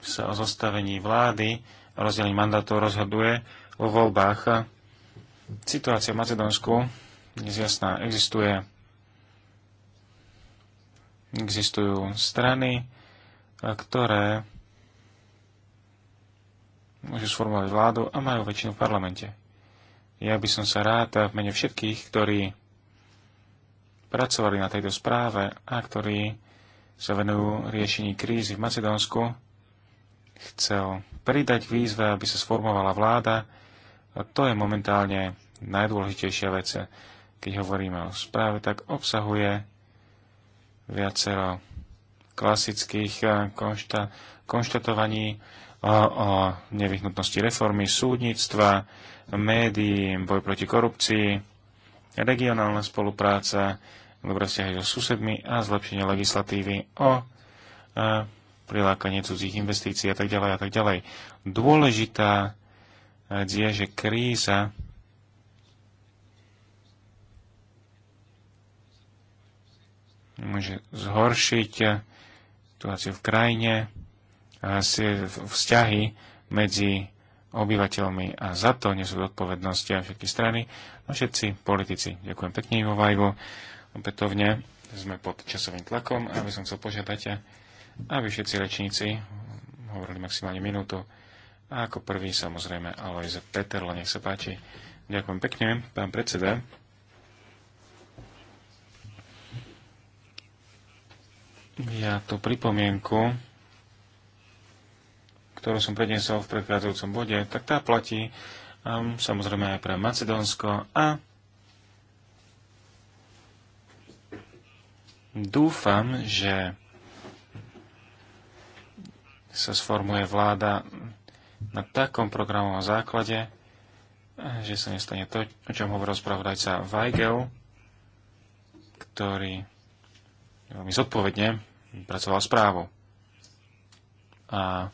Speaker 2: sa o zostavení vlády a rozdelení mandátov rozhoduje vo voľbách. Situácia v Macedónsku dnes jasná existuje Existujú strany, ktoré môžu sformovať vládu a majú väčšinu v parlamente. Ja by som sa rád v mene všetkých, ktorí pracovali na tejto správe a ktorí sa venujú riešení krízy v Macedónsku, chcel pridať výzve, aby sa sformovala vláda. A to je momentálne najdôležitejšia vec. Keď hovoríme o správe, tak obsahuje viacero klasických eh, konšta, konštatovaní o, eh, o nevyhnutnosti reformy súdnictva, médií, boj proti korupcii, regionálna spolupráca, dobré vzťahy so susedmi a zlepšenie legislatívy o a, eh, prilákanie cudzích investícií a tak ďalej a tak ďalej. Dôležitá je, že kríza môže zhoršiť situáciu v krajine, vzťahy medzi obyvateľmi a za to nesú zodpovednosť a všetky strany a všetci politici. Ďakujem pekne Ivo Vajvo. Opätovne sme pod časovým tlakom a aby som chcel požiadať, aby všetci rečníci hovorili maximálne minútu. A ako prvý samozrejme Alojze Peterlo, nech sa páči. Ďakujem pekne, pán predseda. Ja tú pripomienku, ktorú som prednesol v predchádzajúcom bode, tak tá platí um, samozrejme aj pre Macedónsko a dúfam, že sa sformuje vláda na takom programovom základe, že sa nestane to, o čom hovoril spravodajca Weigel, ktorý veľmi zodpovedne pracoval správu. A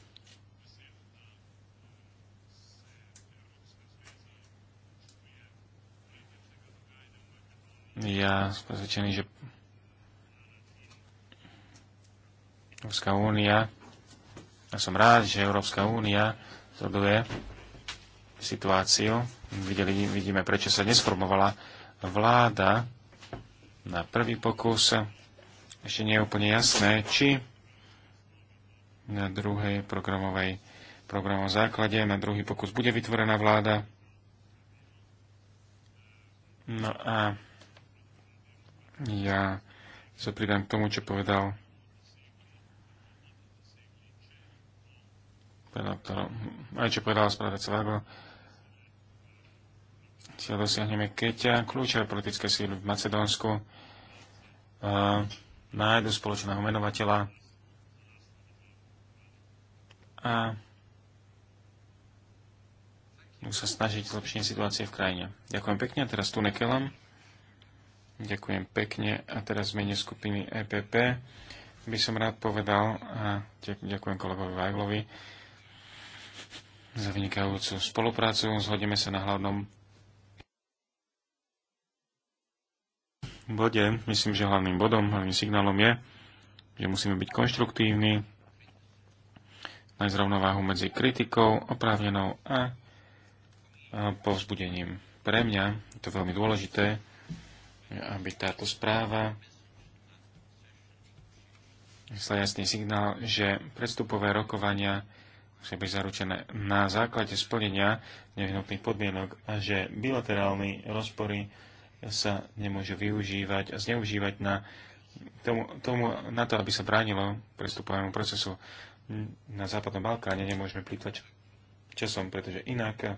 Speaker 2: ja som presvedčený, že Európska únia, ja som rád, že Európska únia sleduje situáciu. Videli, vidíme, prečo sa nesformovala vláda na prvý pokus ešte nie je úplne jasné, či na druhej programovej programov základe, na druhý pokus bude vytvorená vláda. No a ja sa pridám k tomu, čo povedal aj čo povedala spravodajca Vargo, cieľ dosiahneme, Keťa, kľúčové politické síly v Macedónsku uh, nájdu spoločného menovateľa a budú sa snažiť zlepšenie situácie v krajine. Ďakujem pekne a teraz tu nekelam. Ďakujem pekne a teraz v mene skupiny EPP by som rád povedal a ďakujem kolegovi Vajglovi za vynikajúcu spoluprácu. Zhodneme sa na hlavnom bode, myslím, že hlavným bodom, hlavným signálom je, že musíme byť konštruktívni, nájsť rovnováhu medzi kritikou, oprávnenou a, povzbudením. Pre mňa je to veľmi dôležité, aby táto správa vyslal jasný signál, že predstupové rokovania musia byť zaručené na základe splnenia nevyhnutných podmienok a že bilaterálne rozpory sa nemôže využívať a zneužívať na, tomu, tomu, na to, aby sa bránilo prestupovému procesu na Západnom Balkáne. Nemôžeme plýtvať časom, pretože inak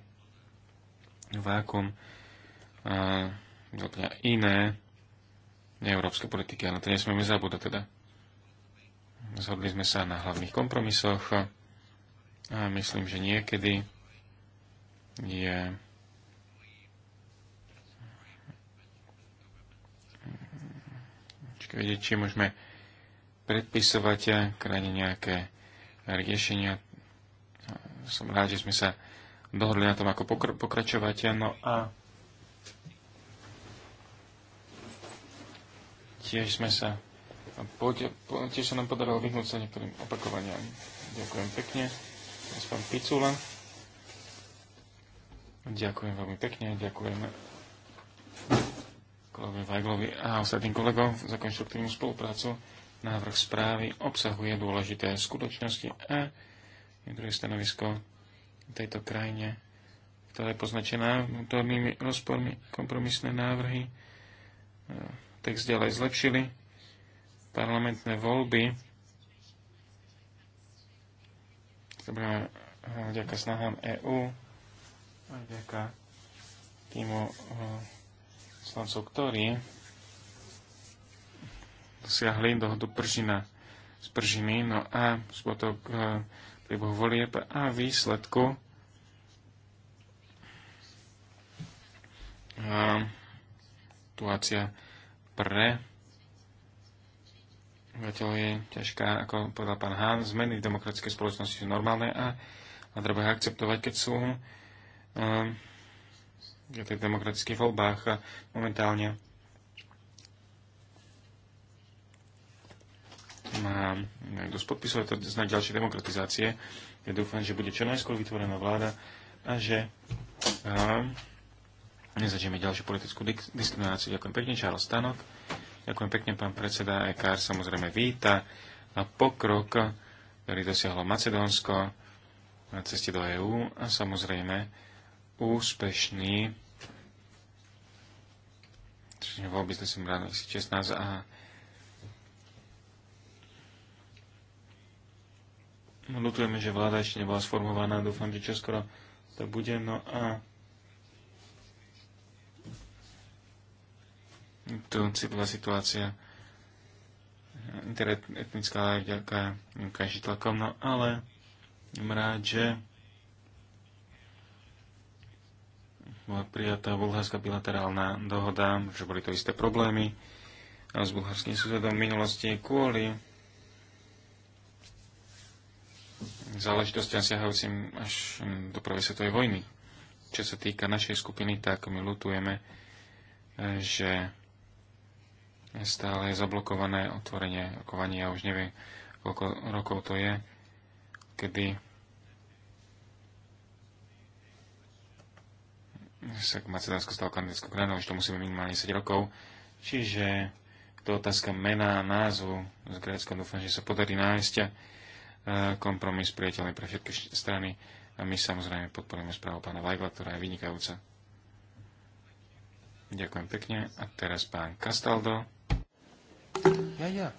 Speaker 2: vákum a, no teda iné európske politiky. A na to nesmieme zabúdať teda. Zhodli sme sa na hlavných kompromisoch a myslím, že niekedy je Trošku vidieť, či môžeme predpisovať eh, krajine nejaké riešenia. Som rád, že sme sa dohodli na tom, ako pokr- pokračovať. Eh, no a tiež sme sa poď, po, tiež sa nám podarilo vyhnúť sa niektorým opakovaniam. Ďakujem pekne. Pán Picula. Ďakujem veľmi pekne. Ďakujem kolegovi Vajglovi a ostatným kolegom za konštruktívnu spoluprácu. Návrh správy obsahuje dôležité skutočnosti a je druhé stanovisko tejto krajine, ktorá je poznačená vnútornými rozpormi, kompromisné návrhy. E, text ďalej zlepšili. Parlamentné voľby. Dobre, e, vďaka snahám EÚ a vďaka týmu e, poslancov, ktorí dosiahli dohodu pržina z pržiny, no a spotok e, príboh volieb a výsledku a e, situácia pre obyvateľov je ťažká, ako povedal pán Hán, zmeny v demokratickej spoločnosti sú normálne a, a treba ich akceptovať, keď sú um, v tých demokratických voľbách momentálne. Má dosť podpisov, to znak ďalšie demokratizácie. Ja dúfam, že bude čo najskôr vytvorená vláda a že nezačneme ďalšiu politickú diskrimináciu. Ďakujem pekne, Charles Stanok. Ďakujem pekne, pán predseda. EKR samozrejme víta a pokrok, ktorý dosiahlo Macedónsko na ceste do EÚ a samozrejme úspešný. Čiže voľby sme si brali 16 a No, lutujeme, že vláda ešte nebola sformovaná, dúfam, že čoskoro to bude. No a tu citlivá situácia interetnická aj vďaka ukáži tlakom, no ale som rád, že bola prijatá bulharská bilaterálna dohoda, že boli to isté problémy s bulharským susedom teda v minulosti kvôli záležitosti siahajúcim až do prvej svetovej vojny. Čo sa týka našej skupiny, tak my lutujeme, že stále je zablokované otvorenie rokovania. Ja už neviem, koľko rokov to je, kedy však Macedánsko stalo kandidátskou krajinou, už to musíme minimálne 10 rokov. Čiže to otázka mena a názvu z Grécka. Dúfam, že sa podarí nájsť e, kompromis priateľný pre všetky strany. A my samozrejme podporujeme správu pána Vajgla, ktorá je vynikajúca. Ďakujem pekne. A teraz pán Castaldo.
Speaker 3: Ja, ja.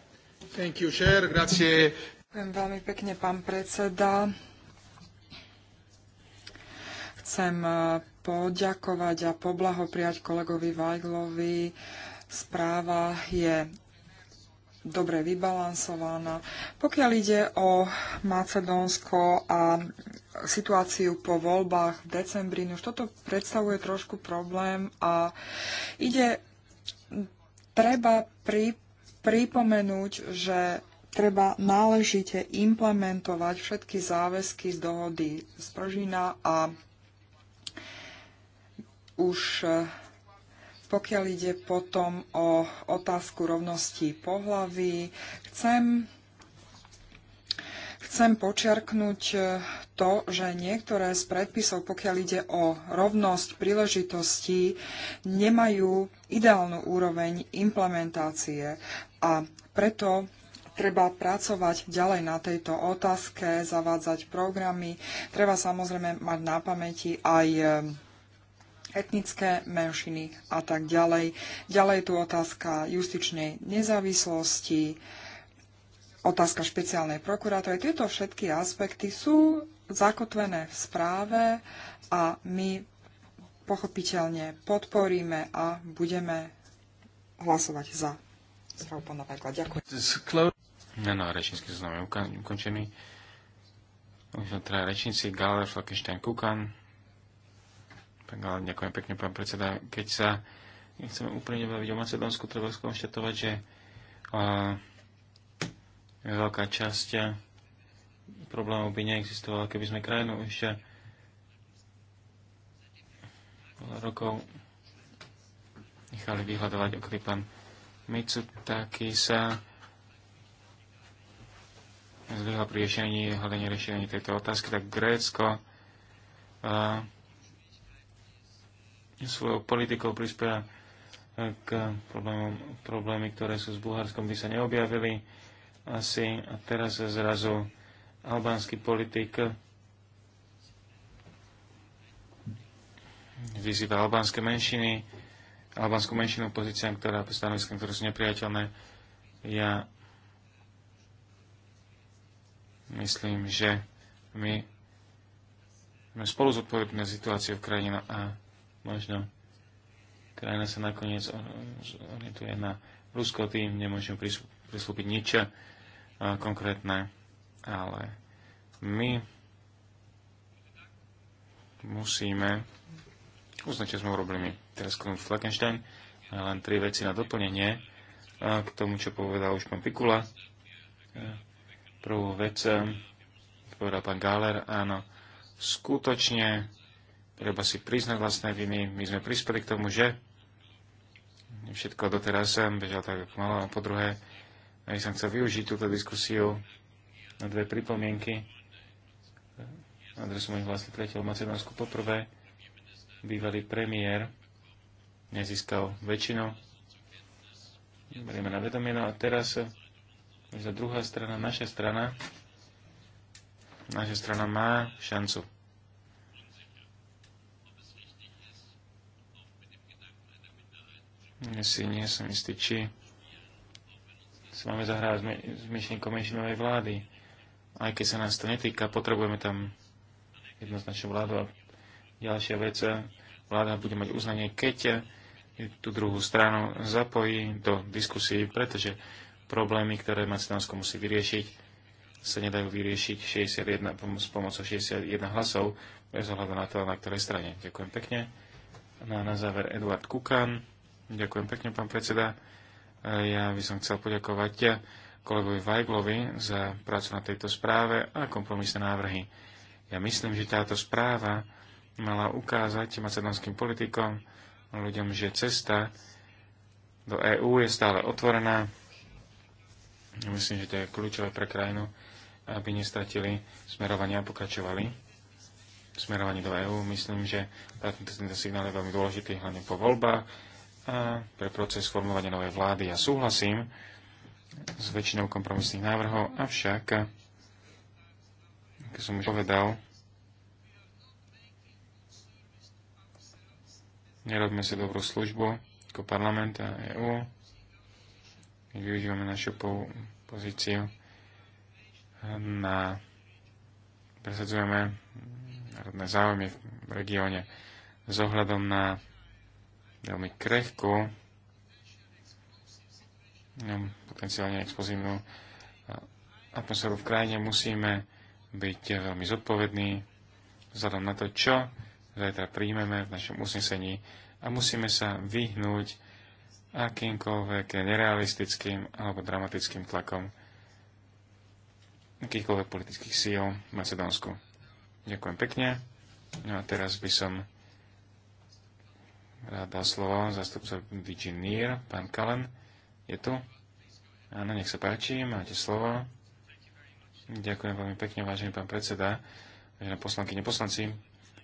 Speaker 3: Thank you, chair.
Speaker 1: Grazie.
Speaker 3: Ďakujem veľmi pekne, pán predseda. Chcem e, poďakovať a poblahopriať kolegovi Vajglovi. Správa je dobre vybalansovaná. Pokiaľ ide o Macedónsko a situáciu po voľbách v decembri, no už toto predstavuje trošku problém a ide, treba pri, pripomenúť, že treba náležite implementovať všetky záväzky z dohody z Pržina a už e, pokiaľ ide potom o otázku rovnosti pohlaví, chcem, chcem počiarknúť e, to, že niektoré z predpisov, pokiaľ ide o rovnosť príležitostí, nemajú ideálnu úroveň implementácie. A preto treba pracovať ďalej na tejto otázke, zavádzať programy. Treba samozrejme mať na pamäti aj e, etnické menšiny a tak ďalej. Ďalej je tu otázka justičnej nezávislosti, otázka špeciálnej prokurátory. Tieto všetky aspekty sú zakotvené v správe a my pochopiteľne podporíme a budeme hlasovať za správu pána Pekla. Ďakujem.
Speaker 2: No, no, rečnícky zoznam je ukončený. Už sme teda rečníci, Galer, Falkenstein, Kukan ale ďakujem pekne, pán predseda. Keď sa chceme úplne baviť o Macedónsku, treba skonštatovať, že a, veľká časť problémov by neexistovala, keby sme krajinu ešte rokov nechali vyhľadovať okrý pán Mitsutakis sa zlyhal pri riešení, hľadanie riešení tejto otázky, tak Grécko a, svojou politikou prispieva eh, k problémom, problémy, ktoré sú s Bulharskom, by sa neobjavili asi a teraz zrazu albánsky politik vyzýva albánske menšiny, albánsku menšinu pozíciám, ktorá stanoviskám, ktoré sú nepriateľné. Ja myslím, že my sme spolu zodpovední na situáciu v krajine a Možno krajina sa nakoniec orientuje na Rusko, tým nemôžeme prislúbiť nič eh, konkrétne, ale my musíme uznať, čo sme urobili my. Teraz k Fleckenstein len tri veci na doplnenie eh, k tomu, čo povedal už pán Pikula. Eh, prvú vec povedal pán Galer, áno, skutočne treba si priznať vlastné viny. My sme prispeli k tomu, že všetko doteraz sem bežal tak, ako malo. A po druhé, ja by som chcel využiť túto diskusiu na dve pripomienky na adresu mojich vlastných priateľov Macedónsku. Poprvé, bývalý premiér nezískal väčšinu. Berieme na vedomie. No a teraz za druhá strana, naša strana, naša strana má šancu Ja si nie som istý, či sa máme zahrávať s myšlienkou menšinovej vlády. Aj keď sa nás to netýka, potrebujeme tam jednoznačnú vládu. A ďalšia vec, vláda bude mať uznanie, keď tú druhú stranu zapojí do diskusie, pretože problémy, ktoré Macedónsko musí vyriešiť, sa nedajú vyriešiť 61, s pomocou 61 hlasov, bez ohľadu na to, na ktorej strane. Ďakujem pekne. No a na záver Eduard Kukan. Ďakujem pekne, pán predseda. E, ja by som chcel poďakovať kolegovi Vajglovi za prácu na tejto správe a kompromisné návrhy. Ja myslím, že táto správa mala ukázať macedónskym politikom, ľuďom, že cesta do EÚ je stále otvorená. Ja myslím, že to je kľúčové pre krajinu, aby nestratili smerovanie a pokračovali smerovanie do EÚ. Myslím, že tento signál je veľmi dôležitý, hlavne po voľbách pre proces formovania novej vlády. Ja súhlasím s väčšinou kompromisných návrhov, avšak, ako som už povedal, nerobme si dobrú službu ako parlament a EÚ, keď využívame našu pozíciu na presadzujeme národné záujmy v regióne s ohľadom na veľmi krehkú, potenciálne explozívnu atmosféru v krajine, musíme byť veľmi zodpovední vzhľadom na to, čo zajtra príjmeme v našom usnesení a musíme sa vyhnúť akýmkoľvek nerealistickým alebo dramatickým tlakom akýchkoľvek politických síl v Macedónsku. Ďakujem pekne. No a teraz by som rád dá slovo zastupca Vigenier, pán Kalen. Je tu? Áno, nech sa páči, máte slovo. Ďakujem veľmi pekne, vážený pán predseda, vážené poslanky, neposlanci.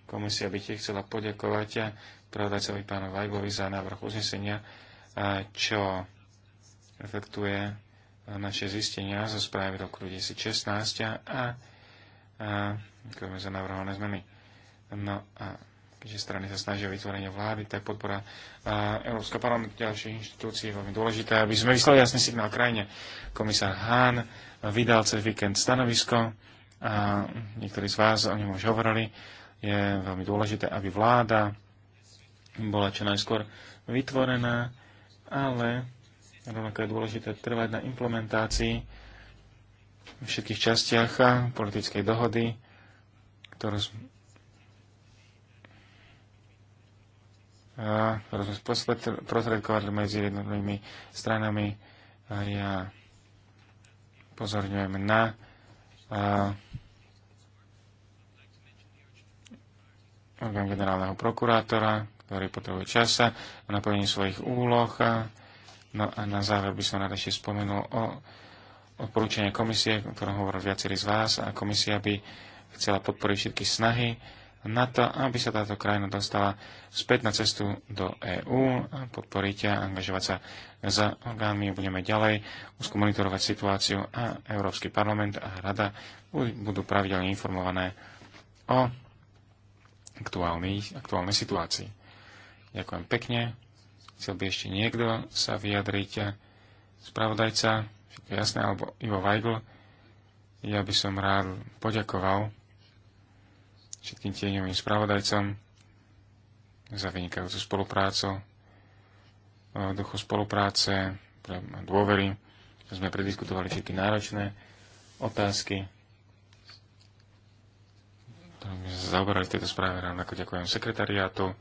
Speaker 2: Komisia by tiež chcela poďakovať pravdacovi pánu Vajbovi za návrh uznesenia, čo reflektuje naše zistenia zo správy roku 2016 a ďakujeme za navrhované zmeny. No a keďže strany sa snažia vytvorenie vlády, tak podpora Európskeho parlamentu ďalších inštitúcií je veľmi dôležitá, aby sme vyslali jasný signál krajine. Komisár Hahn vydal cez víkend stanovisko a niektorí z vás o ňom už hovorili. Je veľmi dôležité, aby vláda bola čo najskôr vytvorená, ale rovnako je dôležité trvať na implementácii v všetkých častiach politickej dohody, ktorú prosredkovali sme medzi jednotlivými stranami. A ja pozorňujem na a, orgán generálneho prokurátora, ktorý potrebuje časa a naplnenie svojich úloh. No a na záver by som rád ešte spomenul o odporúčanie komisie, o ktorom hovoril viacerí z vás, a komisia by chcela podporiť všetky snahy, na to, aby sa táto krajina dostala späť na cestu do EÚ a podporiť a angažovať sa za orgánmi. Budeme ďalej úzko monitorovať situáciu a Európsky parlament a Rada budú pravidelne informované o aktuálnej situácii. Ďakujem pekne. Chcel by ešte niekto sa vyjadriť? Spravodajca, jasné, alebo Ivo Weigl. Ja by som rád poďakoval všetkým tieňovým spravodajcom za vynikajúcu spoluprácu, e, v duchu spolupráce, dôvery. Sme prediskutovali všetky náročné otázky, ktorým sme sa zaoberali v tejto správe. Rovnako ďakujem sekretariátu,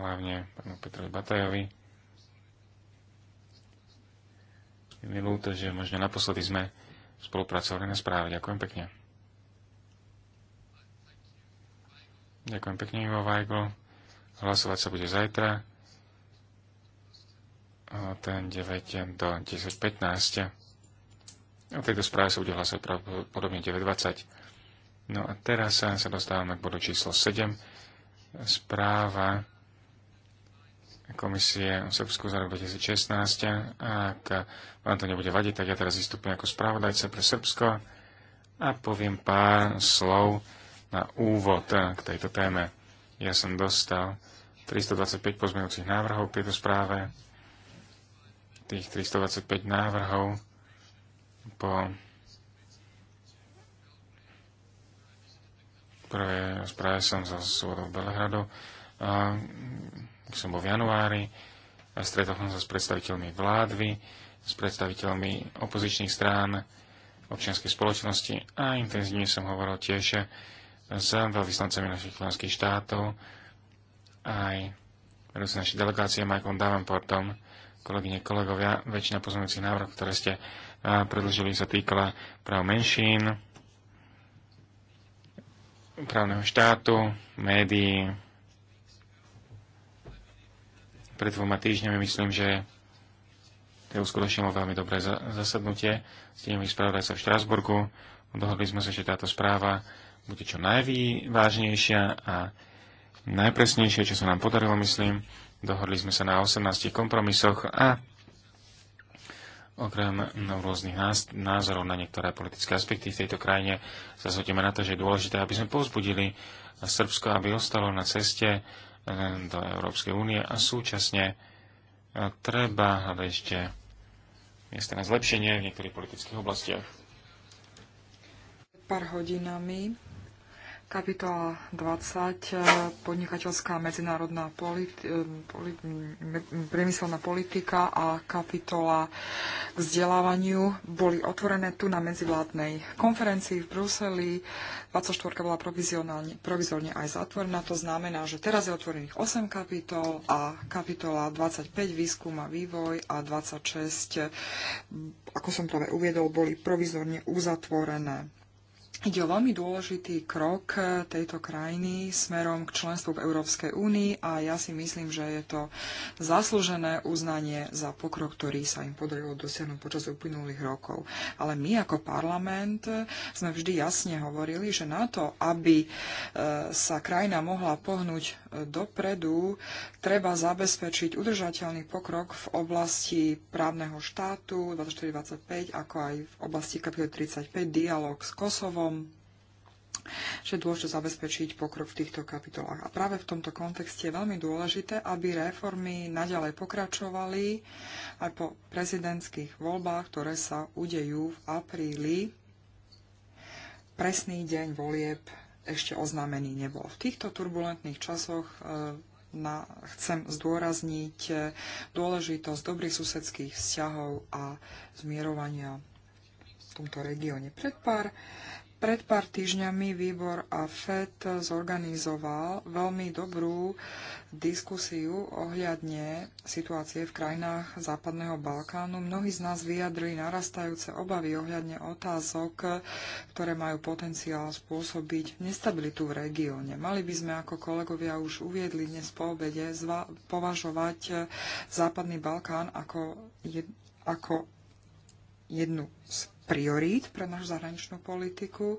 Speaker 2: hlavne pánu Petrovi Batajovi. Je mi ľúto, že možno naposledy sme spolupracovali na správe. Ďakujem pekne. Ďakujem pekne, Ivo Weigl. Hlasovať sa bude zajtra ten 9 do 10.15. O tejto správe sa bude hlasovať pravdepodobne 9.20. No a teraz sa dostávame k bodu číslo 7. Správa komisie o Srbsku za rok 2016. Ak vám to nebude vadiť, tak ja teraz vystupujem ako správodajca pre Srbsko a poviem pár slov na úvod eh, k tejto téme. Ja som dostal 325 pozmeňujúcich návrhov k tejto správe. Tých 325 návrhov po prvé správe som za zvodol Belehradu. A, som bol v januári. A stretol som sa s predstaviteľmi vládvy, s predstaviteľmi opozičných strán, občianskej spoločnosti a intenzívne som hovoril tiež s veľvyslancami našich členských štátov, aj s našej delegácie Michaelom Davenportom, kolegyne, kolegovia, väčšina pozmeňujúcich návrhov, ktoré ste predložili, sa týkala práv menšín, právneho štátu, médií. Pred dvoma týždňami myslím, že to je uskutočnilo veľmi dobré zasadnutie s tými spravodajcov v Štrásburgu. Dohodli sme sa, že táto správa bude čo najvážnejšia a najpresnejšie, čo sa nám podarilo, myslím. Dohodli sme sa na 18 kompromisoch a okrem no, rôznych názorov na niektoré politické aspekty v tejto krajine sa zhodneme na to, že je dôležité, aby sme povzbudili Srbsko, aby ostalo na ceste eh, do Európskej únie a súčasne eh, treba hľadať ešte miesta na zlepšenie v niektorých politických oblastiach.
Speaker 3: Pár hodinami Kapitola 20, eh, podnikateľská medzinárodná politi- eh, polit- priemyselná politika a kapitola k vzdelávaniu boli otvorené tu na medzivládnej konferencii v Bruseli. 24 bola provizorne aj zatvorená. To znamená, že teraz je otvorených 8 kapitol a kapitola 25 výskum a vývoj a 26, eh, ako som práve uviedol, boli provizorne uzatvorené. Ide o veľmi dôležitý krok eh, tejto krajiny smerom k členstvu v Európskej únii a ja si myslím, že je to zaslúžené uznanie za pokrok, ktorý sa im podarilo dosiahnuť počas uplynulých rokov. Ale my ako parlament eh, sme vždy jasne hovorili, že na to, aby eh, sa krajina mohla pohnúť dopredu, treba zabezpečiť udržateľný pokrok v oblasti právneho štátu 24-25, ako aj v oblasti kapitoly 35, dialog s Kosovom, že je dôležité zabezpečiť pokrok v týchto kapitolách. A práve v tomto kontexte je veľmi dôležité, aby reformy naďalej pokračovali aj po prezidentských voľbách, ktoré sa udejú v apríli. Presný deň volieb ešte oznámený nebol. V týchto turbulentných časoch e, na, chcem zdôrazniť e, dôležitosť dobrých susedských vzťahov a zmierovania v tomto regióne. Pred pár pred pár týždňami výbor AFET zorganizoval veľmi dobrú diskusiu ohľadne situácie v krajinách Západného Balkánu. Mnohí z nás vyjadrili narastajúce obavy ohľadne otázok, ktoré majú potenciál spôsobiť nestabilitu v regióne. Mali by sme, ako kolegovia už uviedli dnes po obede, považovať Západný Balkán ako, jed- ako jednu z priorít pre našu zahraničnú politiku.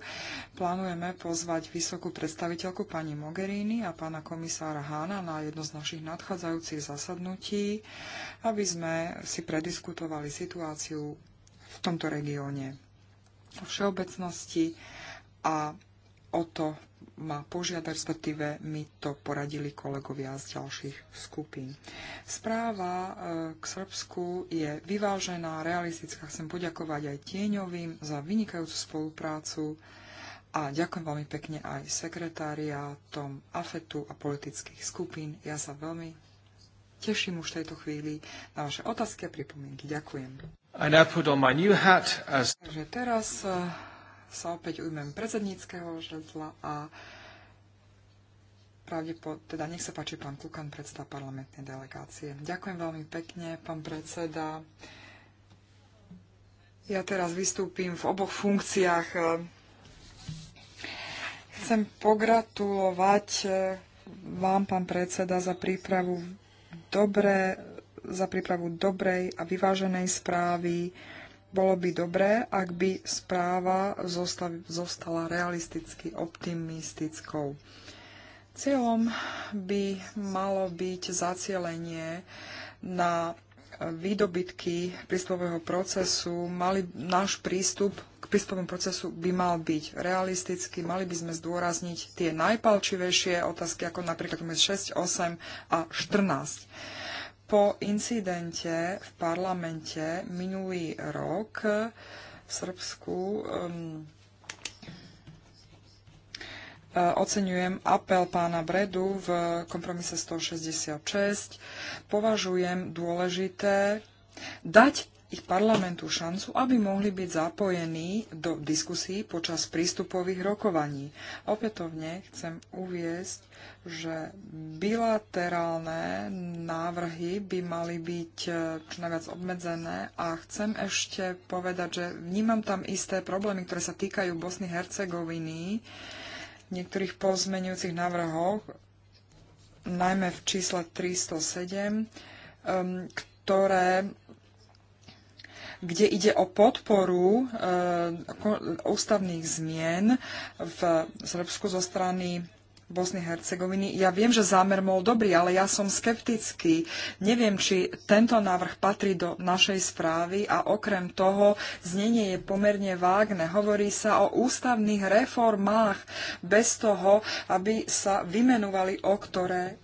Speaker 3: Plánujeme pozvať vysokú predstaviteľku pani Mogherini a pána komisára Hána na jedno z našich nadchádzajúcich zasadnutí, aby sme si prediskutovali situáciu v tomto regióne všeobecnosti a o to ma požiada, respektíve mi to poradili kolegovia z ďalších skupín. Správa e, k Srbsku je vyvážená, realistická. Chcem poďakovať aj tieňovým za vynikajúcu spoluprácu a ďakujem veľmi pekne aj Tom AFETu a politických skupín. Ja sa veľmi teším už v tejto chvíli na vaše otázky a pripomienky. Ďakujem.
Speaker 2: As...
Speaker 3: Takže teraz e, sa opäť ujmem predsedníckého žezla a pravdepod- teda nech sa páči pán Kukan, predseda parlamentnej delegácie. Ďakujem veľmi pekne, pán predseda. Ja teraz vystúpim v oboch funkciách. Chcem pogratulovať vám, pán predseda, za prípravu dobre, za prípravu dobrej a vyváženej správy bolo by dobré, ak by správa zostala realisticky optimistickou. Cieľom by malo byť zacielenie na výdobytky prístupového procesu, mali, náš prístup k prístupovému procesu by mal byť realistický, mali by sme zdôrazniť tie najpalčivejšie otázky, ako napríklad 6, 8 a 14 po incidente v parlamente minulý rok v Srbsku um, oceňujem apel pána Bredu v kompromise 166. Považujem dôležité dať ich parlamentu šancu, aby mohli byť zapojení do diskusí počas prístupových rokovaní. Opätovne chcem uviesť, že bilaterálne návrhy by mali byť eh, čo najviac obmedzené a chcem ešte povedať, že vnímam tam isté problémy, ktoré sa týkajú Bosny Hercegoviny, niektorých pozmenujúcich návrhov, najmä v čísle 307, ehm, ktoré kde ide o podporu eh, ústavných zmien v Srbsku zo strany Bosny Hercegoviny. Ja viem, že zámer bol dobrý, ale ja som skeptický. Neviem, či tento návrh patrí do našej správy a okrem toho znenie je pomerne vágne. Hovorí sa o ústavných reformách bez toho, aby sa vymenovali, o ktoré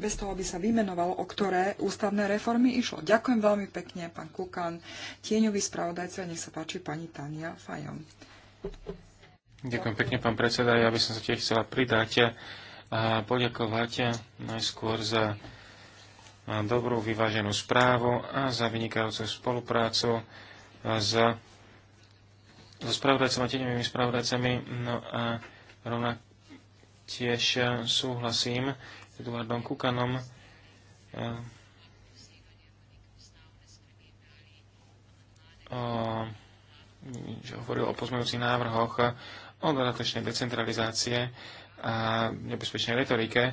Speaker 3: bez toho, aby sa vymenovalo, o ktoré ústavné reformy išlo. Ďakujem veľmi pekne, pán Kukan, tieňový spravodajca, nech sa páči pani Tania Fajon.
Speaker 2: Ďakujem pekne, pán predseda. Ja by som sa tiež chcela pridať a poďakovať najskôr za dobrú vyváženú správu a za vynikajúcu spoluprácu s so spravodajcami a tieňovými spravodajcami. No a rovnako tiež súhlasím Eduardom Kukanom. E, o, že hovoril o pozmeňujúcich návrhoch o dodatočnej decentralizácie a nebezpečnej retorike e,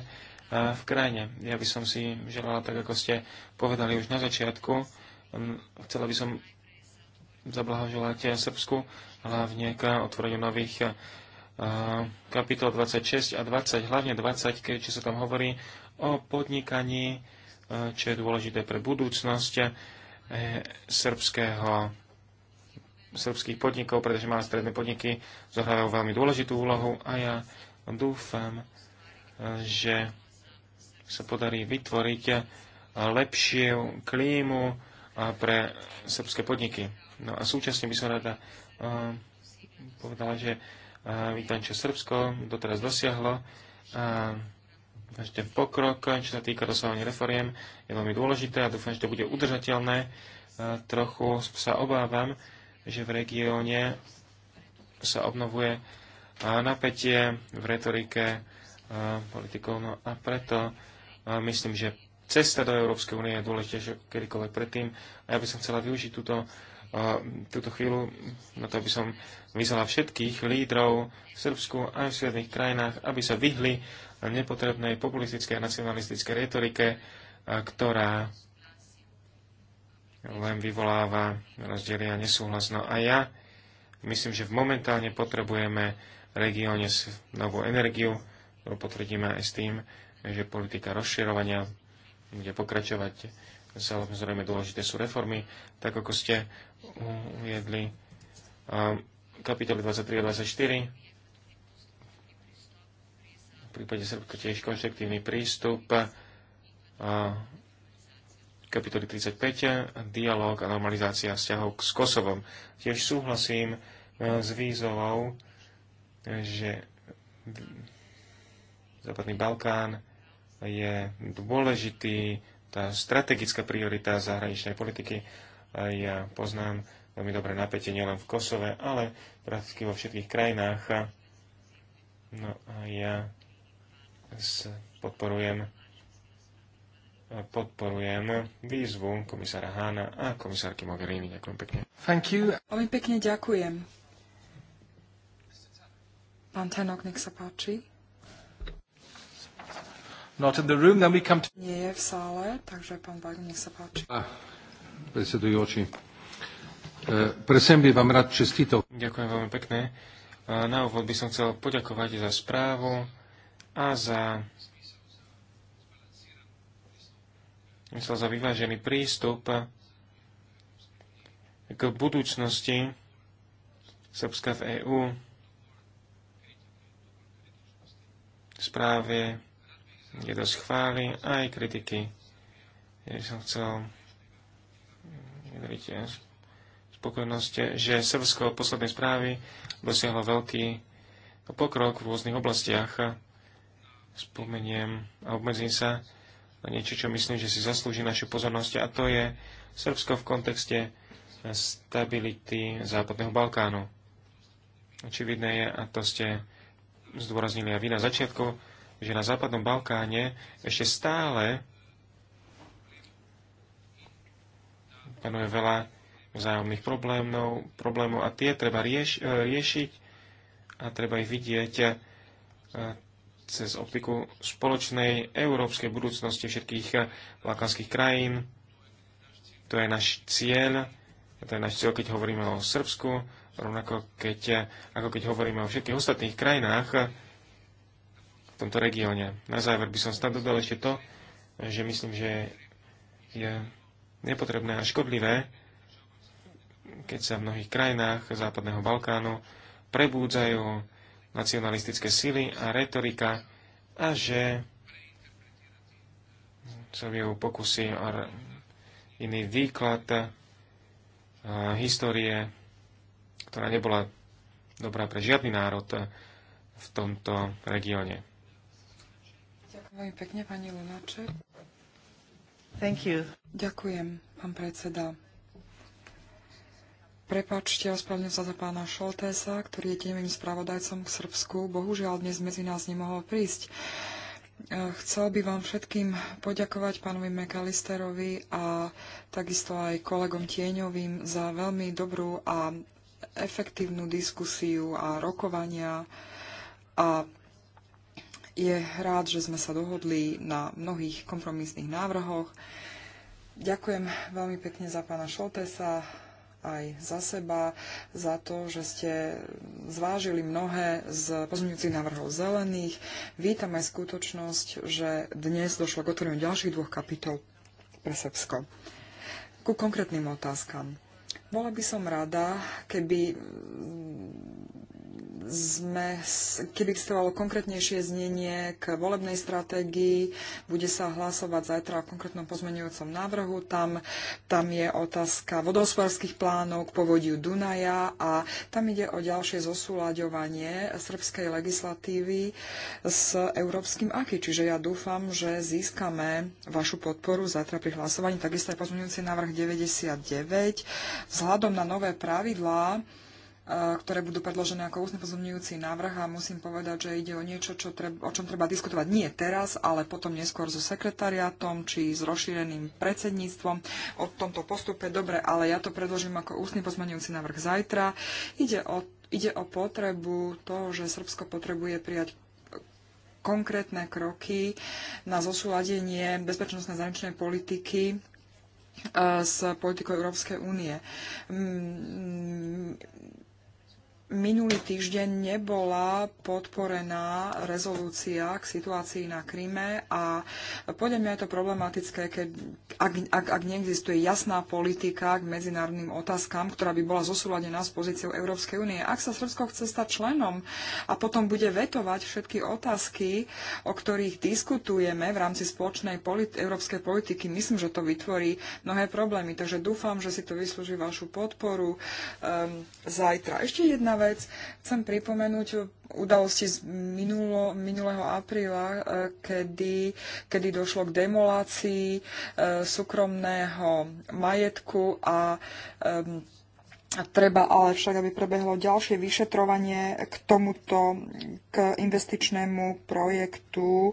Speaker 2: v krajine. Ja by som si želala, tak ako ste povedali už na začiatku, chcela by som zablahoželať Srbsku, hlavne k otvoreniu nových kapitol 26 a 20, hlavne 20, keďže sa tam hovorí o podnikaní, e, čo je dôležité pre budúcnosť e, srbského, srbských podnikov, pretože malé stredné podniky zohrávajú veľmi dôležitú úlohu a ja dúfam, e, že sa podarí vytvoriť lepšiu klímu pre srbské podniky. No a súčasne by som rada povedala, že Vítam, čo Srbsko doteraz dosiahlo. A ten pokrok, čo sa týka dosahovania reforiem, je veľmi dôležité a dúfam, že to bude udržateľné. trochu sa obávam, že v regióne sa obnovuje napätie v retorike politikov. No a preto myslím, že cesta do Európskej únie je dôležitejšia kedykoľvek predtým. A ja by som chcela využiť túto túto chvíľu na to, aby som vyzvala všetkých lídrov v Srbsku a v svetných krajinách, aby sa vyhli nepotrebnej populistickej a nacionalistickej retorike, ktorá len vyvoláva rozdiely a nesúhlas. No a ja myslím, že momentálne potrebujeme regióne novú energiu, potvrdíme aj s tým, že politika rozširovania bude pokračovať Samozrejme dôležité sú reformy, tak ako ste uviedli ehm, kapitoly 23 a 24. V prípade Srbka tiež konštruktívny prístup kapitoly 35, Dialóg a normalizácia vzťahov s Kosovom. Tiež súhlasím e, s výzovou, že Západný Balkán je dôležitý tá strategická priorita zahraničnej politiky. Ja poznám veľmi dobré napätie nielen v Kosove, ale prakticky vo všetkých krajinách. No a ja podporujem podporujem výzvu komisára Hána a komisárky Mogherini. Ďakujem pekne.
Speaker 3: Thank you. Veľmi pekne ďakujem. Pán Tenok, nech sa páči
Speaker 2: not in the room, then we come to...
Speaker 3: Nie je v sále, takže pán Bajk, nech sa páči. Ah,
Speaker 1: predsedujúci, e, presem by vám rád čestito.
Speaker 2: Ďakujem veľmi pekne. E, na úvod by som chcel poďakovať za správu a za myslel za vyvážený prístup k budúcnosti Srbska v EÚ správe je dosť chvály, aj kritiky. Ja by som chcel vidíte, eh, spokojnosť, že Srbsko v poslednej správy dosiahlo veľký pokrok v rôznych oblastiach. Spomeniem a obmedzím sa na niečo, čo myslím, že si zaslúži našu pozornosť, a to je Srbsko v kontexte stability Západného Balkánu. Očividné je, a to ste zdôraznili aj vy na začiatku, že na Západnom Balkáne ešte stále panuje veľa vzájomných problémov, problémov a tie treba rieš, e, riešiť a treba ich vidieť e, cez optiku spoločnej európskej budúcnosti všetkých e, balkánskych krajín. To je náš cieľ, to je náš cieľ, keď hovoríme o Srbsku, rovnako keď, ako keď hovoríme o všetkých ostatných krajinách, v tomto regióne. Na záver by som snad dodal ešte to, že myslím, že je nepotrebné a škodlivé, keď sa v mnohých krajinách Západného Balkánu prebúdzajú nacionalistické sily a retorika a že sa vyjú pokusy o iný výklad histórie, ktorá nebola dobrá pre žiadny národ v tomto regióne.
Speaker 3: Veľmi pekne, pani Lunáček. Thank you. Ďakujem, pán predseda. Prepačte, ospravedlňujem sa za pána Šoltesa, ktorý je tieňovým spravodajcom k Srbsku. Bohužiaľ, dnes medzi nás nemohol prísť. Chcel by vám všetkým poďakovať pánovi McAllisterovi a takisto aj kolegom Tieňovým za veľmi dobrú a efektívnu diskusiu a rokovania a je rád, že sme sa dohodli na mnohých kompromisných návrhoch. Ďakujem veľmi pekne za pána Šoltesa aj za seba, za to, že ste zvážili mnohé z pozmeňujúcich návrhov zelených. Vítam aj skutočnosť, že dnes došlo k otvoreniu ďalších dvoch kapitol pre Srbsko. Ku konkrétnym otázkam. Bola by som rada, keby sme, keby chcelo konkrétnejšie znenie k volebnej stratégii, bude sa hlasovať zajtra o konkrétnom pozmeňujúcom návrhu. Tam, tam je otázka vodohospodárských plánov k povodiu Dunaja a tam ide o ďalšie zosúľaďovanie srbskej legislatívy s európskym aký. Čiže ja dúfam, že získame vašu podporu zajtra pri hlasovaní. Takisto aj pozmenujúci návrh 99. Vzhľadom na nové pravidlá, ktoré budú predložené ako ústne pozorňujúci návrh a musím povedať, že ide o niečo, čo treb, o čom treba diskutovať nie teraz, ale potom neskôr so sekretariátom či s rozšíreným predsedníctvom o tomto postupe. Dobre, ale ja to predložím ako ústny pozmeňujúci návrh zajtra. Ide o, ide o potrebu toho, že Srbsko potrebuje prijať konkrétne kroky na zosúladenie bezpečnostnej zahraničnej politiky e, s politikou Európskej únie mm, minulý týždeň nebola podporená rezolúcia k situácii na Kryme a podľa mňa je to problematické, keď, ak, ak, ak neexistuje jasná politika k medzinárodným otázkam, ktorá by bola zosúladená s pozíciou Európskej únie. Ak sa Srbsko chce stať členom a potom bude vetovať všetky otázky, o ktorých diskutujeme v rámci spoločnej politi- európskej politiky, myslím, že to vytvorí mnohé problémy. Takže dúfam, že si to vyslúži vašu podporu um, zajtra. Ešte jedna vec. Chcem pripomenúť udalosti z minulo, minulého apríla, e, kedy, kedy došlo k demolácii e, súkromného majetku a Treba ale však, aby prebehlo ďalšie vyšetrovanie k tomuto, k investičnému projektu e,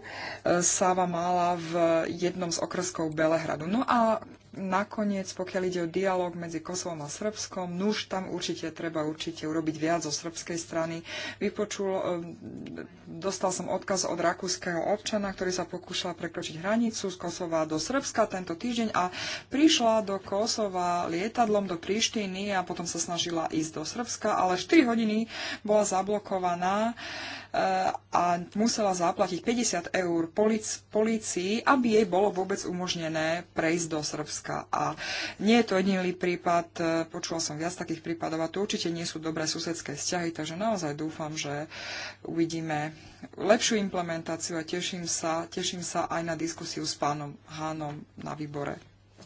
Speaker 3: Sava Mala v jednom z okreskov Belehradu. No a nakoniec, pokiaľ ide o dialog medzi Kosovom a Srbskom, nuž tam určite treba určite urobiť viac zo srbskej strany. Vypočul, e, dostal som odkaz od rakúskeho občana, ktorý sa pokúšal prekročiť hranicu z Kosova do Srbska tento týždeň a prišla do Kosova lietadlom do Prištiny a potom sa snažila ísť do Srbska, ale 4 hodiny bola zablokovaná a musela zaplatiť 50 eur polícii, aby jej bolo vôbec umožnené prejsť do Srbska. A nie je to jediný prípad, e, počula som viac takých prípadov a tu určite nie sú dobré susedské vzťahy, takže naozaj dúfam, že uvidíme lepšiu implementáciu a teším sa, teším sa aj na diskusiu s pánom Hánom na výbore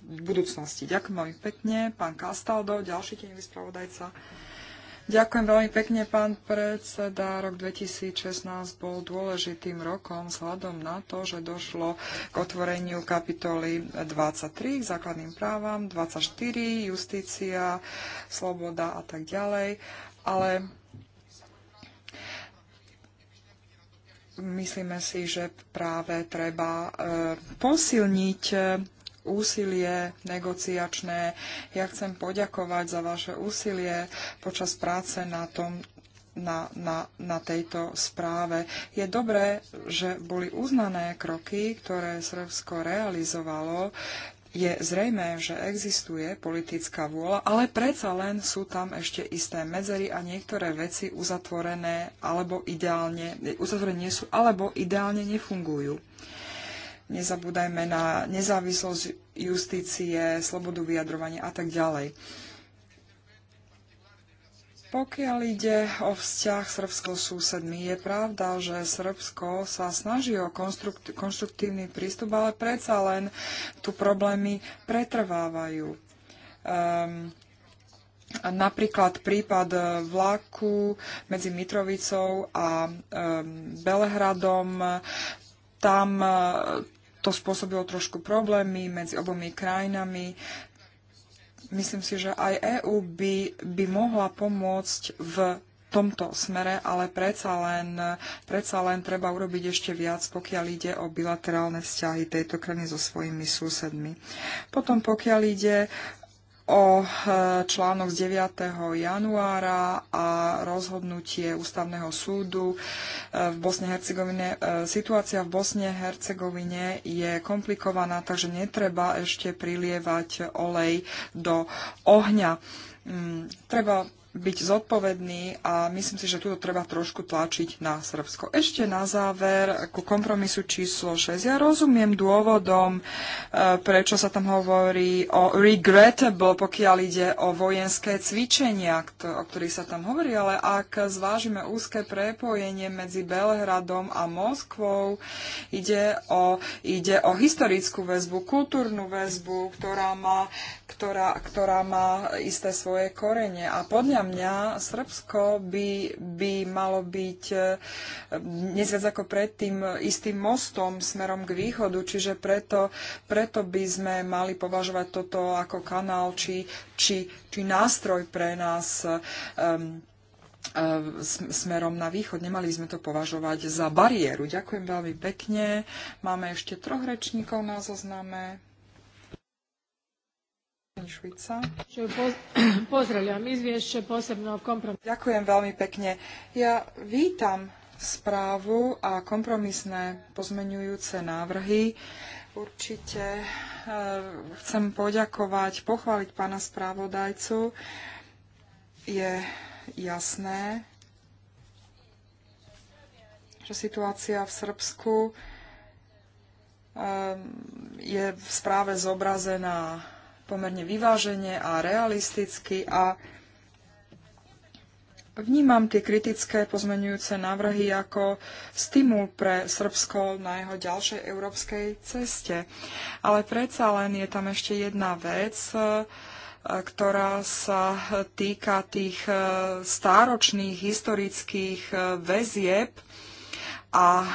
Speaker 3: v budúcnosti. Ďakujem veľmi pekne, pán Kastaldo, ďalší tenový spravodajca. Ďakujem veľmi pekne, pán predseda. Rok 2016 bol dôležitým rokom vzhľadom na to, že došlo k otvoreniu kapitoly 23 k základným právam, 24 justícia, sloboda a tak ďalej. Ale myslíme si, že práve treba e, posilniť e, úsilie negociačné. Ja chcem poďakovať za vaše úsilie počas práce na tom, na, na, na tejto správe. Je dobré, že boli uznané kroky, ktoré Srbsko realizovalo. Je zrejme, že existuje politická vôľa, ale predsa len sú tam ešte isté medzery a niektoré veci uzatvorené alebo ideálne, uzatvorené nie sú, alebo ideálne nefungujú nezabúdajme na nezávislosť justície, slobodu vyjadrovania a tak ďalej. Pokiaľ ide o vzťah Srbsko susedmi, je pravda, že Srbsko sa snaží o konstrukt- prístup, ale predsa len tu problémy pretrvávajú. Um, napríklad prípad vlaku medzi Mitrovicou a um, Belehradom, tam, to spôsobilo trošku problémy medzi obomi krajinami. Myslím si, že aj EÚ by, by mohla pomôcť v tomto smere, ale predsa len, predsa len treba urobiť ešte viac, pokiaľ ide o bilaterálne vzťahy tejto krajiny so svojimi susedmi. Potom pokiaľ ide o e, článok z 9. januára a rozhodnutie ústavného súdu e, v Bosne Hercegovine. E, situácia v Bosne Hercegovine je komplikovaná, takže netreba ešte prilievať olej do ohňa. Mm, treba byť zodpovedný a myslím si, že tu treba trošku tlačiť na Srbsko. Ešte na záver ku kompromisu číslo 6. Ja rozumiem dôvodom, e, prečo sa tam hovorí o regrettable, pokiaľ ide o vojenské cvičenia, o ktorých sa tam hovorí, ale ak zvážime úzke prepojenie medzi Belhradom a Moskvou, ide o, ide o historickú väzbu, kultúrnu väzbu, ktorá má ktorá, ktorá má isté svoje korene. A podľa mňa Srbsko by, by malo byť e, nezviac ako predtým e, istým mostom smerom k východu, čiže preto, preto by sme mali považovať toto ako kanál či, či, či nástroj pre nás um, smerom na východ. Nemali sme to považovať za bariéru. Ďakujem veľmi pekne. Máme ešte troch rečníkov na zozname. Ďakujem veľmi pekne. Ja vítam správu a kompromisné pozmenujúce návrhy. Určite e, chcem poďakovať, pochváliť pána správodajcu. Je jasné, že situácia v Srbsku e, je v správe zobrazená pomerne vyvážene a realisticky a Vnímam tie kritické pozmenujúce návrhy ako stimul pre Srbsko na jeho ďalšej európskej ceste. Ale predsa len je tam ešte jedna vec, e, ktorá sa týka tých e, stáročných historických e, väzieb, a e,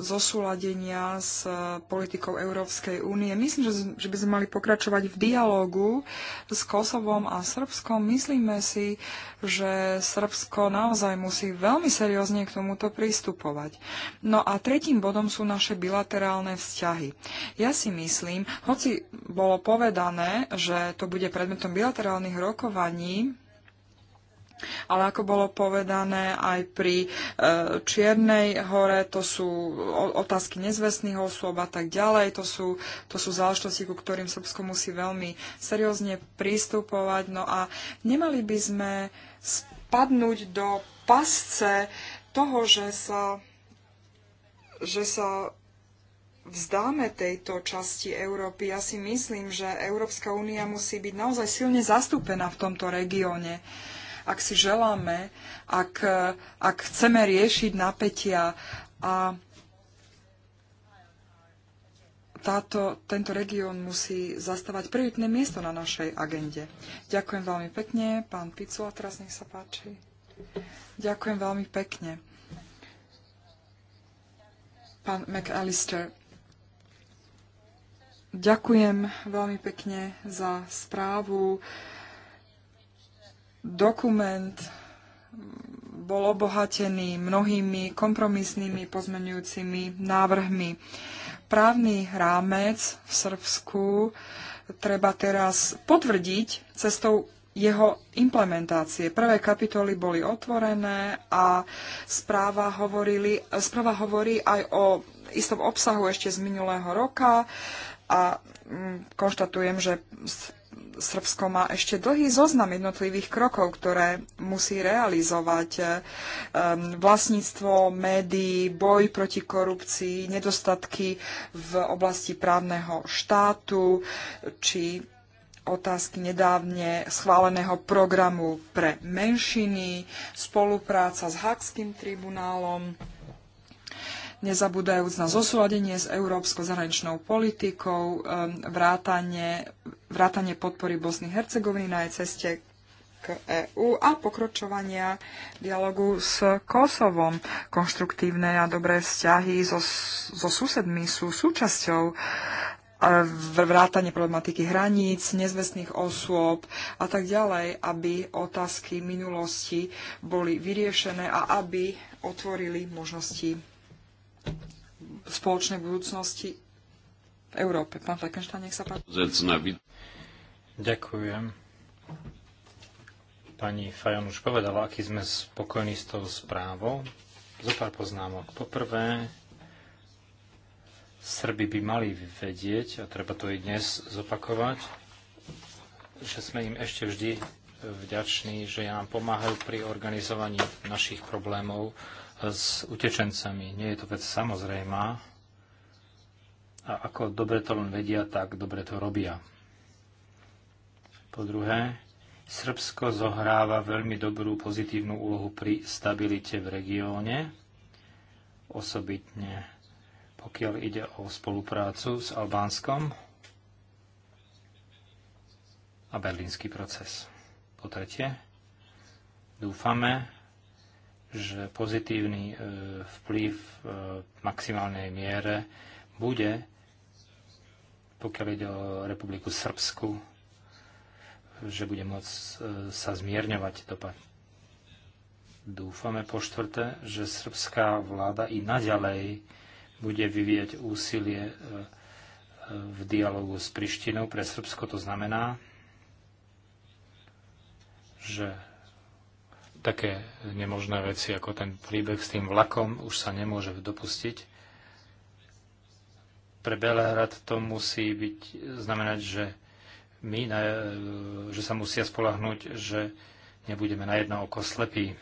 Speaker 3: zosúladenia s e, politikou Európskej únie. Myslím, že, by sme mali pokračovať v dialógu s Kosovom a Srbskom. Myslíme si, že Srbsko naozaj musí veľmi seriózne k tomuto pristupovať. No a tretím bodom sú naše bilaterálne vzťahy. Ja si myslím, hoci bolo povedané, že to bude predmetom bilaterálnych rokovaní, ale ako bolo povedané aj pri e, Čiernej hore, to sú otázky nezvestných osôb a tak ďalej, to sú, to sú záležitosti, ku ktorým Srbsko musí veľmi seriózne pristupovať. No a nemali by sme spadnúť do pasce toho, že sa, že sa vzdáme tejto časti Európy. Ja si myslím, že Európska únia musí byť naozaj silne zastúpená v tomto regióne ak si želáme, ak, ak chceme riešiť napätia a táto, tento región musí zastávať prioritné miesto na našej agende. Ďakujem veľmi pekne. Pán a teraz nech sa páči. Ďakujem veľmi pekne. Pán McAllister, ďakujem veľmi pekne za správu. Dokument bol obohatený mnohými kompromisnými pozmenujúcimi návrhmi. Právny rámec v Srbsku treba teraz potvrdiť cestou jeho implementácie. Prvé kapitoly boli otvorené a správa, hovorili, správa hovorí aj o istom obsahu ešte z minulého roka a mm, konštatujem, že Srbsko má ešte dlhý zoznam jednotlivých krokov, ktoré musí realizovať. Ehm, vlastníctvo médií, boj proti korupcii, nedostatky v oblasti právneho štátu či otázky nedávne schváleného programu pre menšiny, spolupráca s Hakským tribunálom, nezabúdajúc na zosúladenie s európsko zahraničnou politikou, ehm, vrátanie vrátanie podpory Bosny Hercegoviny na jej ceste k EÚ a pokračovania dialogu s Kosovom. Konštruktívne a dobré vzťahy so, so susedmi sú súčasťou e, vrátanie problematiky hraníc, nezvestných osôb a tak ďalej, aby otázky minulosti boli vyriešené a aby otvorili možnosti spoločnej budúcnosti v Európe. Pán Fleckenstein, nech sa páči.
Speaker 1: Ďakujem. Pani Fajon už povedala, aký sme spokojní s tou správou. Zo pár poznámok. Poprvé, Srby by mali vedieť, a treba to i dnes zopakovať, že sme im ešte vždy vďační, že nám pomáhajú pri organizovaní našich problémov s utečencami. Nie je to vec samozrejmá. A ako dobre to len vedia, tak dobre to robia. Po druhé, Srbsko zohráva veľmi dobrú pozitívnu úlohu pri stabilite v regióne, osobitne pokiaľ ide o spoluprácu s Albánskom a berlínsky proces. Po tretie, dúfame, že pozitívny e, vplyv e, v maximálnej miere bude, pokiaľ ide o Republiku Srbsku, že bude môcť e, sa zmierňovať dopad. Dúfame po štvrté, že srbská vláda i naďalej bude vyvíjať úsilie e, v dialogu s Prištinou. Pre Srbsko to znamená, že také nemožné veci ako ten príbeh s tým vlakom už sa nemôže dopustiť. Pre Belehrad to musí byť, znamenať, že my, na, e, že sa musia spolahnúť, že nebudeme na jedno oko slepí.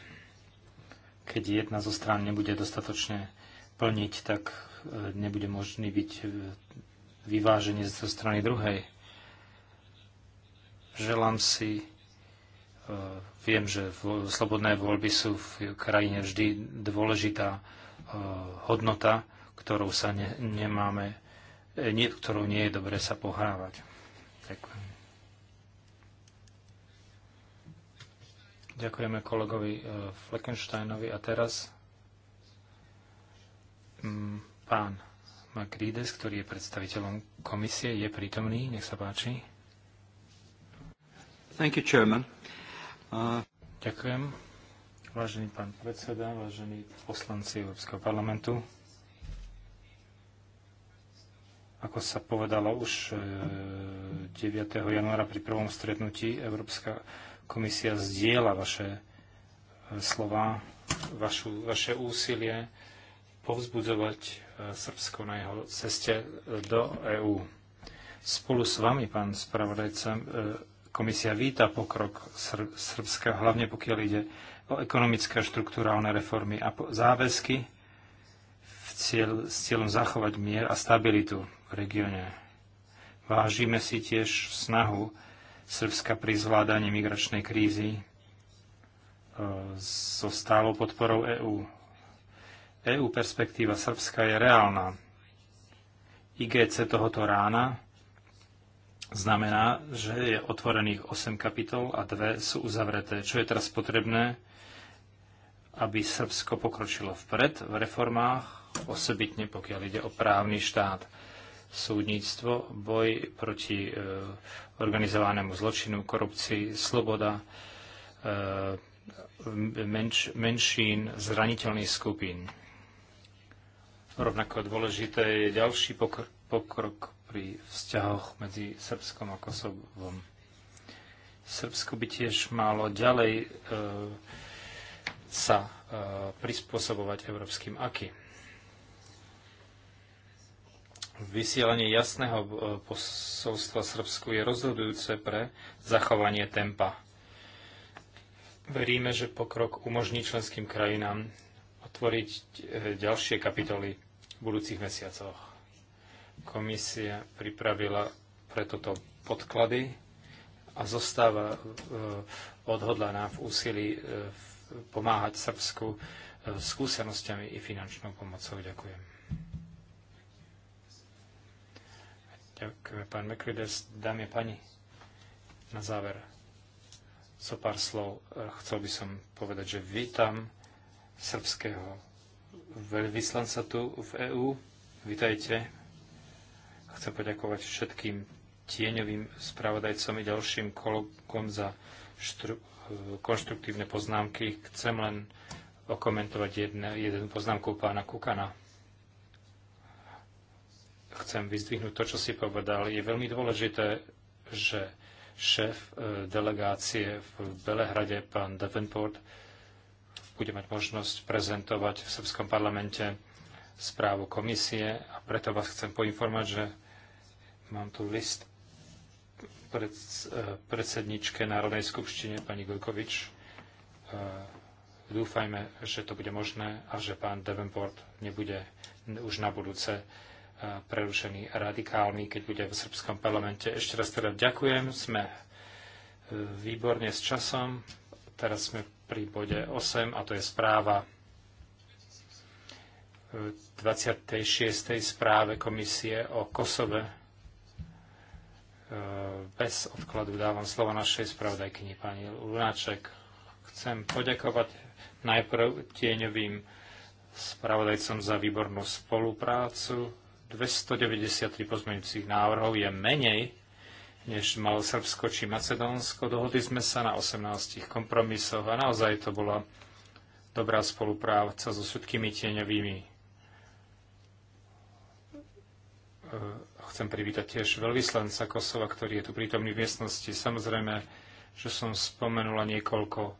Speaker 1: Keď jedna zo strán nebude dostatočne plniť, tak e, nebude možný byť e, vyváženie zo strany druhej. Želám si, viem, že slobodné voľby sú v krajine vždy dôležitá hodnota, ktorou sa ne, nemáme, nie, ktorou nie je dobre sa pohrávať. Ďakujem. Ďakujeme kolegovi e, Fleckensteinovi a teraz mm, pán Makrides, ktorý je predstaviteľom komisie, je prítomný. Nech sa páči. Thank you, Chairman. Uh... Ďakujem. Vážený pán predseda, vážení poslanci Európskeho parlamentu, ako sa povedalo už 9. E, januára pri prvom stretnutí Európska Komisia zdieľa vaše e, slova, vašu, vaše úsilie povzbudzovať e, Srbsko na jeho ceste e, do EÚ. Spolu s vami, pán spravodajca, komisia víta pokrok Sr- Srbska, hlavne pokiaľ ide o ekonomické a štruktúrálne reformy a záväzky v cieľ, s cieľom zachovať mier a stabilitu v regióne. Vážime si tiež snahu Srbska pri zvládaní migračnej krízy e, so stálou podporou EÚ. EÚ perspektíva Srbska je reálna. IGC tohoto rána znamená, že je otvorených 8 kapitol a dve sú uzavreté. Čo je teraz potrebné, aby Srbsko pokročilo vpred v reformách, osobitne pokiaľ ide o právny štát súdnictvo, boj proti e, organizovanému zločinu, korupcii, sloboda e, menš, menšín, zraniteľných skupín. Rovnako dôležité je ďalší pokrok, pokrok pri vzťahoch medzi Srbskom a Kosovom. Srbsko by tiež malo ďalej e, sa e, prispôsobovať európskym akým. Vysielanie jasného e, posolstva Srbsku je rozhodujúce pre zachovanie tempa. Veríme, že pokrok umožní členským krajinám otvoriť e, ďalšie kapitoly v budúcich mesiacoch. Komisia pripravila pre toto podklady a zostáva e, odhodlaná v úsilí pomáhať Srbsku skúsenosťami i finančnou pomocou. Ďakujem. Ďakujem, pán McRides. Dámy a pani, na záver so pár slov e, chcel by som povedať, že vítam srbského veľvyslanca tu v EÚ. Vítajte. Chcem poďakovať všetkým tieňovým spravodajcom i ďalším kolegom za štru, e, konštruktívne poznámky. Chcem len okomentovať jednu poznámku pána Kukana chcem vyzdvihnúť to, čo si povedal. Je veľmi dôležité, že šéf e, delegácie v Belehrade, pán Davenport, bude mať možnosť prezentovať v Srbskom parlamente správu komisie a preto vás chcem poinformovať, že mám tu list pred, e, predsedničke Národnej skupštine pani Gojkovič. E, dúfajme, že to bude možné a že pán Davenport nebude už na budúce prerušení radikálmi, keď bude v srbskom parlamente. Ešte raz teda ďakujem, sme e, výborne s časom. Teraz sme pri bode 8 a to je správa 26. E, správe komisie o Kosove. E, bez odkladu dávam slovo našej spravodajkyni pani Lunáček. Chcem poďakovať najprv tieňovým spravodajcom za výbornú spoluprácu 293 pozmeňujúcich návrhov je menej, než mal Srbsko či Macedónsko. Dohodli sme sa na 18 kompromisoch a naozaj to bola dobrá spolupráca so všetkými tieňovými. Eh, chcem privítať tiež veľvyslanca Kosova, ktorý je tu prítomný v miestnosti. Samozrejme, že som spomenula niekoľko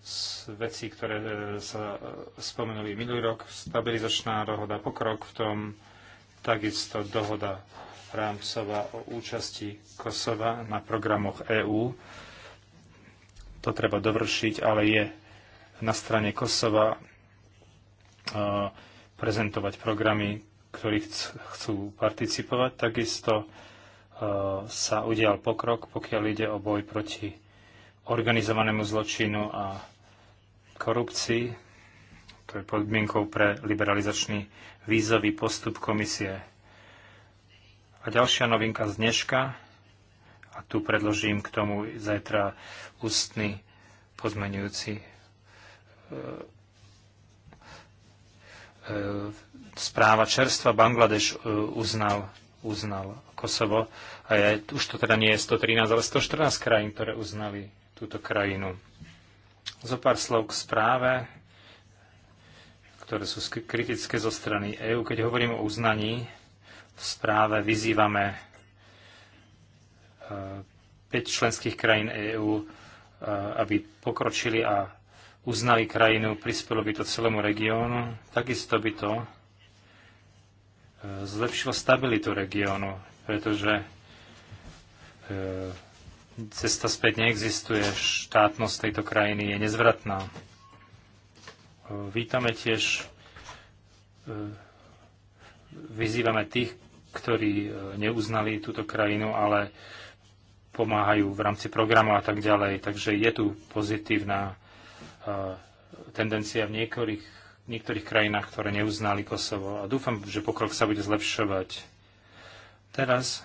Speaker 1: z vecí, ktoré eh, sa eh, spomenuli minulý rok. Stabilizačná dohoda, pokrok v tom, takisto dohoda rámcová o účasti Kosova na programoch EÚ. To treba dovršiť, ale je na strane Kosova e, prezentovať programy, ktorí chcú participovať. Takisto e, sa udial pokrok, pokiaľ ide o boj proti organizovanému zločinu a korupcii to je podmienkou pre liberalizačný vízový postup komisie. A ďalšia novinka z dneška, a tu predložím k tomu zajtra ústny pozmenujúci e, e, správa čerstva Bangladeš e, uznal, uznal Kosovo a je, už to teda nie je 113, ale 114 krajín, ktoré uznali túto krajinu. Zo pár slov k správe ktoré sú kritické zo strany EÚ. Keď hovorím o uznaní, v správe vyzývame 5 e, členských krajín EÚ, e, aby pokročili a uznali krajinu, prispelo by to celému regiónu. Takisto by to e, zlepšilo stabilitu regiónu, pretože cesta späť neexistuje, štátnosť tejto krajiny je nezvratná. Vítame tiež, e, vyzývame tých, ktorí e, neuznali túto krajinu, ale pomáhajú v rámci programu a tak ďalej. Takže je tu pozitívna e, tendencia v niektorých, niektorých krajinách, ktoré neuznali Kosovo. A dúfam, že pokrok sa bude zlepšovať. Teraz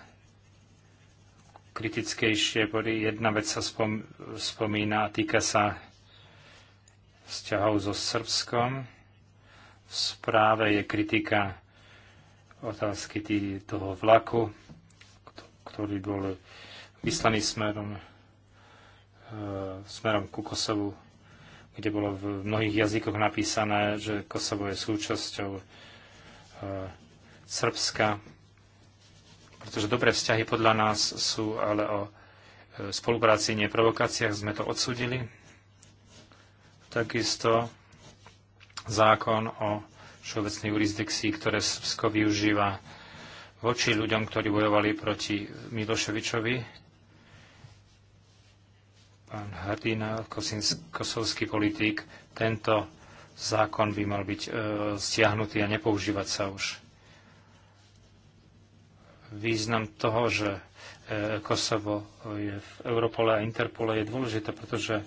Speaker 1: kritickejšie Jedna vec sa spom, spomína a týka sa vzťahov so Srbskom. V správe je kritika otázky tý, toho vlaku, ktorý bol vyslaný smerom, e, smerom ku Kosovu, kde bolo v mnohých jazykoch napísané, že Kosovo je súčasťou e, Srbska, pretože dobré vzťahy podľa nás sú ale o e, spolupráci, nie provokáciách. Sme to odsudili. Takisto zákon o všeobecnej jurisdikcii, ktoré Srbsko využíva voči ľuďom, ktorí bojovali proti Miloševičovi. Pán Hrdina, kosovský politik, tento zákon by mal byť e, stiahnutý a nepoužívať sa už. Význam toho, že e, Kosovo je v Europole a Interpole je dôležité, pretože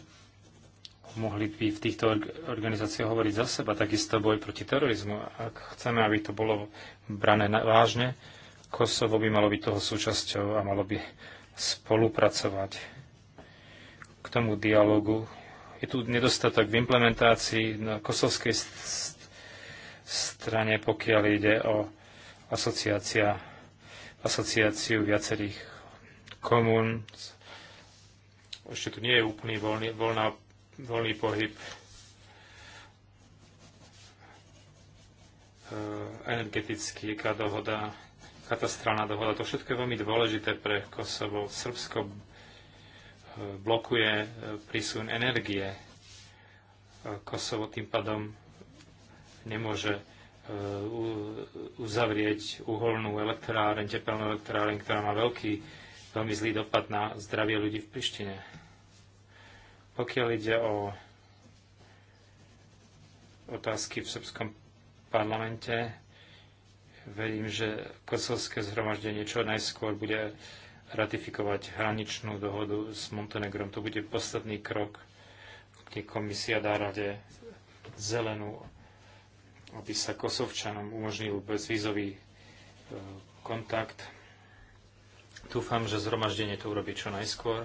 Speaker 1: mohli by v týchto organizáciách hovoriť za seba, takisto boj proti terorizmu. Ak chceme, aby to bolo brané vážne, Kosovo by malo byť toho súčasťou a malo by spolupracovať k tomu dialogu. Je tu nedostatok v implementácii na kosovskej strane, pokiaľ ide o asociácia, asociáciu viacerých komún. Ešte tu nie je úplný voľný, voľná voľný pohyb e, energetická dohoda, katastrálna dohoda, to všetko je veľmi dôležité pre Kosovo. Srbsko e, blokuje e, prísun energie. Kosovo tým pádom nemôže uzavrieť uholnú elektráren, tepelnú elektráren, ktorá má veľký, veľmi zlý dopad na zdravie ľudí v Prištine. Pokiaľ ide o otázky v srbskom parlamente, verím, že kosovské zhromaždenie čo najskôr bude ratifikovať hraničnú dohodu s Montenegrom. To bude posledný krok, kde komisia dá rade zelenú, aby sa kosovčanom umožnil bezvízový e, kontakt. Dúfam, že zhromaždenie to urobí čo najskôr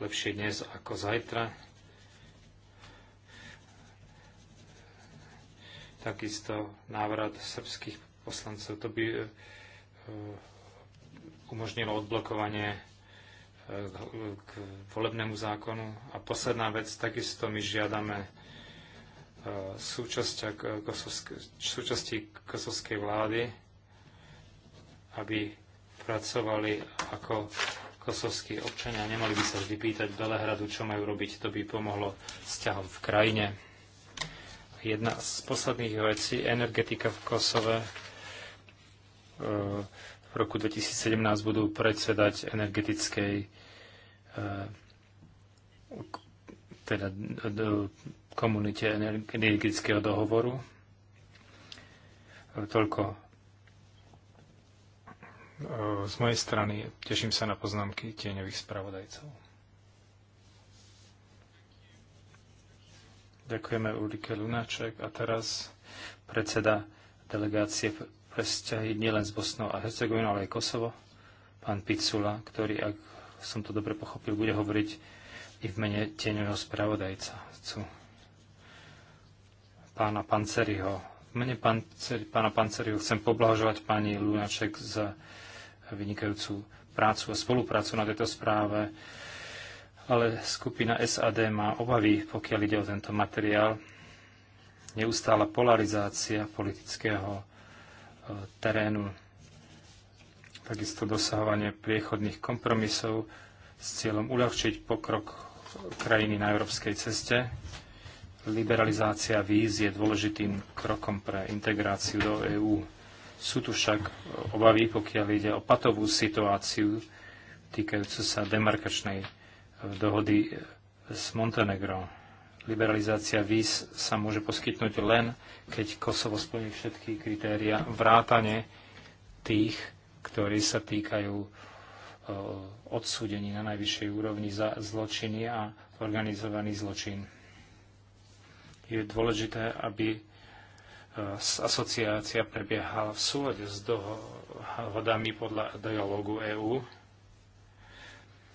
Speaker 1: lepšie dnes ako zajtra. Takisto návrat srbských poslancov, to by e, e, umožnilo odblokovanie e, k volebnému zákonu. A posledná vec, takisto my žiadame súčasti kosovskej vlády, aby pracovali ako kosovskí občania nemali by sa vždy pýtať Belehradu, čo majú robiť. To by pomohlo vzťahom v krajine. Jedna z posledných vecí, energetika v Kosove. E, v roku 2017 budú predsedať energetickej e, teda komunite energetického dohovoru. E, toľko Ehm, z mojej strany teším sa na poznámky tieňových spravodajcov. Ďakujeme Ulrike Lunáček a teraz predseda delegácie pre vzťahy nielen s Bosnou a Hercegovinou, ale aj Kosovo, pán Picula, ktorý, ak som to dobre pochopil, bude hovoriť i v mene tieňového spravodajca. Pána Panceriho. V mene pána Panceriho chcem poblahožovať pani Lunaček za vynikajúcu prácu a spoluprácu na tejto správe, ale skupina SAD má obavy, pokiaľ ide o tento materiál. Neustála polarizácia politického e, terénu, takisto dosahovanie priechodných kompromisov s cieľom uľahčiť pokrok krajiny na európskej ceste. Liberalizácia víz je dôležitým krokom pre integráciu do EÚ sú tu však obavy, pokiaľ ide o patovú situáciu týkajúcu sa demarkačnej eh, dohody eh, s Montenegro. Liberalizácia víz sa môže poskytnúť len, keď Kosovo splní všetky kritéria vrátane tých, ktorí sa týkajú eh, odsúdení na najvyššej úrovni za zločiny a organizovaný zločin. Je dôležité, aby asociácia prebiehala v súlade s dohodami podľa dialogu EÚ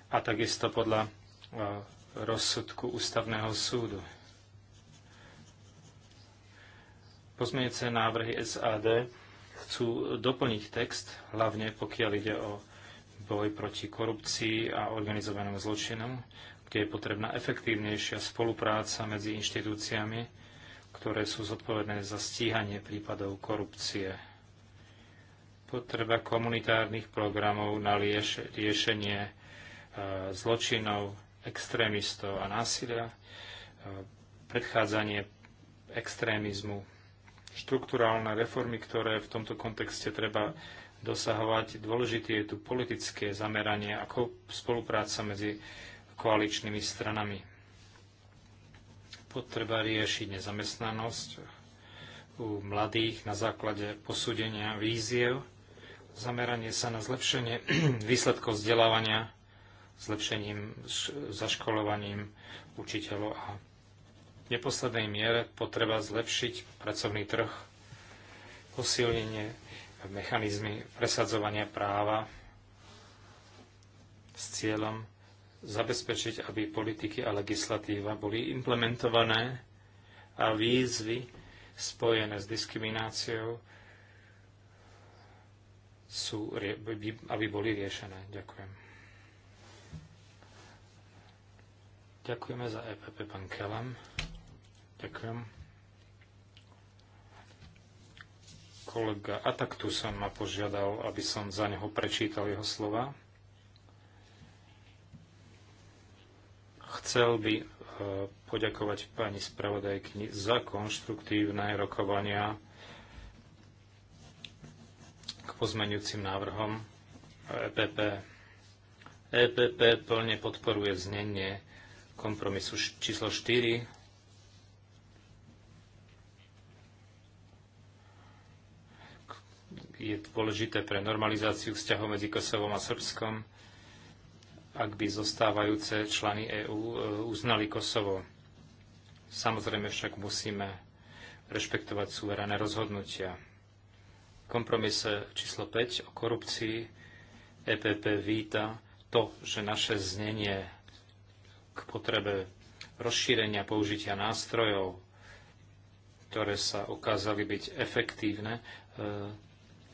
Speaker 1: a takisto podľa e, rozsudku ústavného súdu. Pozmeňujúce návrhy SAD chcú doplniť text, hlavne pokiaľ ide o boj proti korupcii a organizovanému zločinu, kde je potrebná efektívnejšia spolupráca medzi inštitúciami, ktoré sú zodpovedné za stíhanie prípadov korupcie. Potreba komunitárnych programov na lieš- riešenie e, zločinov, extrémistov a násilia, e, predchádzanie extrémizmu, štruktúrálne reformy, ktoré v tomto kontexte treba dosahovať. Dôležité je tu politické zameranie ako spolupráca medzi koaličnými stranami potreba riešiť nezamestnanosť u mladých na základe posúdenia víziev, zameranie sa na zlepšenie výsledkov vzdelávania, zlepšením, zaškolovaním učiteľov a v neposlednej miere potreba zlepšiť pracovný trh, posilnenie mechanizmy presadzovania práva s cieľom zabezpečiť, aby politiky a legislatíva boli implementované a výzvy spojené s diskrimináciou sú, aby boli riešené. Ďakujem. Ďakujeme za EPP, pán Kelam. Ďakujem. Kolega Ataktuson ma požiadal, aby som za neho prečítal jeho slova. Chcel by e, poďakovať pani spravodajkni za konštruktívne rokovania k pozmeňujúcim návrhom EPP. EPP plne podporuje znenie kompromisu číslo 4. Je dôležité pre normalizáciu vzťahov medzi Kosovom a Srbskom ak by zostávajúce členy EÚ e, uznali Kosovo. Samozrejme však musíme rešpektovať suverené rozhodnutia. Kompromise číslo 5 o korupcii EPP víta to, že naše znenie k potrebe rozšírenia použitia nástrojov, ktoré sa ukázali byť efektívne, e,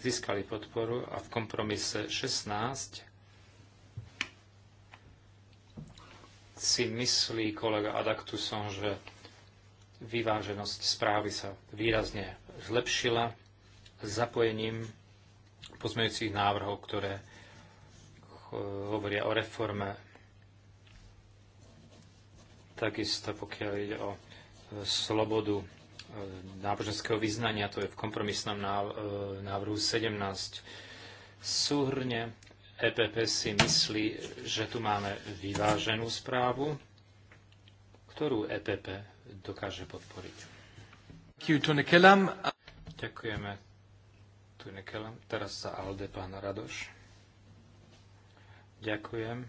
Speaker 1: získali podporu a v kompromise 16 si myslí kolega Adaktuson, že vyváženosť správy sa výrazne zlepšila zapojením pozmejúcich návrhov, ktoré hovoria o reforme. Takisto pokiaľ ide o e, slobodu e, náboženského vyznania, to je v kompromisnom e, návrhu 17. Súhrne EPP si myslí, že tu máme vyváženú správu, ktorú EPP dokáže podporiť. Ďakujeme Tune Kelam. Teraz sa Alde, pán Radoš. Ďakujem.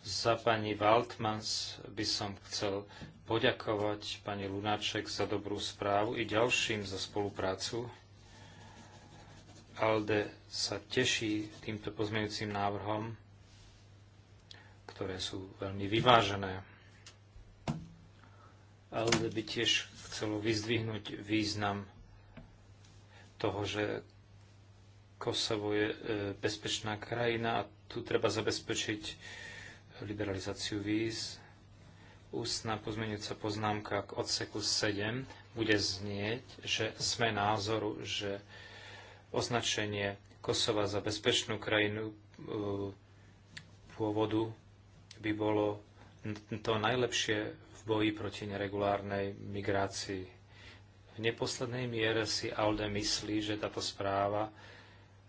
Speaker 1: Za pani Waldmans by som chcel poďakovať pani Lunáček za dobrú správu i ďalším za spoluprácu ALDE sa teší týmto pozmeňujúcim návrhom, ktoré sú veľmi vyvážené. ALDE by tiež chcelo vyzdvihnúť význam toho, že Kosovo je e, bezpečná krajina a tu treba zabezpečiť liberalizáciu víz. Ústna pozmeňujúca poznámka k odseku 7 bude znieť, že sme názoru, že označenie Kosova za bezpečnú krajinu e, pôvodu by bolo to najlepšie v boji proti neregulárnej migrácii. V neposlednej miere si Alde myslí, že táto správa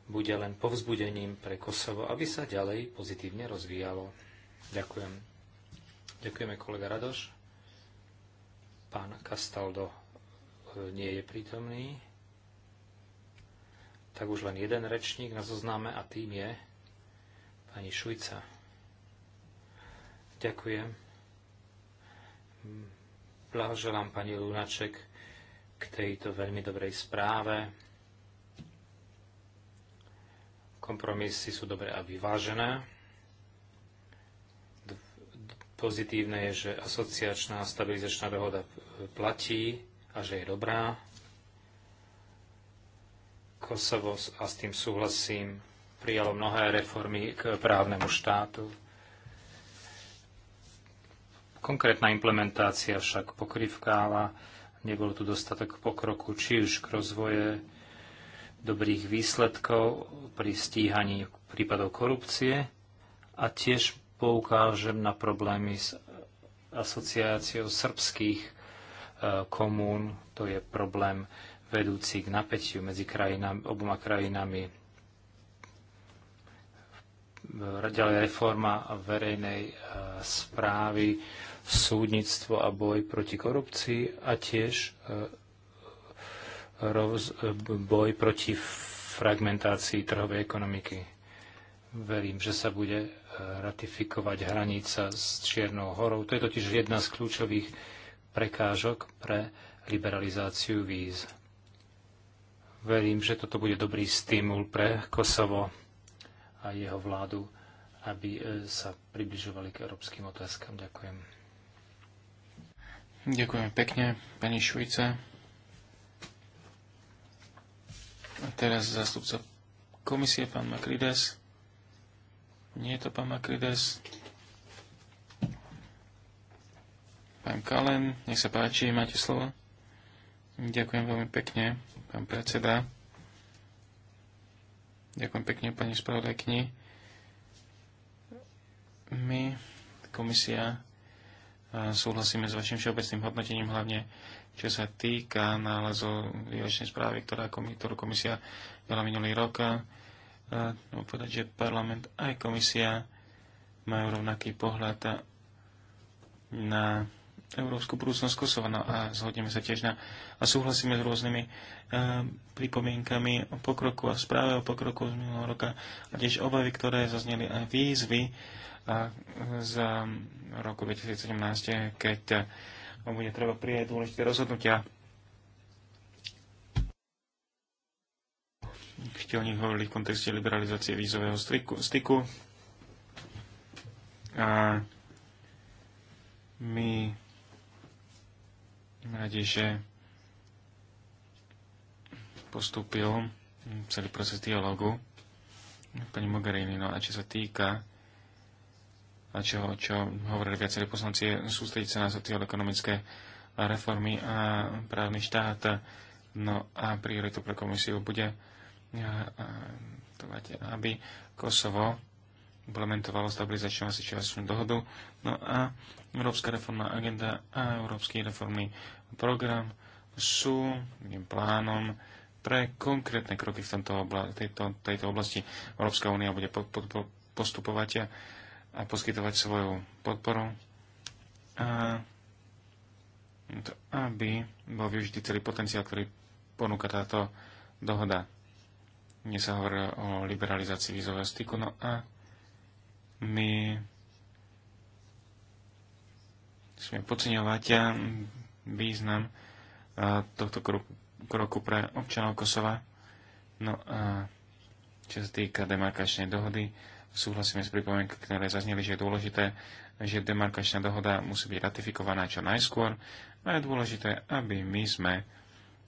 Speaker 1: bude len povzbudením pre Kosovo, aby sa ďalej pozitívne rozvíjalo. Ďakujem. Ďakujeme kolega Radoš. Pán Castaldo e, nie je prítomný tak už len jeden rečník na zozname a tým je pani Šujca. Ďakujem. Blahoželám pani Lunaček k tejto veľmi dobrej správe. Kompromisy sú dobre a vyvážené. Pozitívne je, že asociačná stabilizačná dohoda platí a že je dobrá Kosovo, a s tým súhlasím, prijalo mnohé reformy k právnemu štátu. Konkrétna implementácia však pokrivkáva, nebol tu dostatok pokroku či už k rozvoje dobrých výsledkov pri stíhaní prípadov korupcie a tiež poukážem na problémy s asociáciou srbských eh, komún. To je problém vedúci k napätiu medzi krajinami, oboma krajinami. Ďalej reforma verejnej e, správy, súdnictvo a boj proti korupcii a tiež e, e, boj proti fragmentácii trhovej ekonomiky. Verím, že sa bude ratifikovať hranica s Čiernou horou. To je totiž jedna z kľúčových prekážok pre liberalizáciu víz. Verím, že toto bude dobrý stimul pre Kosovo a jeho vládu, aby e, sa približovali k európskym otázkam. Ďakujem. Ďakujem
Speaker 2: pekne, pani Šujca. A teraz zástupca komisie, pán Makrides. Nie je to pán Makrides. Pán Kalen, nech sa páči, máte slovo. Ďakujem veľmi pekne pán predseda. Ďakujem pekne, pani spravodajkni. My, komisia, súhlasíme s vašim všeobecným hodnotením, hlavne čo sa týka nálezu výročnej správy, ktorá, ktorú komisia dala minulý rok. Môžem povedať, že parlament aj komisia majú rovnaký pohľad na európsku budúcnosť Kosova. No a zhodneme sa tiež na a súhlasíme s rôznymi e, pripomienkami o pokroku a správe o pokroku z minulého roka a tiež obavy, ktoré zazneli aj výzvy a e, za roku 2017, keď bude treba prijať dôležité rozhodnutia. Ešte o nich hovorili v kontexte liberalizácie vízového styku. styku. A my radi, že postúpil celý proces dialogu pani Mogherini. No a čo sa týka a čo, čo hovorili viacerí poslanci, je sústrediť sa na socioekonomické reformy a právny štát. No a prioritu pre komisiu bude, aby Kosovo implementovalo stabilizačnú časnú dohodu. No a Európska reformná agenda a Európsky reformný program sú tým plánom pre konkrétne kroky v tomto obla- tejto, tejto oblasti. Európska únia bude pod, pod, postupovať a poskytovať svoju podporu, a to, aby bol využitý celý potenciál, ktorý ponúka táto dohoda. Dnes sa hovorí o liberalizácii vízového styku, no a my musíme podceňovať význam tohto kroku pre občanov Kosova. No a čo sa týka demarkačnej dohody, súhlasíme s pripomienkami, ktoré zazneli, že je dôležité, že demarkačná dohoda musí byť ratifikovaná čo najskôr a je dôležité, aby my sme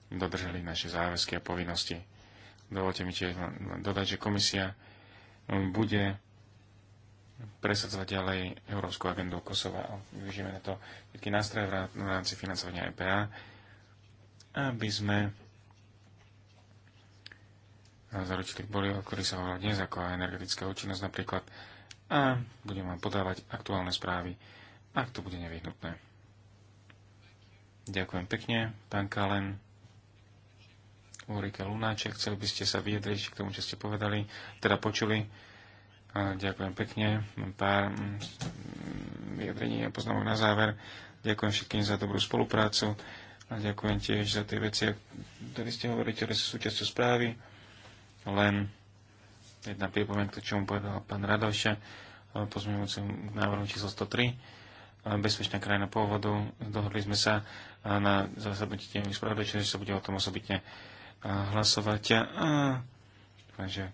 Speaker 2: dodržali naše záväzky a povinnosti. Dovolte mi tiež dodať, že komisia bude presadzovať ďalej európsku agendu Kosova. Využijeme na to všetky nástroje v rámci financovania EPA, aby sme zaručili boli, o ktorých sa hovorilo dnes, ako energetická účinnosť napríklad, a budem vám podávať aktuálne správy, ak to bude nevyhnutné. Ďakujem pekne, pán Kalen. Ulrike Lunáček, chceli by ste sa vyjadriť k tomu, čo ste povedali, teda počuli Ďakujem pekne. Pár mm, vyjadrení a poznámok na záver. Ďakujem všetkým za dobrú spoluprácu a ďakujem tiež za tie veci, ktoré ste hovorili, ktoré sú súčasťou správy. Len jedna pripomienka, čo mu povedal pán Radoša, pozmeňujúcim návrhom číslo 103. Bezpečná krajina pôvodu. Dohodli sme sa na zasadnutí tiež spravodajčia, že sa bude o tom osobitne hlasovať. A, takže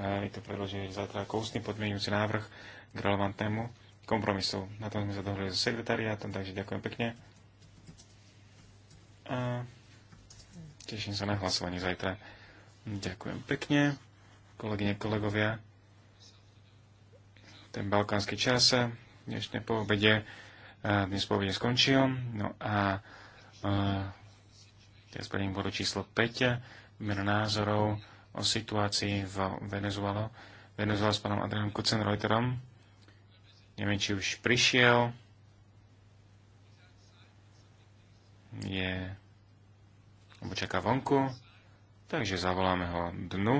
Speaker 2: je to predložené zajtra ako ústny podmienujúci návrh k relevantnému kompromisu. Na tom sme sa dohodli so sekretariátom, takže ďakujem pekne. A teším sa na hlasovanie zajtra. Ďakujem pekne, kolegyne, kolegovia. Ten balkánsky čas dnešné po obede, dnes po obede skončil. No a, teraz ja prejdem bodu číslo 5, meno názorov o situácii v Venezuelo. Venezuela s pánom Adrianom Kucenreuterom. Neviem, či už prišiel. Je obočaká vonku. Takže zavoláme ho dnu.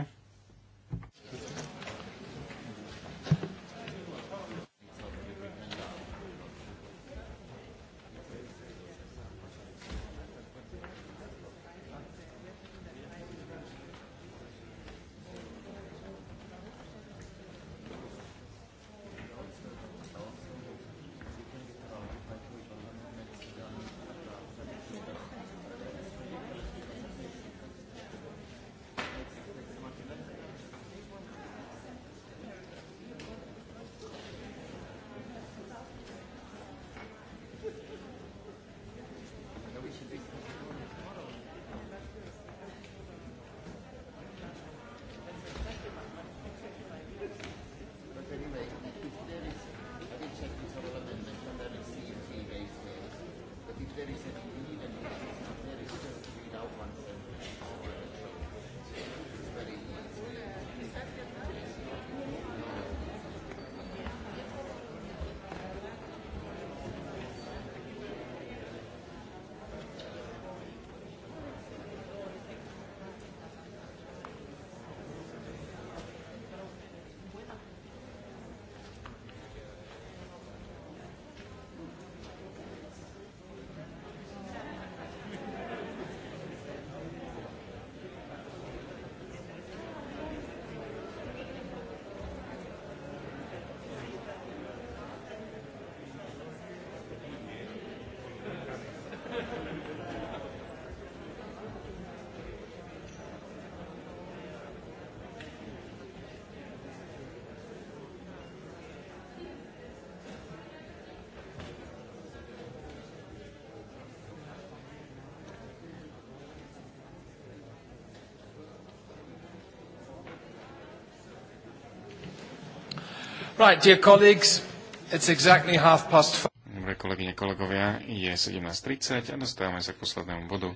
Speaker 3: Right, dear colleagues,
Speaker 2: it's exactly half past Dobre, kolegyne, kolegovia, je 17.30 a dostávame sa k poslednému bodu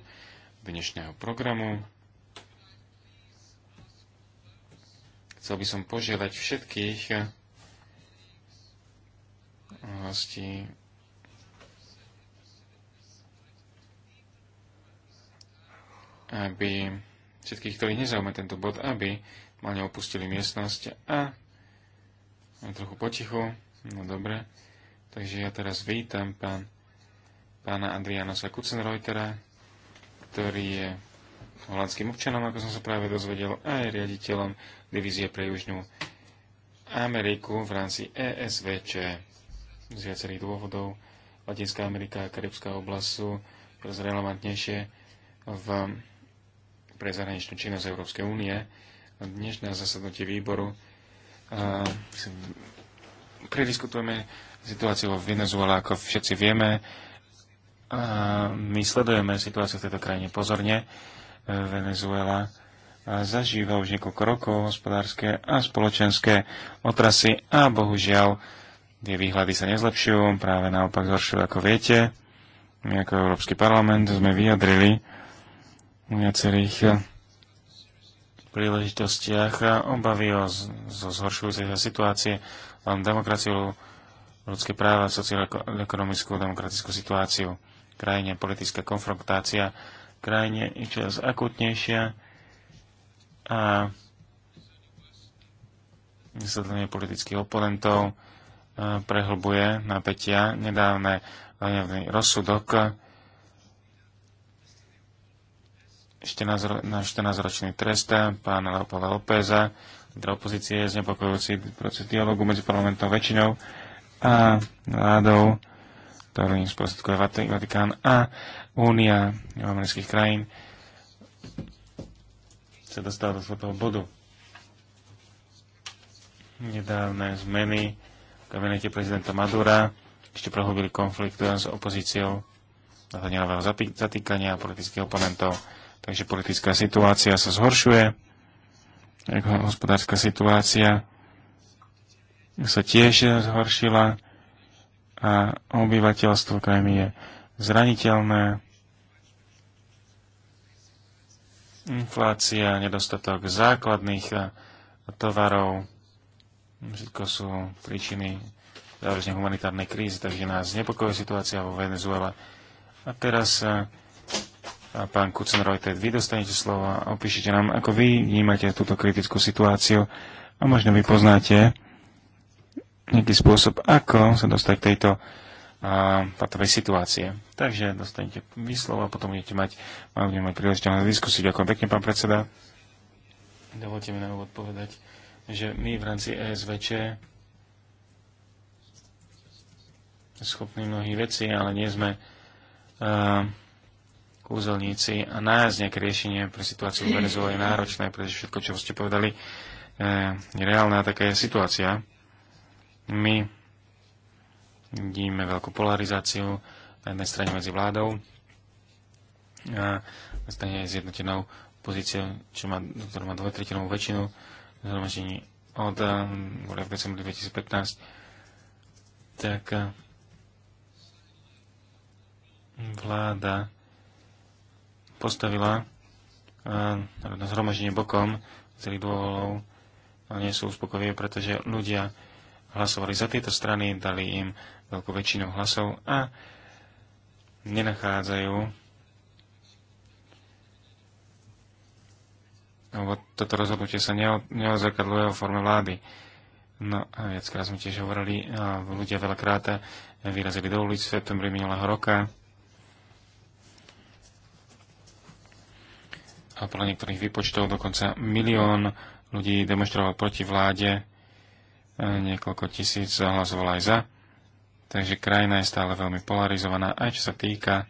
Speaker 2: dnešného programu. Chcel by som požiadať všetkých hostí aby všetkých, ktorých nezaujme tento bod, aby mali opustili miestnosť a trochu potichu. No dobre. Takže ja teraz vítam pán, pána Adriana Kucenreutera, ktorý je holandským občanom, ako som sa práve dozvedel, a je riaditeľom divízie pre Južnú Ameriku v rámci ESVČ. Z viacerých dôvodov Latinská Amerika a Karibská oblasť sú relevantnejšie v, pre zahraničnú činnosť Európskej únie. Dnešné zasadnutie výboru prediskutujeme situáciu vo Venezuele, ako všetci vieme. A my sledujeme situáciu v tejto krajine pozorne. E, Venezuela e, zažíva už niekoľko rokov hospodárske a spoločenské otrasy a bohužiaľ tie výhľady sa nezlepšujú, práve naopak zhoršujú, ako viete. My ako Európsky parlament sme vyjadrili viacerých príležitostiach a obavy o zo zhoršujúcej sa situácie, demokraciu, ľudské práva, socioekonomickú demokratickú situáciu krajine, politická konfrontácia krajine je čoraz akutnejšia a vysvetlenie politických oponentov prehlbuje napätia. Nedávne rozsudok 14-ročný trest pána Leopolda Lópeza, teda opozície, znepokojujúci proces dialogu medzi parlamentnou väčšinou a vládou, ktorým sprostredkuje Vatikán a Únia amerických krajín, sa dostala do slepého bodu. Nedávne zmeny v kabinete prezidenta Madura ešte prohlbili konflikt s opozíciou, hľadne nového zatýkania a politických oponentov Takže politická situácia sa zhoršuje, hospodárska situácia sa tiež zhoršila a obyvateľstvo krajiny je zraniteľné. Inflácia, nedostatok základných tovarov, všetko sú príčiny závažnej humanitárnej krízy, takže nás znepokojuje situácia vo Venezuele. A teraz a pán Kucen vy dostanete slovo a opíšite nám, ako vy vnímate túto kritickú situáciu a možno vy poznáte nejaký spôsob, ako sa dostať k tejto a, patovej situácie. Takže dostanete vy slovo a potom budete mať, budete mať príležitosť diskusiu. Ďakujem pekne, pán predseda. Dovolte mi na úvod povedať, že my v rámci ESVČ schopní mnohých vecí, ale nie sme uh, kúzelníci a nájsť nejaké riešenie pre situáciu v Venezuele je náročné, pretože všetko, čo ste povedali, eh, je reálna taká je situácia. My vidíme veľkú polarizáciu na jednej strane medzi vládou a na strane zjednotenou pozíciou, čo má, ktorá má dvojtretinovú väčšinu zhromaždení od eh, v decembri 2015, tak eh, vláda postavila na zhromaždenie bokom celých dôvolov nie sú uspokojivé, pretože ľudia hlasovali za tieto strany, dali im veľkú väčšinu hlasov a nenachádzajú lebo toto rozhodnutie sa neozrkadluje o forme vlády. No a viackrát sme tiež hovorili, ľudia veľakrát vyrazili do ulic v septembri minulého roka. a podľa niektorých výpočtov dokonca milión ľudí demonstroval proti vláde, niekoľko tisíc zahlasovalo aj za. Takže krajina je stále veľmi polarizovaná, aj čo sa týka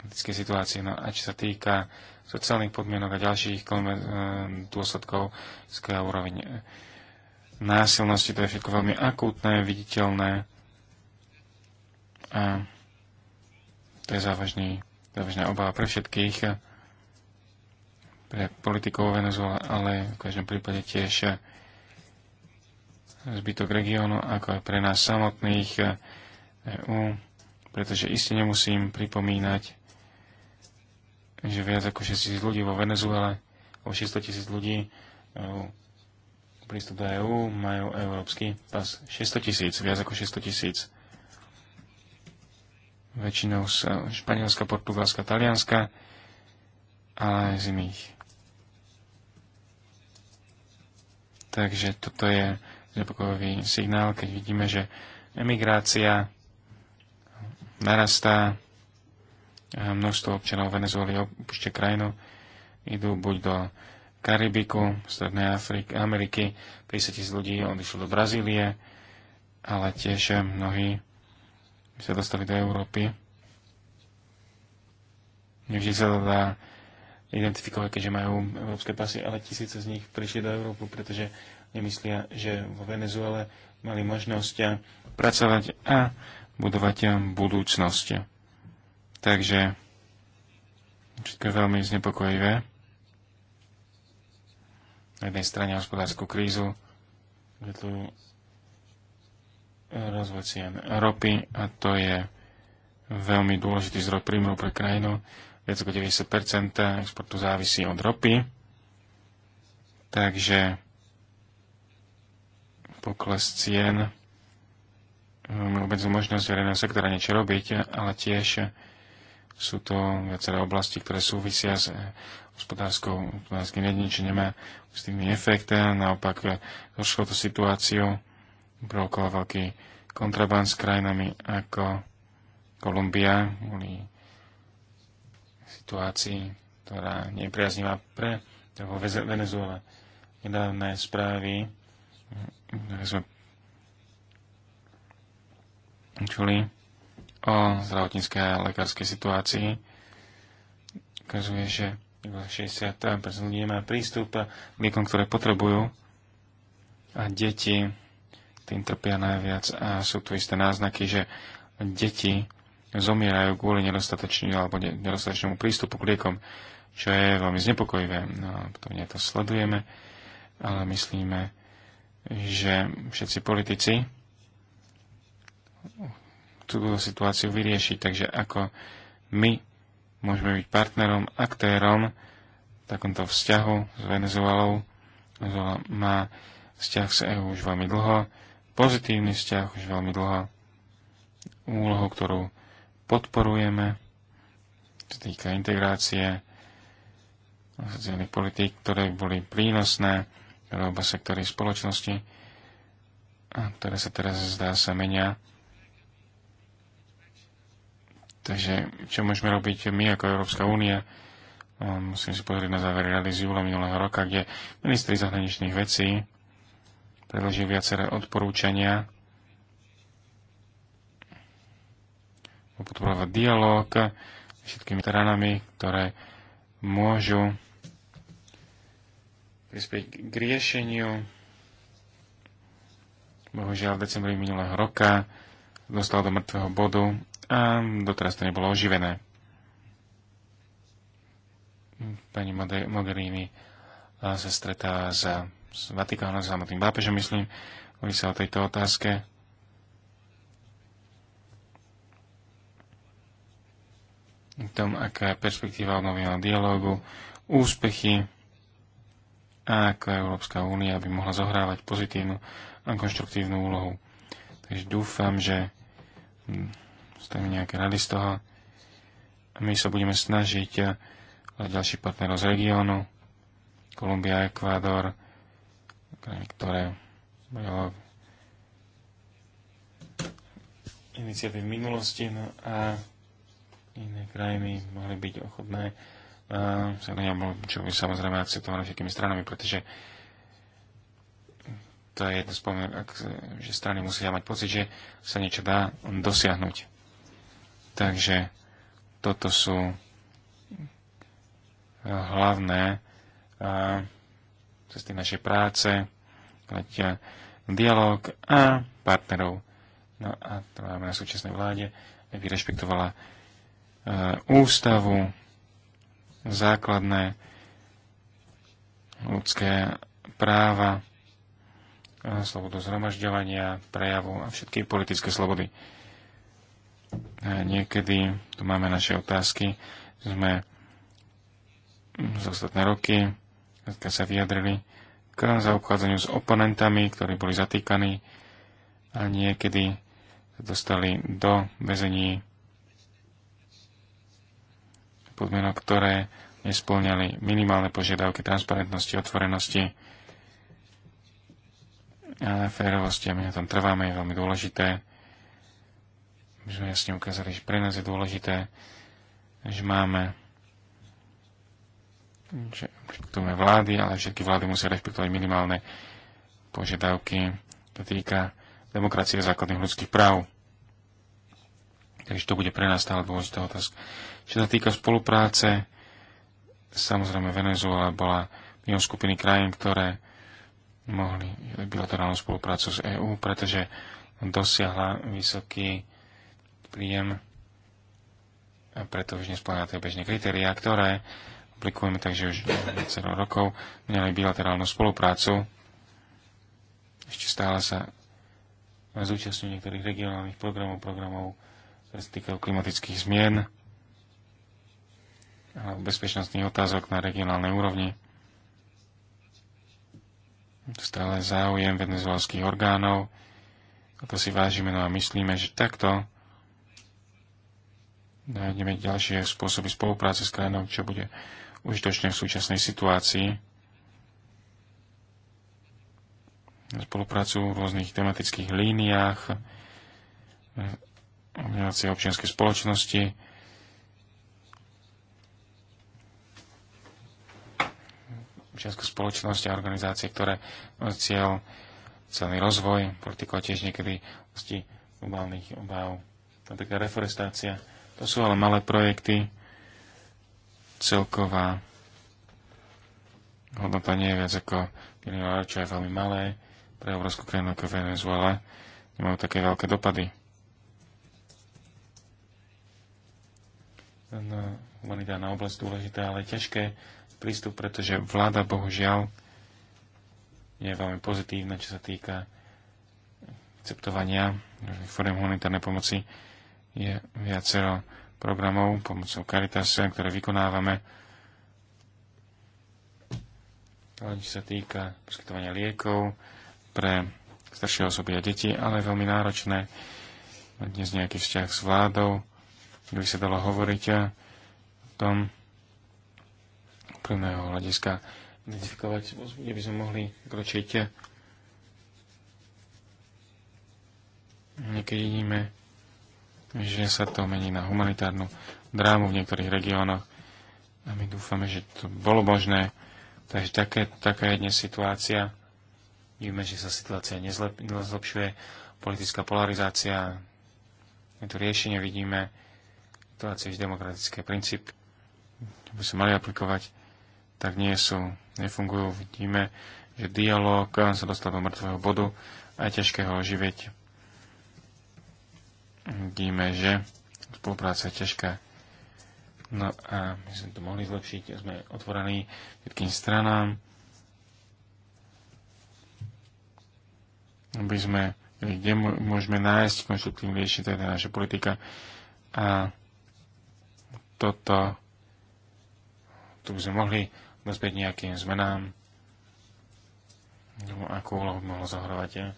Speaker 2: politické situácie, no aj čo sa týka sociálnych podmienok a ďalších e, dôsledkov skvelá úroveň násilnosti, to je všetko veľmi akútne, viditeľné a to je závažný závažná obava pre všetkých, pre politikov Venezuela, ale v každom prípade tiež zbytok regiónu, ako aj pre nás samotných EU, pretože iste nemusím pripomínať, že viac ako 6 tisíc ľudí vo Venezuele, o 600 tisíc ľudí e prístup do EÚ majú európsky pas 600 tisíc, viac ako 600 tisíc väčšinou z eh, Španielska, Portugalska, Talianska, ale aj z iných. Takže toto je znepokojový signál, keď vidíme, že emigrácia narastá, a množstvo občanov Venezuely opúšťa krajinu, idú buď do Karibiku, Strednej Afriky, Ameriky, 50 tisíc ľudí odišlo do Brazílie, ale tiež mnohí by sa dostali do Európy. Nevždy sa to dá identifikovať, keďže majú európske pasy, ale tisíce z nich prišli do Európy, pretože nemyslia, že vo Venezuele mali možnosť pracovať a budovať budúcnosť. Takže všetko je veľmi znepokojivé. Na jednej strane hospodárskú krízu, tu rozvoj cien ropy a to je veľmi dôležitý zdroj príjmov pre krajinu. Viac ako 90% exportu závisí od ropy. Takže pokles cien vôbec možnosť verejného sektora niečo robiť, ale tiež sú to viaceré oblasti, ktoré súvisia s eh, hospodárskou, hospodárskym jedinčím, nemá tým efekt, naopak eh, zhoršilo to situáciu blokoval veľký kontraband s krajinami ako Kolumbia kvôli situácii, ktorá nepriaznila pre vo Venezuele. Nedávne správy, ktoré sme čuli o zdravotníckej a lekárskej situácii, ukazuje, že 60% ľudí nemá prístup k liekom, ktoré potrebujú a deti tým trpia najviac a sú tu isté náznaky, že deti zomierajú kvôli nedostatočnému alebo nedostatočnému prístupu k liekom, čo je veľmi znepokojivé. No, to nie to sledujeme, ale myslíme, že všetci politici túto situáciu vyriešiť, takže ako my môžeme byť partnerom, aktérom v takomto vzťahu s Venezuelou. Venezuela má vzťah s EU už veľmi dlho pozitívny vzťah už veľmi dlho. Úlohu, ktorú podporujeme, čo týka integrácie sociálnych politík, ktoré boli prínosné v oba sektory spoločnosti, a ktoré sa teraz zdá sa menia. Takže čo môžeme robiť my ako Európska únia? Ehm, musím si pozrieť na závery rady z júla minulého roka, kde ministri zahraničných vecí predložil viaceré odporúčania podporovať dialog všetkými stranami, ktoré môžu prispieť k riešeniu. Bohužiaľ v decembri minulého roka dostal do mŕtvého bodu a doteraz to nebolo oživené. Pani Mogherini sa stretá s s Vatikánom, s samotným pápežom, myslím, hovorí sa o tejto otázke. V tom, aká je perspektíva obnového dialógu, úspechy a ako Európska únia by mohla zohrávať pozitívnu a konštruktívnu úlohu. Takže dúfam, že hm, stane nejaké rady z toho a my sa budeme snažiť hľadať eh, ďalších partnerov z regiónu, Kolumbia, Ekvádor, ktoré iniciatívy v minulosti no a iné krajiny mohli byť ochotné čo by samozrejme akceptované všetkými stranami, pretože to je jedno spomen, že strany musia mať pocit, že sa niečo dá dosiahnuť. Takže toto sú e, hlavné cesty našej práce zakladať eh, dialog a partnerov. No a to máme na súčasnej vláde, aby rešpektovala eh, ústavu, základné ľudské práva, eh, slobodu zhromažďovania, prejavu a všetky politické slobody. Niekedy tu máme naše otázky, sme hm, z ostatné roky, keď sa vyjadrili, k zaobchádzaniu s oponentami, ktorí boli zatýkaní a niekedy dostali do väzení podmienok, ktoré nesplňali minimálne požiadavky transparentnosti, otvorenosti a férovosti. A my na tom trváme, je veľmi dôležité. My sme jasne ukázali, že pre nás je dôležité, že máme že rešpektujeme vlády, ale všetky vlády musia rešpektovať minimálne požiadavky, čo týka demokracie a základných ľudských práv. Takže to bude pre nás stále dôležitá otázka. Čo sa týka spolupráce, samozrejme Venezuela bola mimo skupiny krajín, ktoré mohli bilaterálnu spoluprácu s EÚ, pretože dosiahla vysoký príjem a preto už nesplňa tie bežné kritériá, ktoré aplikujeme, takže už viacero rokov. Minali bilaterálnu spoluprácu. Ešte stále sa zúčastňujú niektorých regionálnych programov, programov, ktoré sa týkajú klimatických zmien a bezpečnostných otázok na regionálnej úrovni. Stále záujem venezuelských orgánov. A to si vážime, no a myslíme, že takto nájdeme ďalšie spôsoby spolupráce s krajinou, čo bude užitočné v súčasnej situácii. Spoluprácu v rôznych tematických líniách, organizácie občianskej spoločnosti, občianská spoločnosť a organizácie, ktoré cieľ celý rozvoj, politiko tiež niekedy vlastne globálnych obáv, napríklad reforestácia. To sú ale malé projekty, celková hodnota nie je viac ako milióna, čo je veľmi malé pre obrovskú krajinu ako Venezuela. Nemajú také veľké dopady. No, humanitárna oblasť dôležitá, ale ťažké prístup, pretože vláda bohužiaľ je veľmi pozitívna, čo sa týka akceptovania foriem humanitárnej pomoci. Je viacero programov pomocou Caritas, ktoré vykonávame. Ale sa týka poskytovania liekov pre staršie osoby a deti, ale veľmi náročné mať dnes nejaký vzťah s vládou, kde by sa dalo hovoriť o tom úplného hľadiska identifikovať, kde by sme mohli kročiť. Niekedy vidíme že sa to mení na humanitárnu drámu v niektorých regiónoch a my dúfame, že to bolo možné. Takže také, taká je dnes situácia. Vidíme, že sa situácia nezlep, nezlepšuje. Politická polarizácia, je to riešenie, vidíme, Situácia je demokratické princíp, by sa mali aplikovať, tak nie sú, nefungujú. Vidíme, že dialog sa dostal do mŕtvého bodu a je ťažké ho oživieť vidíme, že spolupráca je ťažká. No a my sme to mohli zlepšiť sme otvorení všetkým stranám, aby sme, kde môžeme nájsť konštruktívne riešenie, teda naša politika. A toto, tu by sme mohli dospieť nejakým zmenám, no, akú úlohu mohlo zahrávať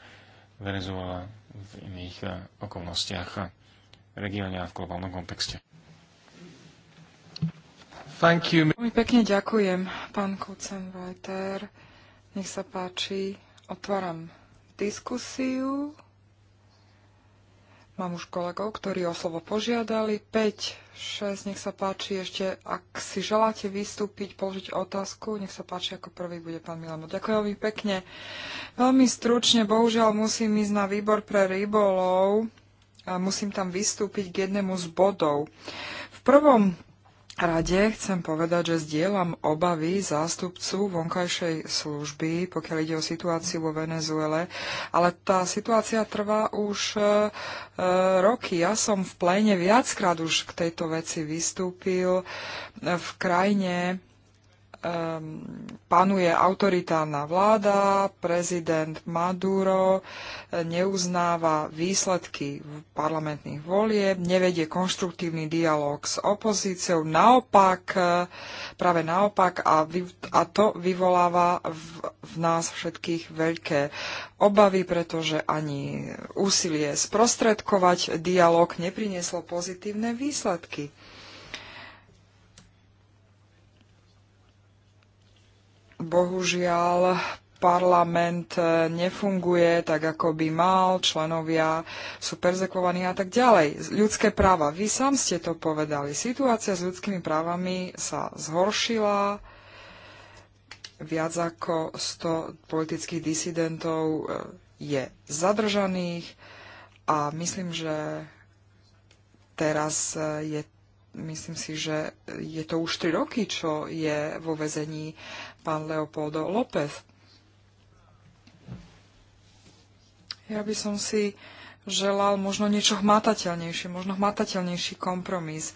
Speaker 2: Venezuela, v iných eh, okolnostiach v eh, regióne a v globálnom kontexte.
Speaker 3: Thank you. Veľmi pekne ďakujem, pán Kucenwajter. Nech sa páči, otváram diskusiu. Mám už kolegov, ktorí o slovo požiadali. 5, 6, nech sa páči ešte, ak si želáte vystúpiť, položiť otázku, nech sa páči, ako prvý bude pán Milano. Ďakujem veľmi pekne. Veľmi stručne, bohužiaľ musím ísť na výbor pre rybolov a musím tam vystúpiť k jednému z bodov. V prvom rade chcem povedať, že zdieľam obavy zástupcu vonkajšej služby, pokiaľ ide o situáciu vo Venezuele, ale tá situácia trvá už e, e roky. Ja som v pléne viackrát už k tejto veci vystúpil. V krajine um, panuje autoritárna vláda, prezident Maduro eh, neuznáva výsledky parlamentných volieb, nevedie konštruktívny dialog s opozíciou, naopak, eh, práve naopak a, vy, a to vyvoláva v, v nás všetkých veľké obavy, pretože ani úsilie sprostredkovať dialog neprinieslo pozitívne výsledky. Bohužiaľ, parlament e, nefunguje tak, ako by mal, členovia sú perzekovaní a tak ďalej. Ľudské práva. Vy sám ste to povedali. Situácia s ľudskými právami sa zhoršila. Viac ako 100 politických disidentov e, je zadržaných a myslím, že teraz e, je myslím si, že je to už 3 roky, čo je vo vezení pán Leopoldo López. Ja by som si želal možno niečo hmatateľnejšie, možno hmatateľnejší kompromis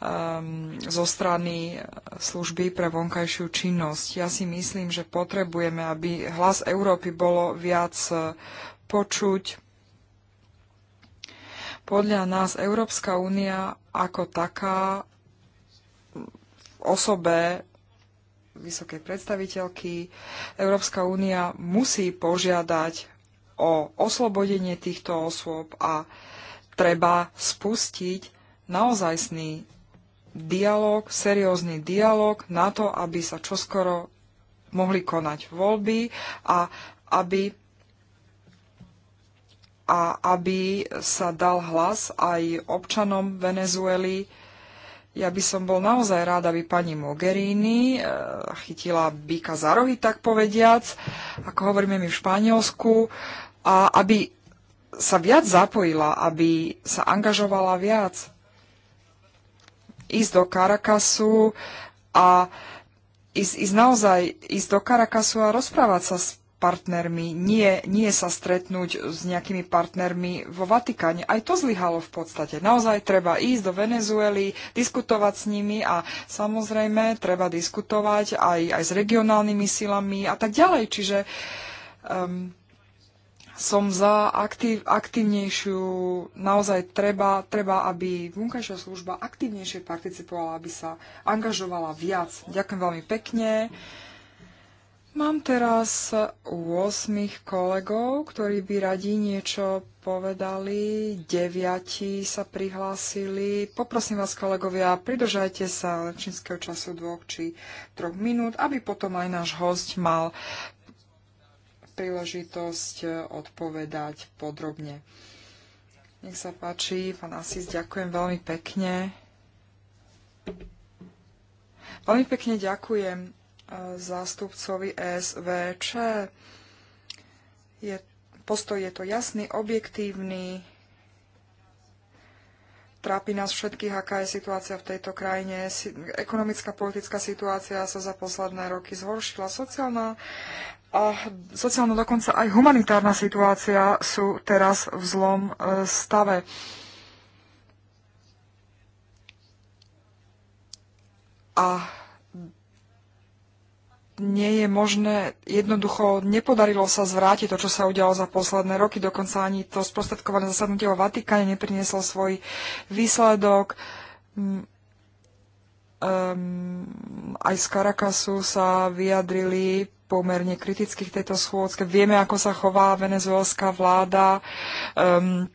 Speaker 3: um, zo strany služby pre vonkajšiu činnosť. Ja si myslím, že potrebujeme, aby hlas Európy bolo viac e, počuť. Podľa nás Európska únia ako taká v osobe vysokej predstaviteľky. Európska únia musí požiadať o oslobodenie týchto osôb a treba spustiť naozajstný dialog, seriózny dialog na to, aby sa čoskoro mohli konať voľby a aby a aby sa dal hlas aj občanom Venezuely, ja by som bol naozaj rád, aby pani Mogherini eh, chytila býka za rohy, tak povediac, ako hovoríme my v Španielsku, a aby sa viac zapojila, aby sa angažovala viac. Ísť do Karakasu a ísť, ísť naozaj ísť do Karakasu a rozprávať sa s partnermi, nie, nie sa stretnúť s nejakými partnermi vo Vatikáne. Aj to zlyhalo v podstate. Naozaj treba ísť do Venezuely, diskutovať s nimi a samozrejme treba diskutovať aj, aj s regionálnymi silami a tak ďalej. Čiže um, som za aktiv, aktivnejšiu, naozaj treba, treba, aby vonkajšia služba aktívnejšie participovala, aby sa angažovala viac. Ďakujem veľmi pekne. Mám teraz 8 kolegov, ktorí by radi niečo povedali. 9 sa prihlásili. Poprosím vás, kolegovia, pridržajte sa čínskeho času dvoch či troch minút, aby potom aj náš host mal príležitosť odpovedať podrobne. Nech sa páči, pán Asis, ďakujem veľmi pekne. Veľmi pekne ďakujem zástupcovi SVČ. Je, postoj je to jasný, objektívny. Trápi nás všetkých, aká je situácia v tejto krajine. Ekonomická, politická situácia sa za posledné roky zhoršila. Sociálna a sociálna dokonca aj humanitárna situácia sú teraz v zlom e, stave. A nie je možné, jednoducho nepodarilo sa zvrátiť to, čo sa udialo za posledné roky, dokonca ani to sprostredkované zasadnutie vo Vatikáne neprinieslo svoj výsledok. Um, aj z Karakasu sa vyjadrili pomerne kriticky k tejto schôdzke. Vieme, ako sa chová venezuelská vláda. Um,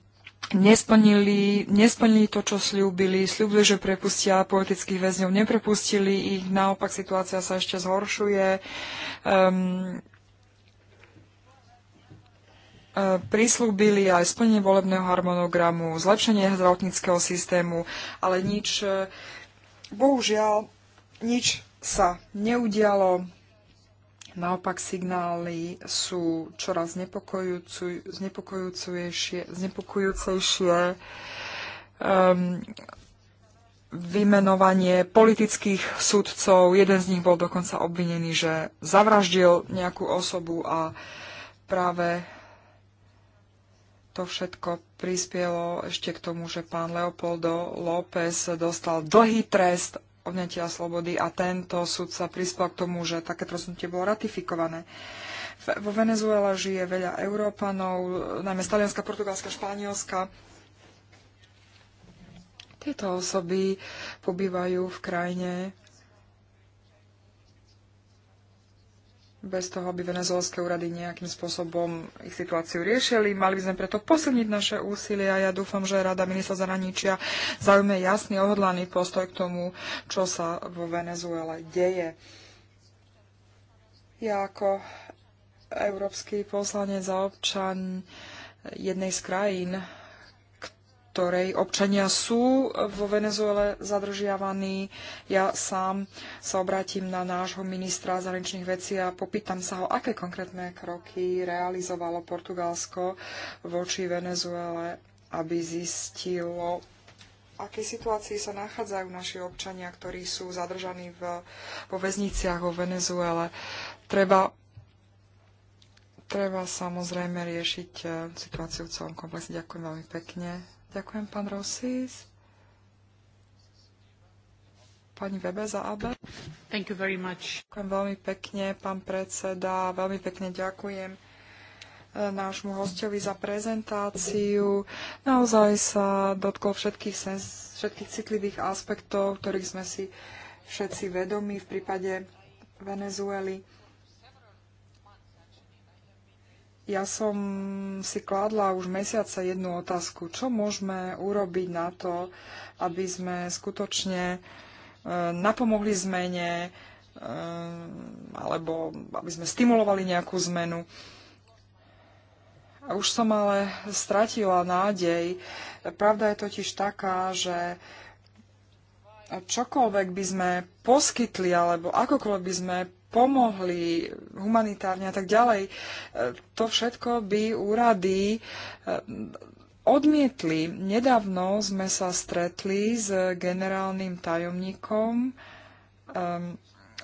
Speaker 3: nesplnili, nesplnili to, čo slúbili, slúbili, že prepustia politických väzňov, neprepustili ich, naopak situácia sa ešte zhoršuje. Um, prislúbili aj splnenie volebného harmonogramu, zlepšenie zdravotníckého systému, ale nič, e, bohužiaľ, nič sa neudialo. Naopak signály sú čoraz znepokojúcejšie Um, ehm, vymenovanie politických sudcov. Jeden z nich bol dokonca obvinený, že zavraždil nejakú osobu a práve to všetko prispielo ešte k tomu, že pán Leopoldo López dostal dlhý trest odňatia slobody a tento súd sa prispel k tomu, že takéto rozhodnutie bolo ratifikované. Vo Venezuela žije veľa Európanov, najmä Stalianska, Portugalska, Španielska. Tieto osoby pobývajú v krajine bez toho, aby venezuelské úrady nejakým spôsobom ich situáciu riešili. Mali by sme preto posilniť naše úsilie a ja dúfam, že Rada ministra zahraničia zaujme jasný ohodlaný postoj k tomu, čo sa vo Venezuele deje. Ja ako európsky poslanec za občan jednej z krajín ktorej občania sú vo Venezuele zadržiavaní. Ja sám sa obrátim na nášho ministra zahraničných vecí a popýtam sa ho, aké konkrétne kroky realizovalo Portugalsko voči Venezuele, aby zistilo, akej situácii sa nachádzajú naši občania, ktorí sú zadržaní v, vo väzniciach vo Venezuele. Treba treba samozrejme riešiť eh, situáciu v celom komplexe. Ďakujem veľmi pekne. Ďakujem, pán Rosis. Pani Webe za AB. Thank you very much. Ďakujem veľmi pekne, pán predseda. Veľmi pekne ďakujem e, nášmu hostovi za prezentáciu. Naozaj sa dotkol všetkých, sens- všetkých citlivých aspektov, ktorých sme si všetci vedomi v prípade Venezuely. ja som si kladla už mesiace jednu otázku, čo môžeme urobiť na to, aby sme skutočne e, napomohli zmene e, alebo aby sme stimulovali nejakú zmenu. A už som ale stratila nádej. Pravda je totiž taká, že čokoľvek by sme poskytli alebo akokoľvek by sme pomohli humanitárne a tak ďalej. E, to všetko by úrady e, odmietli. Nedávno sme sa stretli s generálnym tajomníkom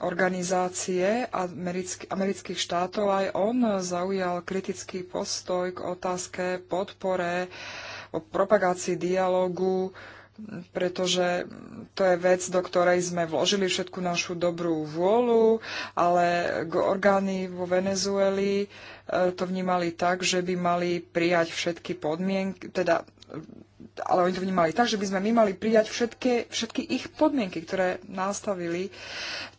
Speaker 3: organizácie amerických štátov. Aj on zaujal kritický postoj k otázke podpore o propagácii dialogu pretože to je vec, do ktorej sme vložili všetku našu dobrú vôľu, ale orgány vo Venezueli e, to vnímali tak, že by mali prijať všetky podmienky, teda ale oni to vnímali tak, že by sme my mali prijať všetky, všetky ich podmienky, ktoré nastavili.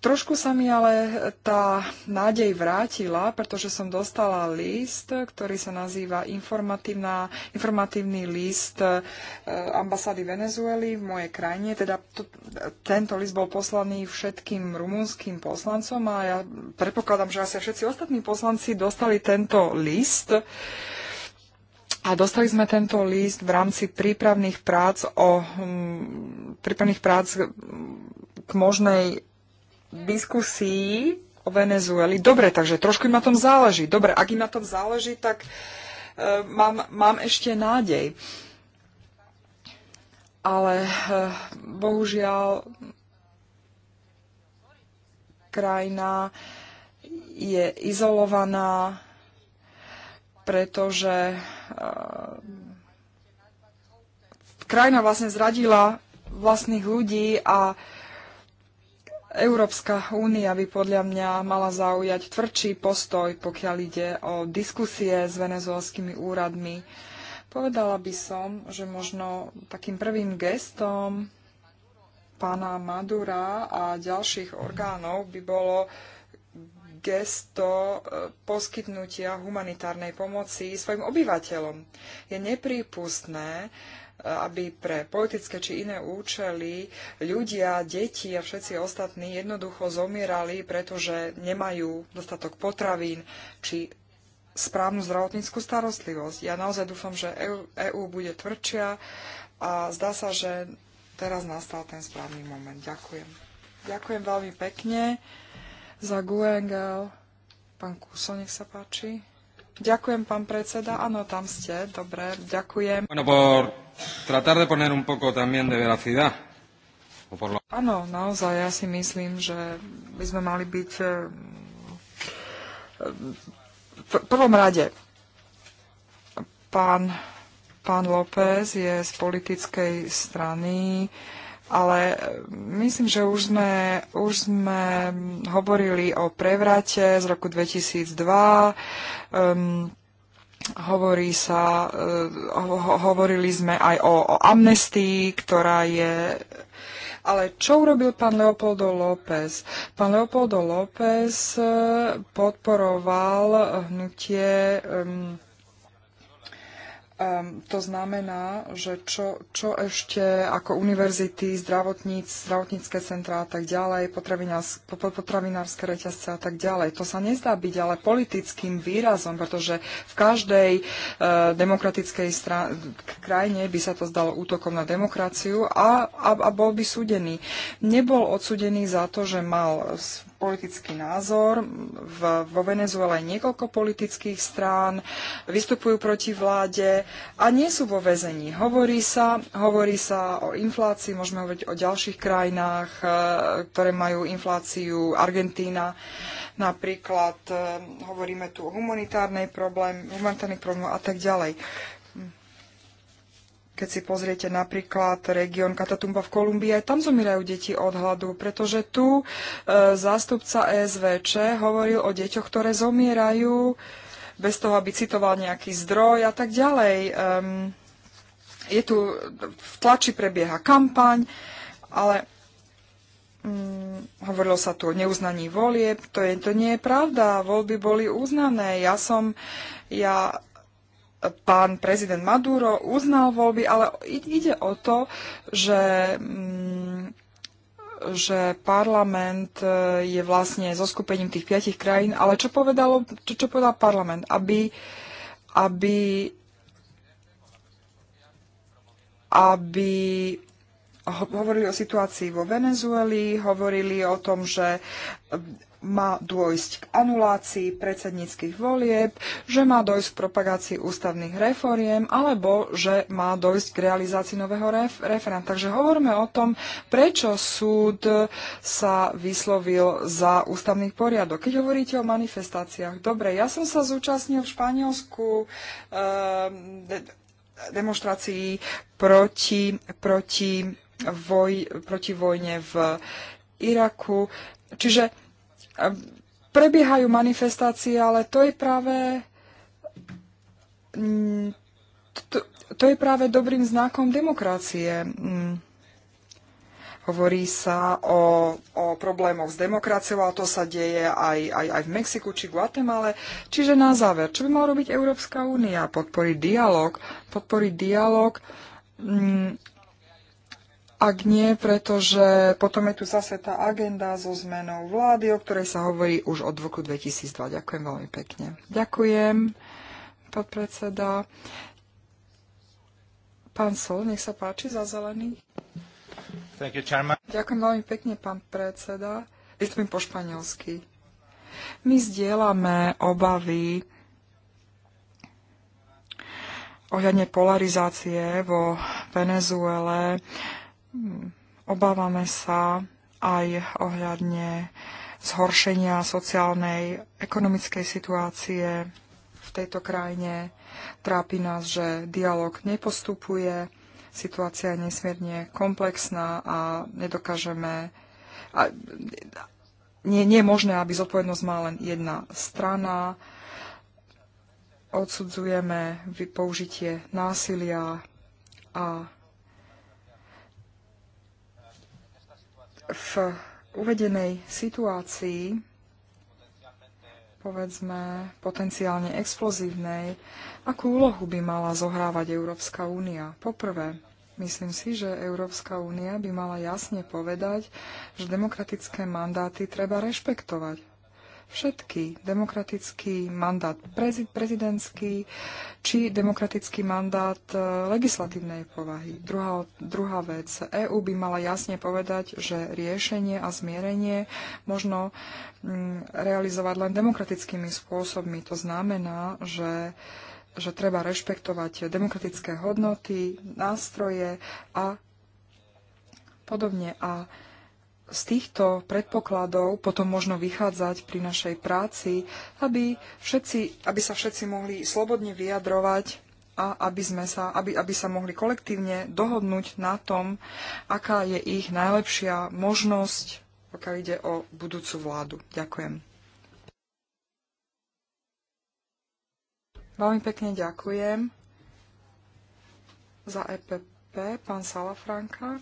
Speaker 3: Trošku sa mi ale tá nádej vrátila, pretože som dostala list, ktorý sa nazýva informatívny list e, ambasády Venezuely v mojej krajine. Teda to, tento list bol poslaný všetkým rumunským poslancom a ja predpokladám, že asi všetci ostatní poslanci dostali tento list. Uh, a dostali sme tento list v rámci prípravných prác o hm, prípravných prác k možnej diskusii o Venezueli. Dobre, takže trošku im na tom záleží. Dobre, ak im na tom záleží, tak e, mám, mám ešte nádej. Ale e, bohužiaľ krajina je izolovaná, pretože e, krajina vlastne zradila vlastných ľudí a Európska únia by podľa mňa mala zaujať tvrdší postoj, pokiaľ ide o diskusie s venezuelskými úradmi. Povedala by som, že možno takým prvým gestom pána Madura a ďalších orgánov by bolo gesto e, poskytnutia humanitárnej pomoci svojim obyvateľom. Je neprípustné, e, aby pre politické či iné účely ľudia, deti a všetci ostatní jednoducho zomierali, pretože nemajú dostatok potravín či správnu zdravotníckú starostlivosť. Ja naozaj dúfam, že EÚ e bude tvrdšia a zdá sa, že teraz nastal ten správny moment. Ďakujem. Ďakujem veľmi pekne. Za Guengel, pán Kuso, nech sa páči. Ďakujem, pán predseda. Áno, tam ste. Dobre, ďakujem. Bueno, por
Speaker 2: tratar de poner un poco también de veracidad.
Speaker 3: Áno, naozaj, ja si myslím, že by sme mali byť eh, v prvom rade. Pán, pán López je z politickej strany. Uh, ale myslím, že už sme, už sme hovorili o prevrate z roku 2002. Um, ehm, hovorí sa, eh, ho, hovorili sme aj o, o amnestii, ktorá je... Ale čo urobil pán Leopoldo López? Pán Leopoldo López eh, podporoval hnutie... Um, Um, to znamená, že čo, čo ešte ako univerzity, zdravotníc, zdravotnícke centrá a tak ďalej, potravinárske reťazce a tak ďalej. To sa nezdá byť ale politickým výrazom, pretože v každej uh, demokratickej strá- krajine by sa to zdalo útokom na demokraciu a, a, a bol by súdený. Nebol odsudený za to, že mal politický názor. V, vo Venezuele je niekoľko politických strán, vystupujú proti vláde a nie sú vo väzení. Hovorí sa, hovorí sa o inflácii, môžeme hovoriť o ďalších krajinách, e, ktoré majú infláciu, Argentína. Napríklad e, hovoríme tu o humanitárnej problém, humanitárnych problémoch a tak ďalej. Keď si pozriete napríklad región Katatumba v Kolumbii, aj tam zomierajú deti od hladu, pretože tu e, zástupca ESVČ hovoril o deťoch, ktoré zomierajú bez toho, aby citoval nejaký zdroj a tak ďalej. Ehm, je tu, v tlači prebieha kampaň, ale hm, hovorilo sa tu o neuznaní volieb, to, je, to nie je pravda, voľby boli uznané. Ja som, ja pán prezident Maduro uznal voľby, ale ide o to, že mm, že parlament e, je vlastne so skupením tých piatich krajín, ale čo, povedalo, čo, čo povedal parlament? Aby, aby, aby hovorili o situácii vo Venezueli, hovorili o tom, že má dôjsť k anulácii predsedníckých volieb, že má dôjsť k propagácii ústavných reforiem alebo že má dôjsť k realizácii nového ref- referenda. Takže hovoríme o tom, prečo súd sa vyslovil za ústavný poriadok. Keď hovoríte o manifestáciách, dobre, ja som sa zúčastnil v Španielsku. Um, ehm, de- demonstrácií proti, proti, voj, proti vojne v Iraku. Čiže prebiehajú manifestácie, ale to je práve mm, to, to je práve dobrým znakom demokracie. Mm. Hovorí sa o, o problémoch s demokraciou, ale to sa deje aj, aj, aj v Mexiku či Guatemale. Čiže na záver, čo by mala robiť Európska únia? Podporiť dialog, podporiť dialog mm, ak nie, pretože potom je tu zase tá agenda so zmenou vlády, o ktorej sa hovorí už od roku 2002. Ďakujem veľmi pekne. Ďakujem, podpredseda. Pán Sol, nech sa páči za zelený. You, Ďakujem veľmi pekne, pán predseda. Vystupím po španielsky. My zdieľame obavy ohľadne polarizácie vo Venezuele Hm, obávame sa aj ohľadne zhoršenia sociálnej, ekonomickej situácie v tejto krajine. Trápi nás, že dialog nepostupuje, situácia je nesmierne komplexná a nedokážeme... A, nie, nie je možné, aby zodpovednosť mala len jedna strana. Odsudzujeme použitie násilia a v uvedenej situácii, povedzme potenciálne explozívnej, akú úlohu by mala zohrávať Európska únia? Poprvé, myslím si, že Európska únia by mala jasne povedať, že demokratické mandáty treba rešpektovať všetky, demokratický mandát prezidentský či demokratický mandát e, legislatívnej povahy. Druhá, druhá vec, EÚ by mala jasne povedať, že riešenie a zmierenie možno mm, realizovať len demokratickými spôsobmi. To znamená, že že treba rešpektovať demokratické hodnoty, nástroje a podobne. A z týchto predpokladov potom možno vychádzať pri našej práci, aby, všetci, aby sa všetci mohli slobodne vyjadrovať a aby, sme sa, aby, aby sa mohli kolektívne dohodnúť na tom, aká je ich najlepšia možnosť, pokiaľ ide o budúcu vládu. Ďakujem. Veľmi pekne ďakujem za EPP, pán Salafranka.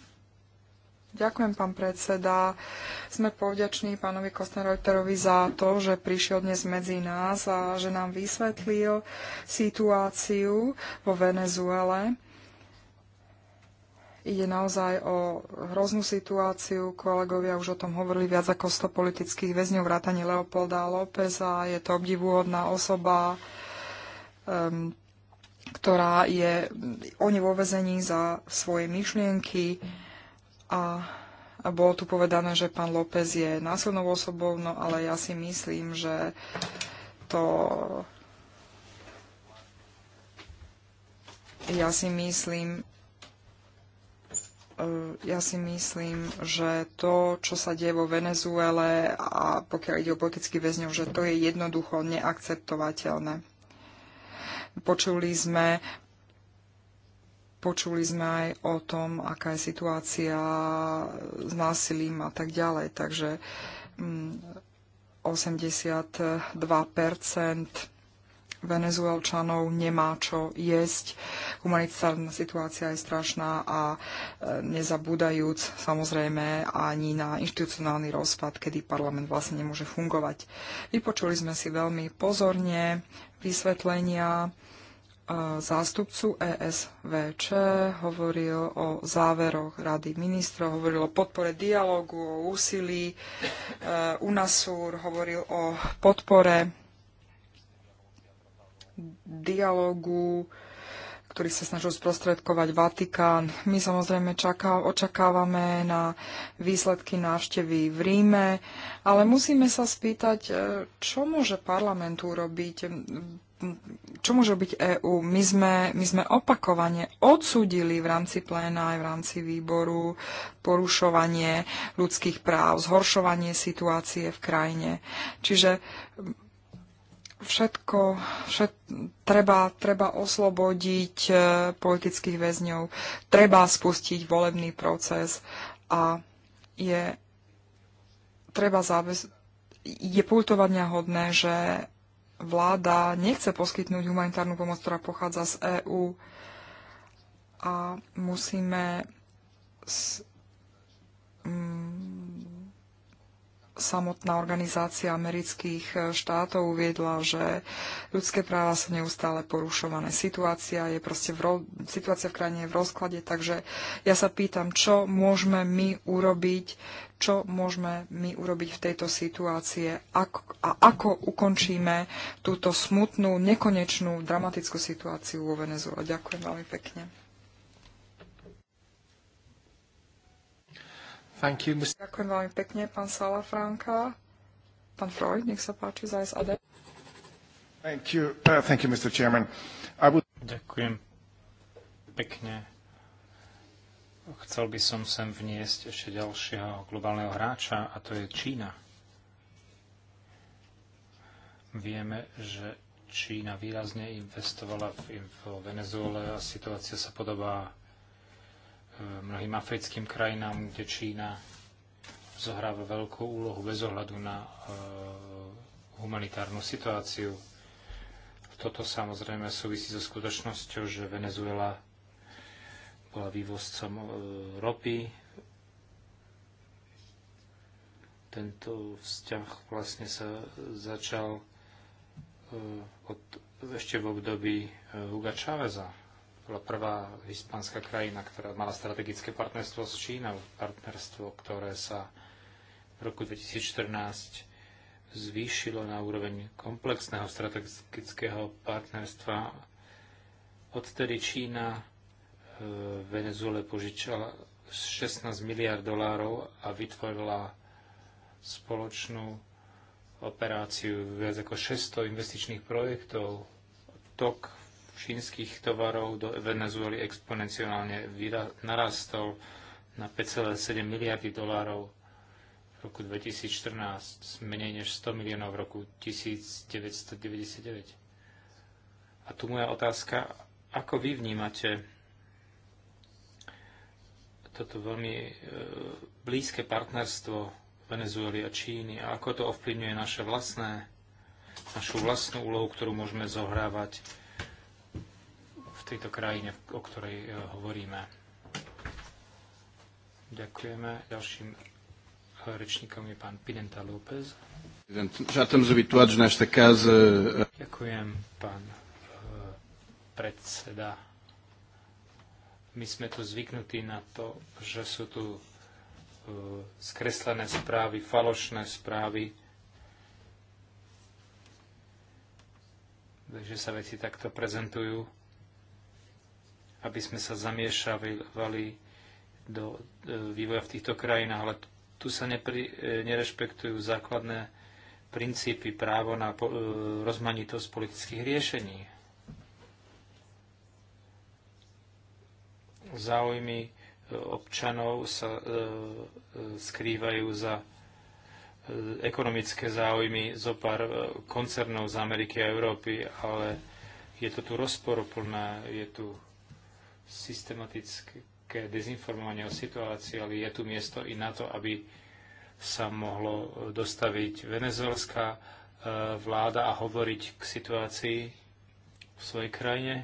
Speaker 3: Ďakujem, pán predseda. Sme povďační pánovi Kostenreuterovi za to, že prišiel dnes medzi nás a že nám vysvetlil situáciu vo Venezuele. Ide naozaj o hroznú situáciu. Kolegovia už o tom hovorili viac ako 100 politických väzňov, vrátane Leopolda Lópeza. Je to obdivuhodná osoba, um, ktorá je, mm, oni je vo vezení za svoje myšlienky. A a bolo tu povedané, že pán López je násilnou osobou, no ale ja si myslím, že to... Ja si myslím, e, ja si myslím, že to, čo sa deje vo Venezuele a pokiaľ ide o politických väzňov, že to je jednoducho neakceptovateľné. Počuli sme Počuli sme aj o tom, aká je situácia s násilím a tak ďalej. Takže 82 mm, venezuelčanov nemá čo jesť. Humanitárna situácia je strašná a e, nezabúdajúc samozrejme ani na inštitucionálny rozpad, kedy parlament vlastne nemôže fungovať. Vypočuli sme si veľmi pozorne vysvetlenia zástupcu ESVČ, hovoril o záveroch Rady ministrov, hovoril o podpore dialogu, o úsilí e, UNASUR, hovoril o podpore dialogu, ktorý sa snažil sprostredkovať Vatikán. My samozrejme čaká, očakávame na výsledky návštevy v Ríme, ale musíme sa spýtať, e, čo môže parlament urobiť čo môže byť EÚ? My sme, my sme opakovane odsúdili v rámci pléna aj v rámci výboru porušovanie ľudských práv, zhoršovanie situácie v krajine. Čiže všetko, všet, treba, treba oslobodiť e, politických väzňov, treba spustiť volebný proces a je treba záväz... Je pultovania hodné, že vláda nechce poskytnúť humanitárnu pomoc, ktorá pochádza z EÚ a musíme samotná organizácia amerických e, štátov uviedla, že ľudské práva sú neustále porušované. Situácia je proste v ro- situácia v krajine je v rozklade, takže ja sa pýtam, čo môžeme my urobiť, čo môžeme my urobiť v tejto situácie ako, a ako ukončíme túto smutnú, nekonečnú, dramatickú situáciu vo Venezuele. Ďakujem veľmi pekne.
Speaker 2: Thank you, Mr.
Speaker 3: Ďakujem veľmi pekne, pán Sala Franka. Pán Freud, nech sa páči za SAD.
Speaker 2: Thank you, uh, thank you Mr. Chairman. I would...
Speaker 1: Ďakujem pekne. Chcel by som sem vniesť ešte ďalšieho globálneho hráča, a to je Čína. Vieme, že Čína výrazne investovala v, v Venezuele a situácia sa podobá mnohým africkým krajinám, kde Čína zohráva veľkú úlohu bez ohľadu na eh, humanitárnu situáciu. Toto samozrejme súvisí so skutočnosťou, že Venezuela bola vývozcom eh, ropy. Tento vzťah vlastne sa začal eh, od, ešte v období Huga Cháveza bola prvá hispánska krajina, ktorá mala strategické partnerstvo s Čínou, partnerstvo, ktoré sa v roku 2014 zvýšilo na úroveň komplexného strategického partnerstva. Odtedy Čína e, Venezuele požičala 16 miliard dolárov a vytvorila spoločnú operáciu viac ako 600 investičných projektov, tok čínskych tovarov do Venezuely exponenciálne narastol na 5,7 miliardy dolárov v roku 2014, menej než 100 miliónov v roku 1999. A tu moja otázka, ako vy vnímate toto veľmi e, blízke partnerstvo Venezuely a Číny a ako to ovplyvňuje naše vlastné, našu vlastnú úlohu, ktorú môžeme zohrávať v tejto krajine, o ktorej e, hovoríme. Ďakujeme. Ďalším e, rečníkom je pán Pinenta López. E, Ďakujem, pán predseda. My sme tu zvyknutí na to, že sú tu skreslené správy, falošné správy, Takže sa veci takto prezentujú aby sme sa zamiešavali do e, vývoja v týchto krajinách, ale tu sa nepri, e, nerešpektujú základné princípy právo na po, e, rozmanitosť politických riešení. Záujmy občanov sa e, skrývajú za ekonomické záujmy zo pár koncernov z Ameriky a Európy, ale je to tu rozporoplné, je tu systematické dezinformovanie o situácii, ale je tu miesto i na to, aby sa mohlo dostaviť venezuelská e, vláda a hovoriť k situácii v svojej krajine.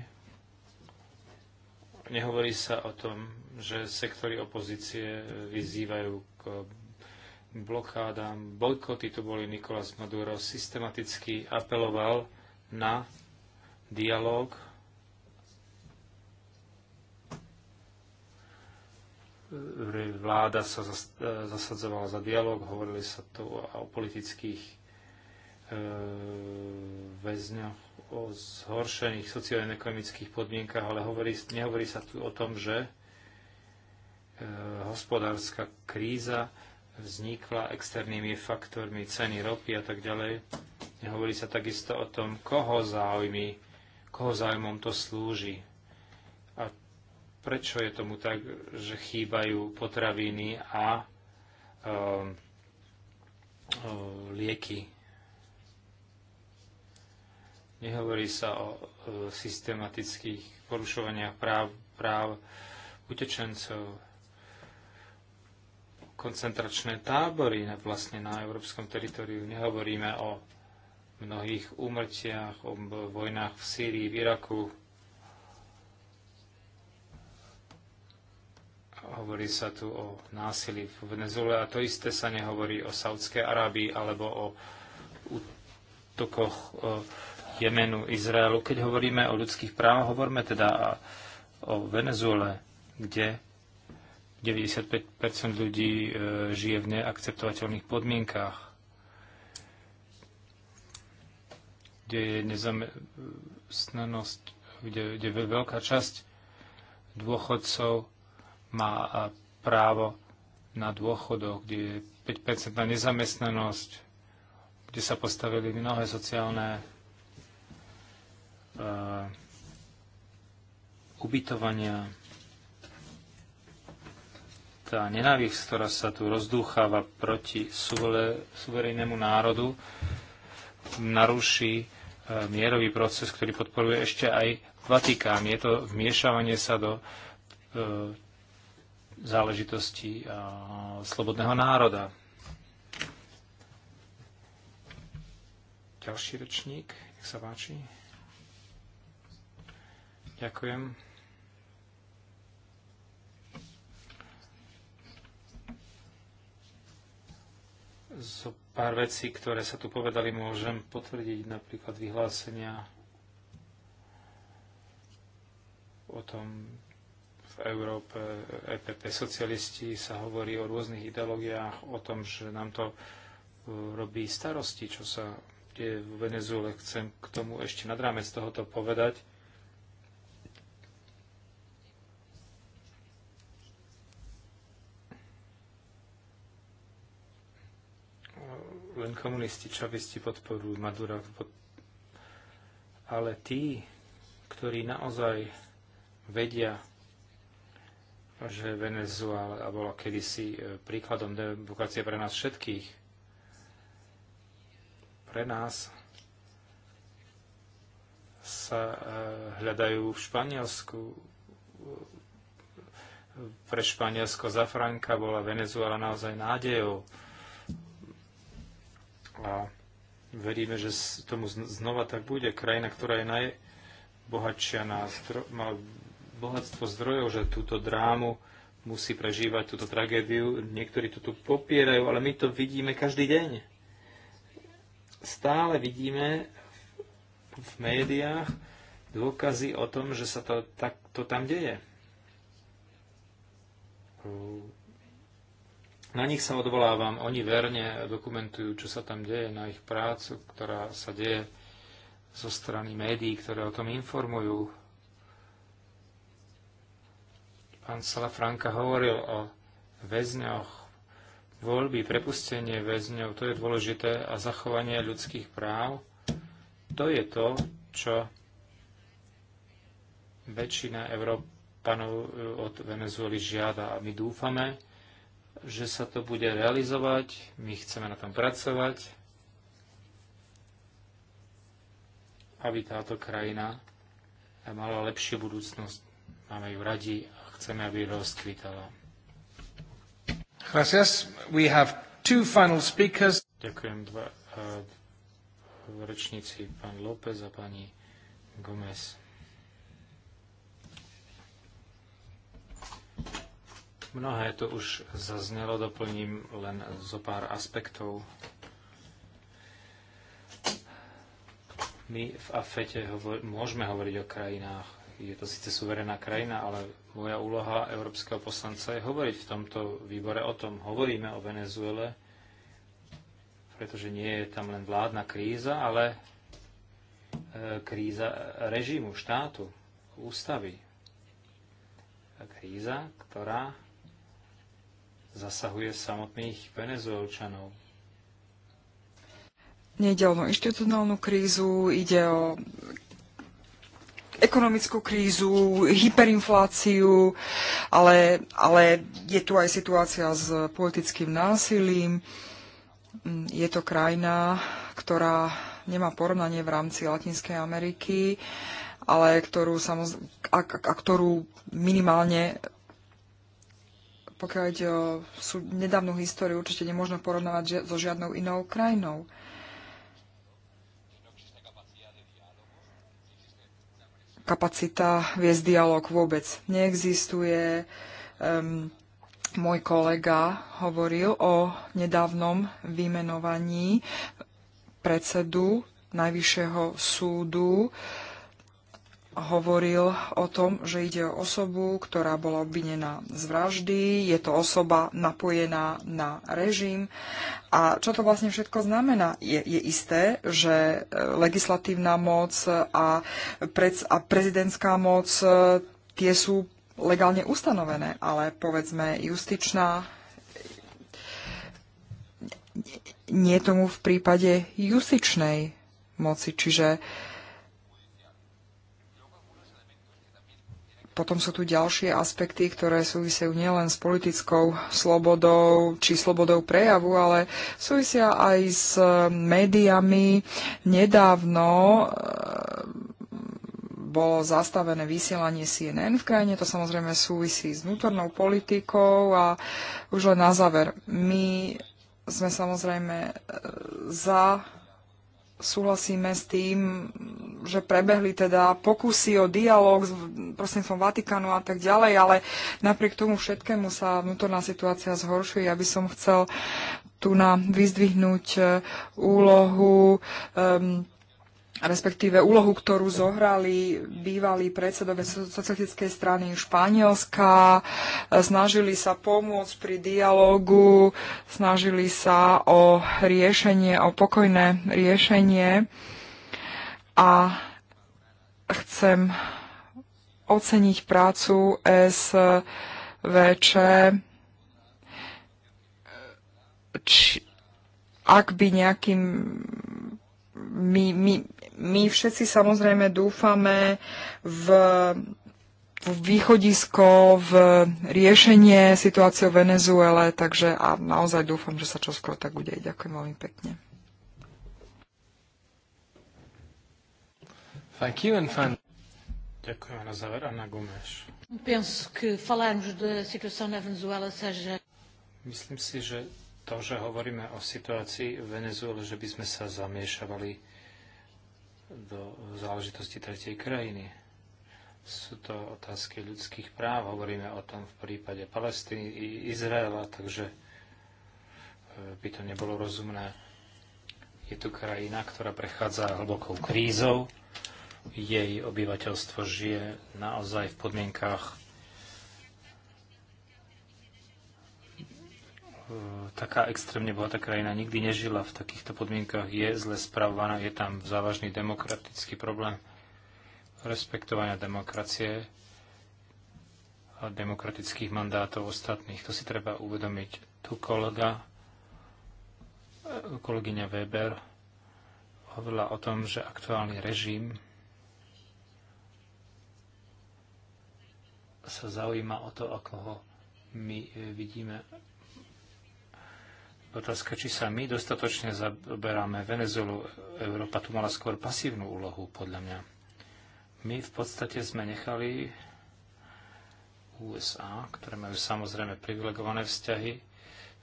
Speaker 1: Nehovorí sa o tom, že sektory opozície vyzývajú k blokádám, bojkoty, tu boli Nikolás Maduro, systematicky apeloval na dialog vláda sa e, zasadzovala za dialog, hovorili sa tu o politických e, väzňoch, o zhoršených socioekonomických podmienkach, ale hovorí, nehovorí sa tu o tom, že e, hospodárska kríza vznikla externými faktormi ceny ropy a tak ďalej. Nehovorí sa takisto o tom, koho záujmy, koho záujmom to slúži prečo je tomu tak, že chýbajú potraviny a e, lieky. Nehovorí sa o e, systematických porušovaniach práv, práv utečencov. Koncentračné tábory na, vlastne na európskom teritoriu. Nehovoríme o mnohých úmrtiach, o vojnách v Sýrii, v Iraku, Hovorí sa tu o násilí v Venezuele a to isté sa nehovorí o Saudskej Arábii alebo o útokoch e, Jemenu, Izraelu. Keď hovoríme o ľudských právach, hovoríme teda o Venezuele, kde 95 ľudí e, žije v neakceptovateľných podmienkách. kde je nezamestnanosť, kde, kde veľká časť dôchodcov má e, právo na dôchodok, kde je 5% na nezamestnanosť, kde sa postavili mnohé sociálne uh, ubytovania. Tá nenávisť, ktorá sa tu rozdúcháva proti suverejnému národu, naruší uh, mierový proces, ktorý podporuje ešte aj Vatikán. Je to vmiešavanie sa do uh, záležitosti slobodného národa. Ďalší rečník, nech sa páči. Ďakujem. Zo pár vecí, ktoré sa tu povedali, môžem potvrdiť napríklad vyhlásenia o tom, Európe, EPP, socialisti sa hovorí o rôznych ideológiách, o tom, že nám to e, robí starosti, čo sa deje v Venezuele. Chcem k tomu ešte nad rámec tohoto povedať. Len komunisti, čavisti podporujú Madura, ale tí, ktorí naozaj vedia že Venezuela bola kedysi e, príkladom demokracie pre nás všetkých. Pre nás sa e, hľadajú v Španielsku. E, pre Španielsko za Franka bola Venezuela naozaj nádejou. A veríme, že tomu znova tak bude. Krajina, ktorá je najbohatšia na zdro- bohatstvo zdrojov, že túto drámu musí prežívať túto tragédiu. Niektorí to tu popierajú, ale my to vidíme každý deň. Stále vidíme v médiách dôkazy o tom, že sa to takto tam deje. Na nich sa odvolávam. Oni verne dokumentujú, čo sa tam deje, na ich prácu, ktorá sa deje zo strany médií, ktoré o tom informujú. Pán Salafranka hovoril o väzňoch, voľby, prepustenie väzňov, to je dôležité a zachovanie ľudských práv, to je to, čo väčšina Európanov eh, od Venezuely žiada a my dúfame, že sa to bude realizovať, my chceme na tom pracovať, aby táto krajina mala lepšiu budúcnosť. Máme ju radi chceme, aby rozkvitala. Gracias. We have two final speakers. Ďakujem dva uh, rečníci, pán López a pani Gomez. Mnohé to už zaznelo, doplním len zo pár aspektov. My v AFETE hovor- môžeme hovoriť o krajinách, je to síce suverená krajina, ale moja úloha európskeho poslanca je hovoriť v tomto výbore o tom. Hovoríme o Venezuele, pretože nie je tam len vládna kríza, ale e, kríza režimu, štátu, ústavy. Kríza, ktorá zasahuje samotných venezuelčanov.
Speaker 3: Nejde o inštitucionálnu krízu, ide o ekonomickú krízu, hyperinfláciu, ale, ale je tu aj situácia s politickým násilím. Je to krajina, ktorá nemá porovnanie v rámci Latinskej Ameriky, ale ktorú, samoz- a, a ktorú minimálne pokiaľ ide o sú nedávnu históriu, určite nemôžno porovnávať so žiadnou inou krajinou. kapacita viesť dialog vôbec neexistuje. Um, môj kolega hovoril o nedávnom vymenovaní predsedu Najvyššieho súdu. Uh, hovoril o tom, že ide o osobu, ktorá bola obvinená z vraždy, je to osoba napojená na režim. A čo to vlastne všetko znamená? Je, je isté, že e, legislatívna moc a, pred, a prezidentská moc e, tie sú legálne ustanovené, ale povedzme justičná e, nie tomu v prípade justičnej moci. Čiže uh, Potom sú tu ďalšie aspekty, ktoré súvisejú nielen s politickou slobodou či slobodou prejavu, ale súvisia aj s médiami. Nedávno e, bolo zastavené vysielanie CNN v krajine. To samozrejme súvisí s vnútornou politikou a už len na záver. My sme samozrejme e, za súhlasíme s tým, že prebehli teda pokusy o dialog s som Vatikánu a tak ďalej, ale napriek tomu všetkému sa vnútorná situácia zhoršuje. Ja by som chcel tu na vyzdvihnúť eh, úlohu um, respektíve úlohu, ktorú zohrali bývalí predsedovia socialistickej strany Španielska. Snažili sa pomôcť pri dialogu, snažili sa o riešenie, o pokojné riešenie. A chcem oceniť prácu SVČ. Či, ak by nejakým my, my, my všetci samozrejme dúfame v, v východisko, v riešenie situácie v Venezuele, takže a naozaj dúfam, že sa čoskoro tak bude. Ďakujem veľmi pekne. Thank you and
Speaker 2: fun.
Speaker 1: Ďakujem na záver, Anna Gomes. Myslím si, že to, že hovoríme o situácii v Venezuele, že by sme sa zamiešavali do záležitosti tretej krajiny. Sú to otázky ľudských práv, hovoríme o tom v prípade Palestíny i Izraela, takže e, by to nebolo rozumné. Je tu krajina, ktorá prechádza hlbokou krízou, jej obyvateľstvo žije naozaj v podmienkách taká extrémne bohatá krajina nikdy nežila v takýchto podmienkach, je zle spravovaná, je tam závažný demokratický problém respektovania demokracie a demokratických mandátov ostatných. To si treba uvedomiť. Tu kolega, kolegyňa Weber hovorila o tom, že aktuálny režim sa zaujíma o to, ako ho my eh, vidíme Otázka, či sa my dostatočne zaberáme Venezuelu. Európa tu mala skôr pasívnu úlohu, podľa mňa. My v podstate sme nechali USA, ktoré majú samozrejme privilegované vzťahy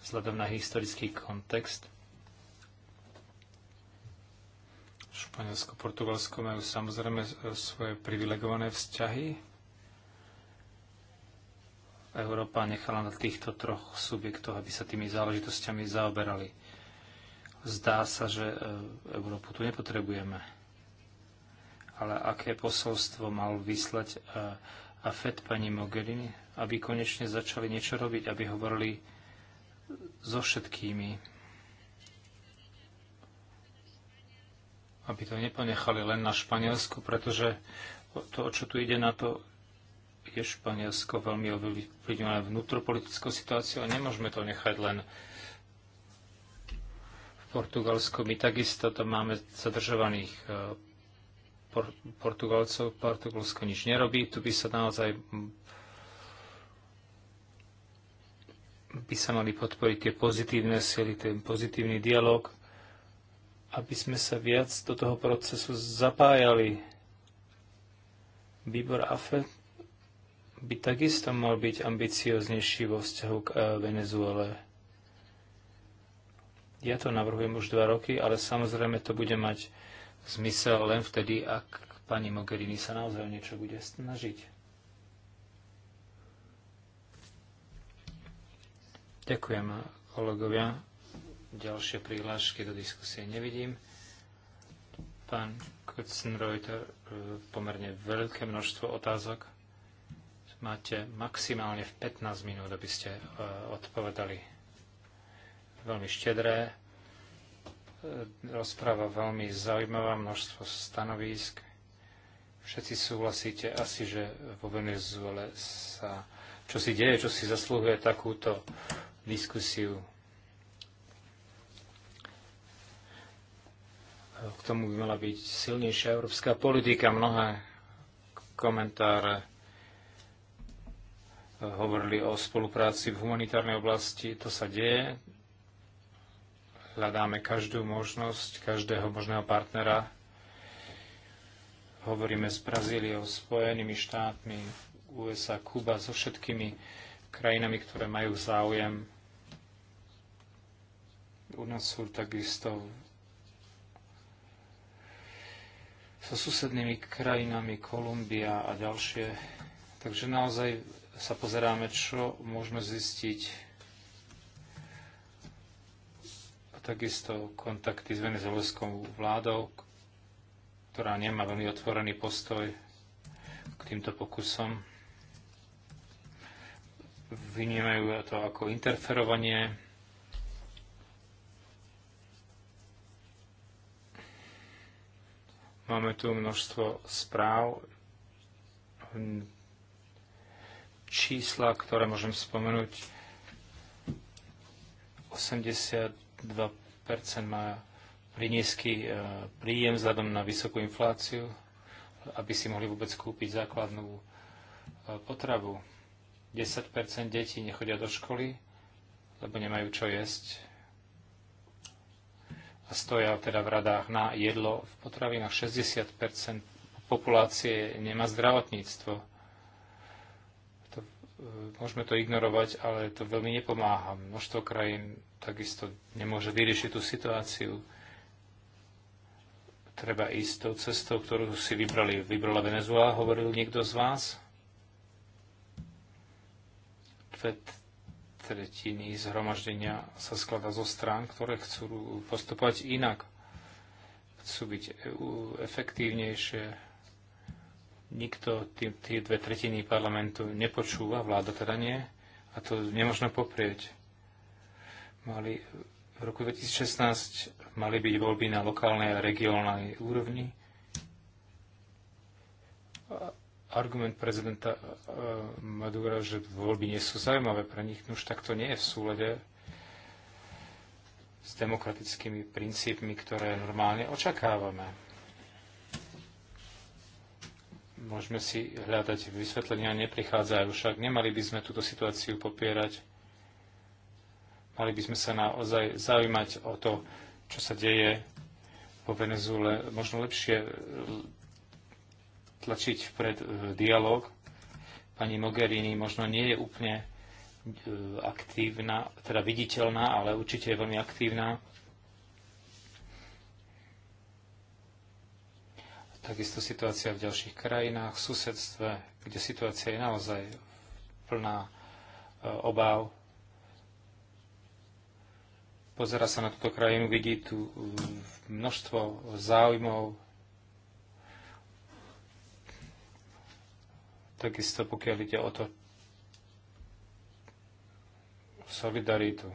Speaker 1: vzhľadom na historický kontext. Španielsko, Portugalsko majú samozrejme e, svoje privilegované vzťahy Európa nechala na týchto troch subjektoch, aby sa tými záležitosťami zaoberali. Zdá sa, že e, Európu tu nepotrebujeme. Ale aké posolstvo mal vyslať e, a FED pani Mogherini, aby konečne začali niečo robiť, aby hovorili so všetkými. Aby to neponechali len na Španielsku, pretože to, o čo tu ide, na to je Španielsko veľmi ovplyvnené vnútropolitickou situáciou a nemôžeme to nechať len v Portugalsku. My takisto tam máme zadržovaných e, por- Portugalcov. Portugalsko nič nerobí. Tu by sa naozaj by sa mali podporiť tie pozitívne sily, ten pozitívny dialog, aby sme sa viac do toho procesu zapájali. Výbor AFET by takisto mal byť ambicioznejší vo vzťahu k e, Venezuele. Ja to navrhujem už dva roky, ale samozrejme to bude mať zmysel len vtedy, ak pani Mogherini sa naozaj niečo bude snažiť. Ďakujem, kolegovia. Ďalšie prihlášky do diskusie nevidím. Pán Kutzenreuter, e, pomerne veľké množstvo otázok. Máte maximálne v 15 minút, aby ste e, odpovedali. Veľmi štedré. E, rozpráva veľmi zaujímavá, množstvo stanovísk. Všetci súhlasíte asi, že vo Venezuele sa čo si deje, čo si zaslúhuje takúto diskusiu. K tomu by mala byť silnejšia európska politika. Mnohé komentáre hovorili o spolupráci v humanitárnej oblasti. To sa deje. Hľadáme každú možnosť, každého možného partnera. Hovoríme s Brazíliou, Spojenými štátmi, USA, Kuba, so všetkými krajinami, ktoré majú záujem. U nás sú takisto so susednými krajinami Kolumbia a ďalšie. Takže naozaj sa pozeráme, čo môžeme zistiť. A takisto kontakty s venezuelskou vládou, ktorá nemá veľmi otvorený postoj k týmto pokusom. Vnímajú to ako interferovanie. Máme tu množstvo správ, čísla, ktoré môžem spomenúť. 82% má pri nízky e, príjem vzhľadom na vysokú infláciu, aby si mohli vôbec kúpiť základnú e, potravu. 10% detí nechodia do školy, lebo nemajú čo jesť a stoja teda v radách na jedlo v potravinách. 60% populácie nemá zdravotníctvo môžeme to ignorovať, ale to veľmi nepomáha. Množstvo krajín takisto nemôže vyriešiť tú situáciu. Treba ísť tou cestou, ktorú si vybrali. Vybrala Venezuela, hovoril niekto z vás? Dve tretiny zhromaždenia sa skladá zo strán, ktoré chcú postupovať inak. Chcú byť e, efektívnejšie, nikto tie, dve tretiny parlamentu nepočúva, vláda teda nie, a to nemôžno poprieť. Mali, v roku 2016 mali byť voľby na lokálnej a regionálnej úrovni. Argument prezidenta e, Madura, že voľby nie sú zaujímavé pre nich, no už takto nie je v súlede s demokratickými princípmi, ktoré normálne očakávame Môžeme si hľadať vysvetlenia, neprichádzajú však. Nemali by sme túto situáciu popierať. Mali by sme sa naozaj zaujímať o to, čo sa deje po Venezuele. Možno lepšie e, tlačiť vpred e, dialog. Pani Mogherini možno nie je úplne e, aktívna, teda viditeľná, ale určite je veľmi aktívna Takisto situácia v ďalších krajinách, v susedstve, kde situácia je naozaj plná e, obáv. Pozera sa na túto krajinu, vidí tu e, množstvo záujmov. Takisto pokiaľ ide o to solidaritu.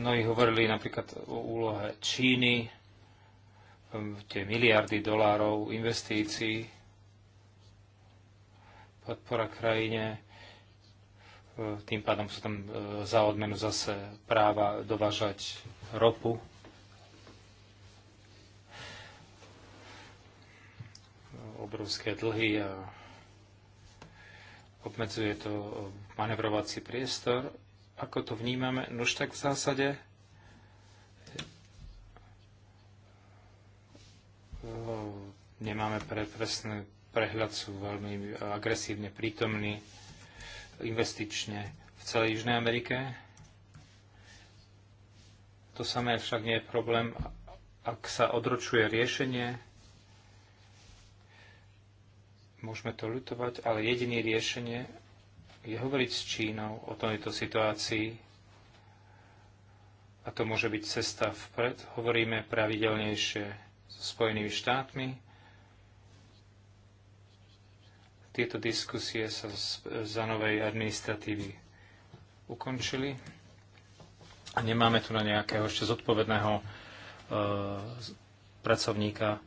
Speaker 1: Mnohí hovorili napríklad o úlohe Číny, um, tie miliardy dolárov investícií, podpora krajine, uh, tým pádom sú tam uh, za odmenu zase práva dovážať ropu. Obrovské dlhy a obmedzuje to uh, manevrovací priestor ako to vnímame? Nož tak v zásade nemáme pre presný prehľad, sú veľmi agresívne prítomní investične v celej Južnej Amerike. To samé však nie je problém, ak sa odročuje riešenie. Môžeme to ľutovať, ale jediné riešenie hovoriť s Čínou o tejto situácii a to môže byť cesta vpred. Hovoríme pravidelnejšie so Spojenými štátmi. Tieto diskusie sa za novej administratívy ukončili a nemáme tu na nejakého ešte zodpovedného e, pracovníka.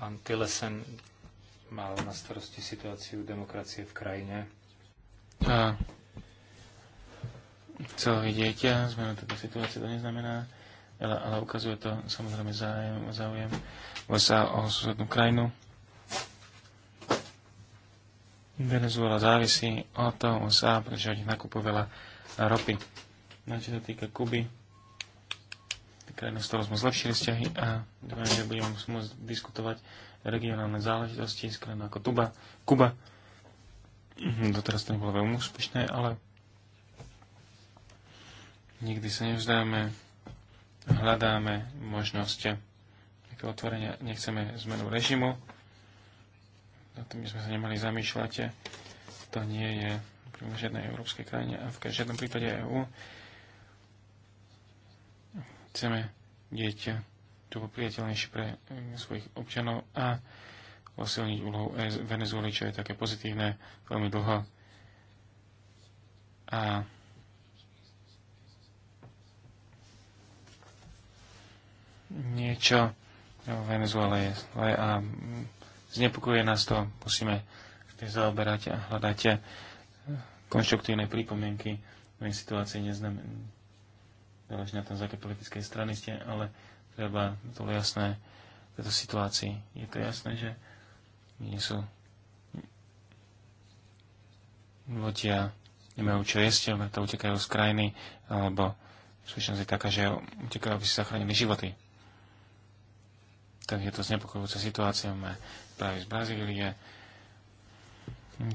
Speaker 1: Pán Tilesen mal na starosti situáciu demokracie v krajine.
Speaker 2: A vidieť, ja, zmena tejto situácie to neznamená, ale, ale ukazuje to samozrejme záujem, záujem USA o susednú krajinu. Venezuela závisí o toho USA, pretože od nich nakupuje veľa ropy. Na no, čo sa týka Kuby, krajina, s ktorou sme zlepšili vzťahy a dúfam, že budeme môcť diskutovať regionálne záležitosti z ako Tuba, Kuba. Mhm, doteraz to nebolo veľmi úspešné, ale nikdy sa nevzdáme, hľadáme možnosť nejakého otvorenia, nechceme zmenu režimu, na tým by sme sa nemali zamýšľať, to nie je v žiadnej európskej krajine a v žiadnom prípade EÚ chceme dieťa to bolo priateľnejšie pre eh, svojich občanov a posilniť úlohu Venezuely, čo je také pozitívne veľmi dlho. A niečo v Venezuele je zle a mm, znepokojuje nás to. Musíme vždy zaoberať a hľadať eh, konštruktívne pripomienky. V situácii neznamená, záleží na tom, z aké politickej strany ste, ale treba, to jasné v tejto situácii. Je to jasné, že nie sú ľudia nemajú čo jesť, ale to utekajú z krajiny, alebo skutočnosť je taká, že utekajú, aby si zachránili životy. Tak je to znepokojujúca situácia. Máme práve z Brazílie,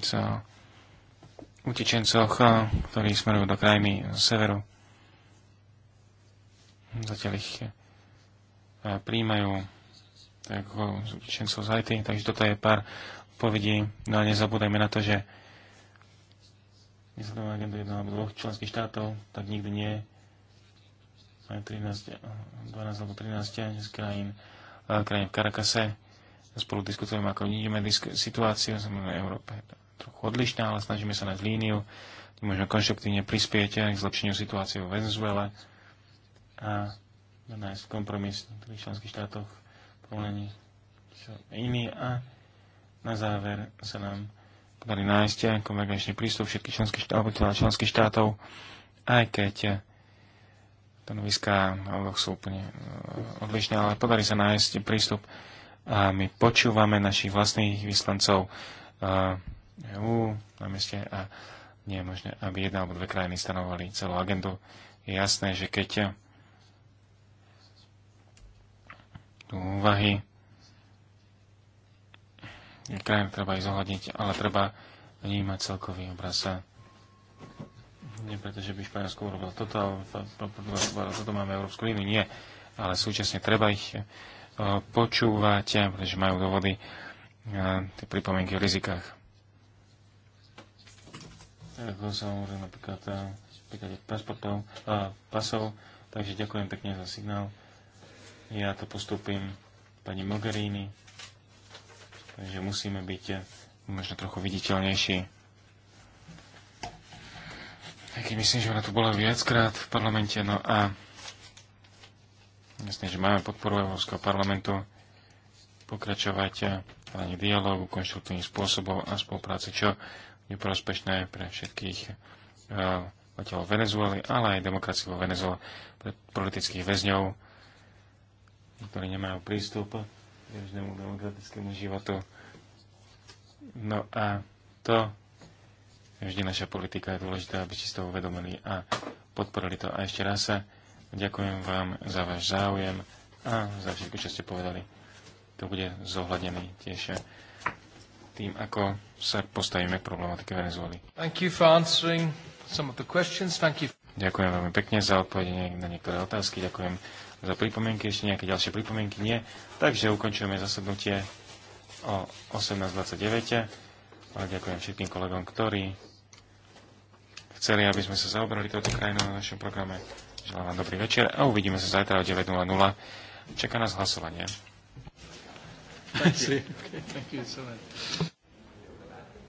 Speaker 2: co utečencoch, ktorí smerujú do krajiny z severu. Zatiaľ ich príjmajú tak Chain Society, takže toto je pár povedí, no a nezabúdajme na to, že na agendu jedného alebo dvoch členských štátov, tak nikdy nie aj 13, 12 alebo 13 z krajín, krajín v Karakase. Spolu diskutujeme, ako vidíme disk- situáciu, samozrejme Európa je trochu odlišná, ale snažíme sa nájsť líniu, môžeme konštruktívne prispieť k zlepšeniu situácie vo Venezuele. A nájsť kompromis v tých členských štátoch povolení iný a na záver sa nám podali nájsť konvergenčný prístup všetkých členských štátov, členských štátov aj keď stanoviská sú úplne e, odlišné, ale podarí sa nájsť prístup a my počúvame našich vlastných vyslancov EU e na meste a nie je možné, aby jedna alebo dve krajiny stanovali celú agendu. Je jasné, že keď do úvahy. Krajiny treba ich zohľadniť, ale treba vnímať celkový obraz. Nie preto, že by Španielsko urobil. toto, ale toto máme Európsku líniu, nie. Ale súčasne treba ich eh, počúvať, eh, pretože majú dôvody eh, tie pripomienky o rizikách. Ako sa hovoril napríklad, napríklad pasov, takže ďakujem pekne za signál. Ja to postupím pani Mogherini, takže musíme byť možno trochu viditeľnejší. Taký myslím, že ona tu bola viackrát v parlamente, no a myslím, že máme podporu Európskeho parlamentu pokračovať eh, hľadanie dialógu, konštruktívnych spôsobov a spolupráce, čo je prospešné pre všetkých eh, obyvateľov Venezuely, ale aj demokracie vo Venezuele, pre politických väzňov, ktorí nemajú prístup k bežnému demokratickému životu. No a to vždy naša politika je dôležité, aby ste to uvedomili a podporili to. A ešte raz sa ďakujem vám za váš záujem a za všetko, čo ste povedali. To bude zohľadený tiež tým, ako sa postavíme k problematike Venezuely. Ďakujem veľmi pekne za odpovedenie na niektoré otázky. Ďakujem za pripomienky. Ešte nejaké ďalšie pripomienky? Nie. Takže ukončujeme zasadnutie o 18.29. A ďakujem všetkým kolegom, ktorí chceli, aby sme sa zaobrali touto krajinou na našom programe. Želám vám dobrý večer a uvidíme sa zajtra o 9.00. Čaká nás hlasovanie.
Speaker 3: Thank you. Okay, thank you so
Speaker 2: much.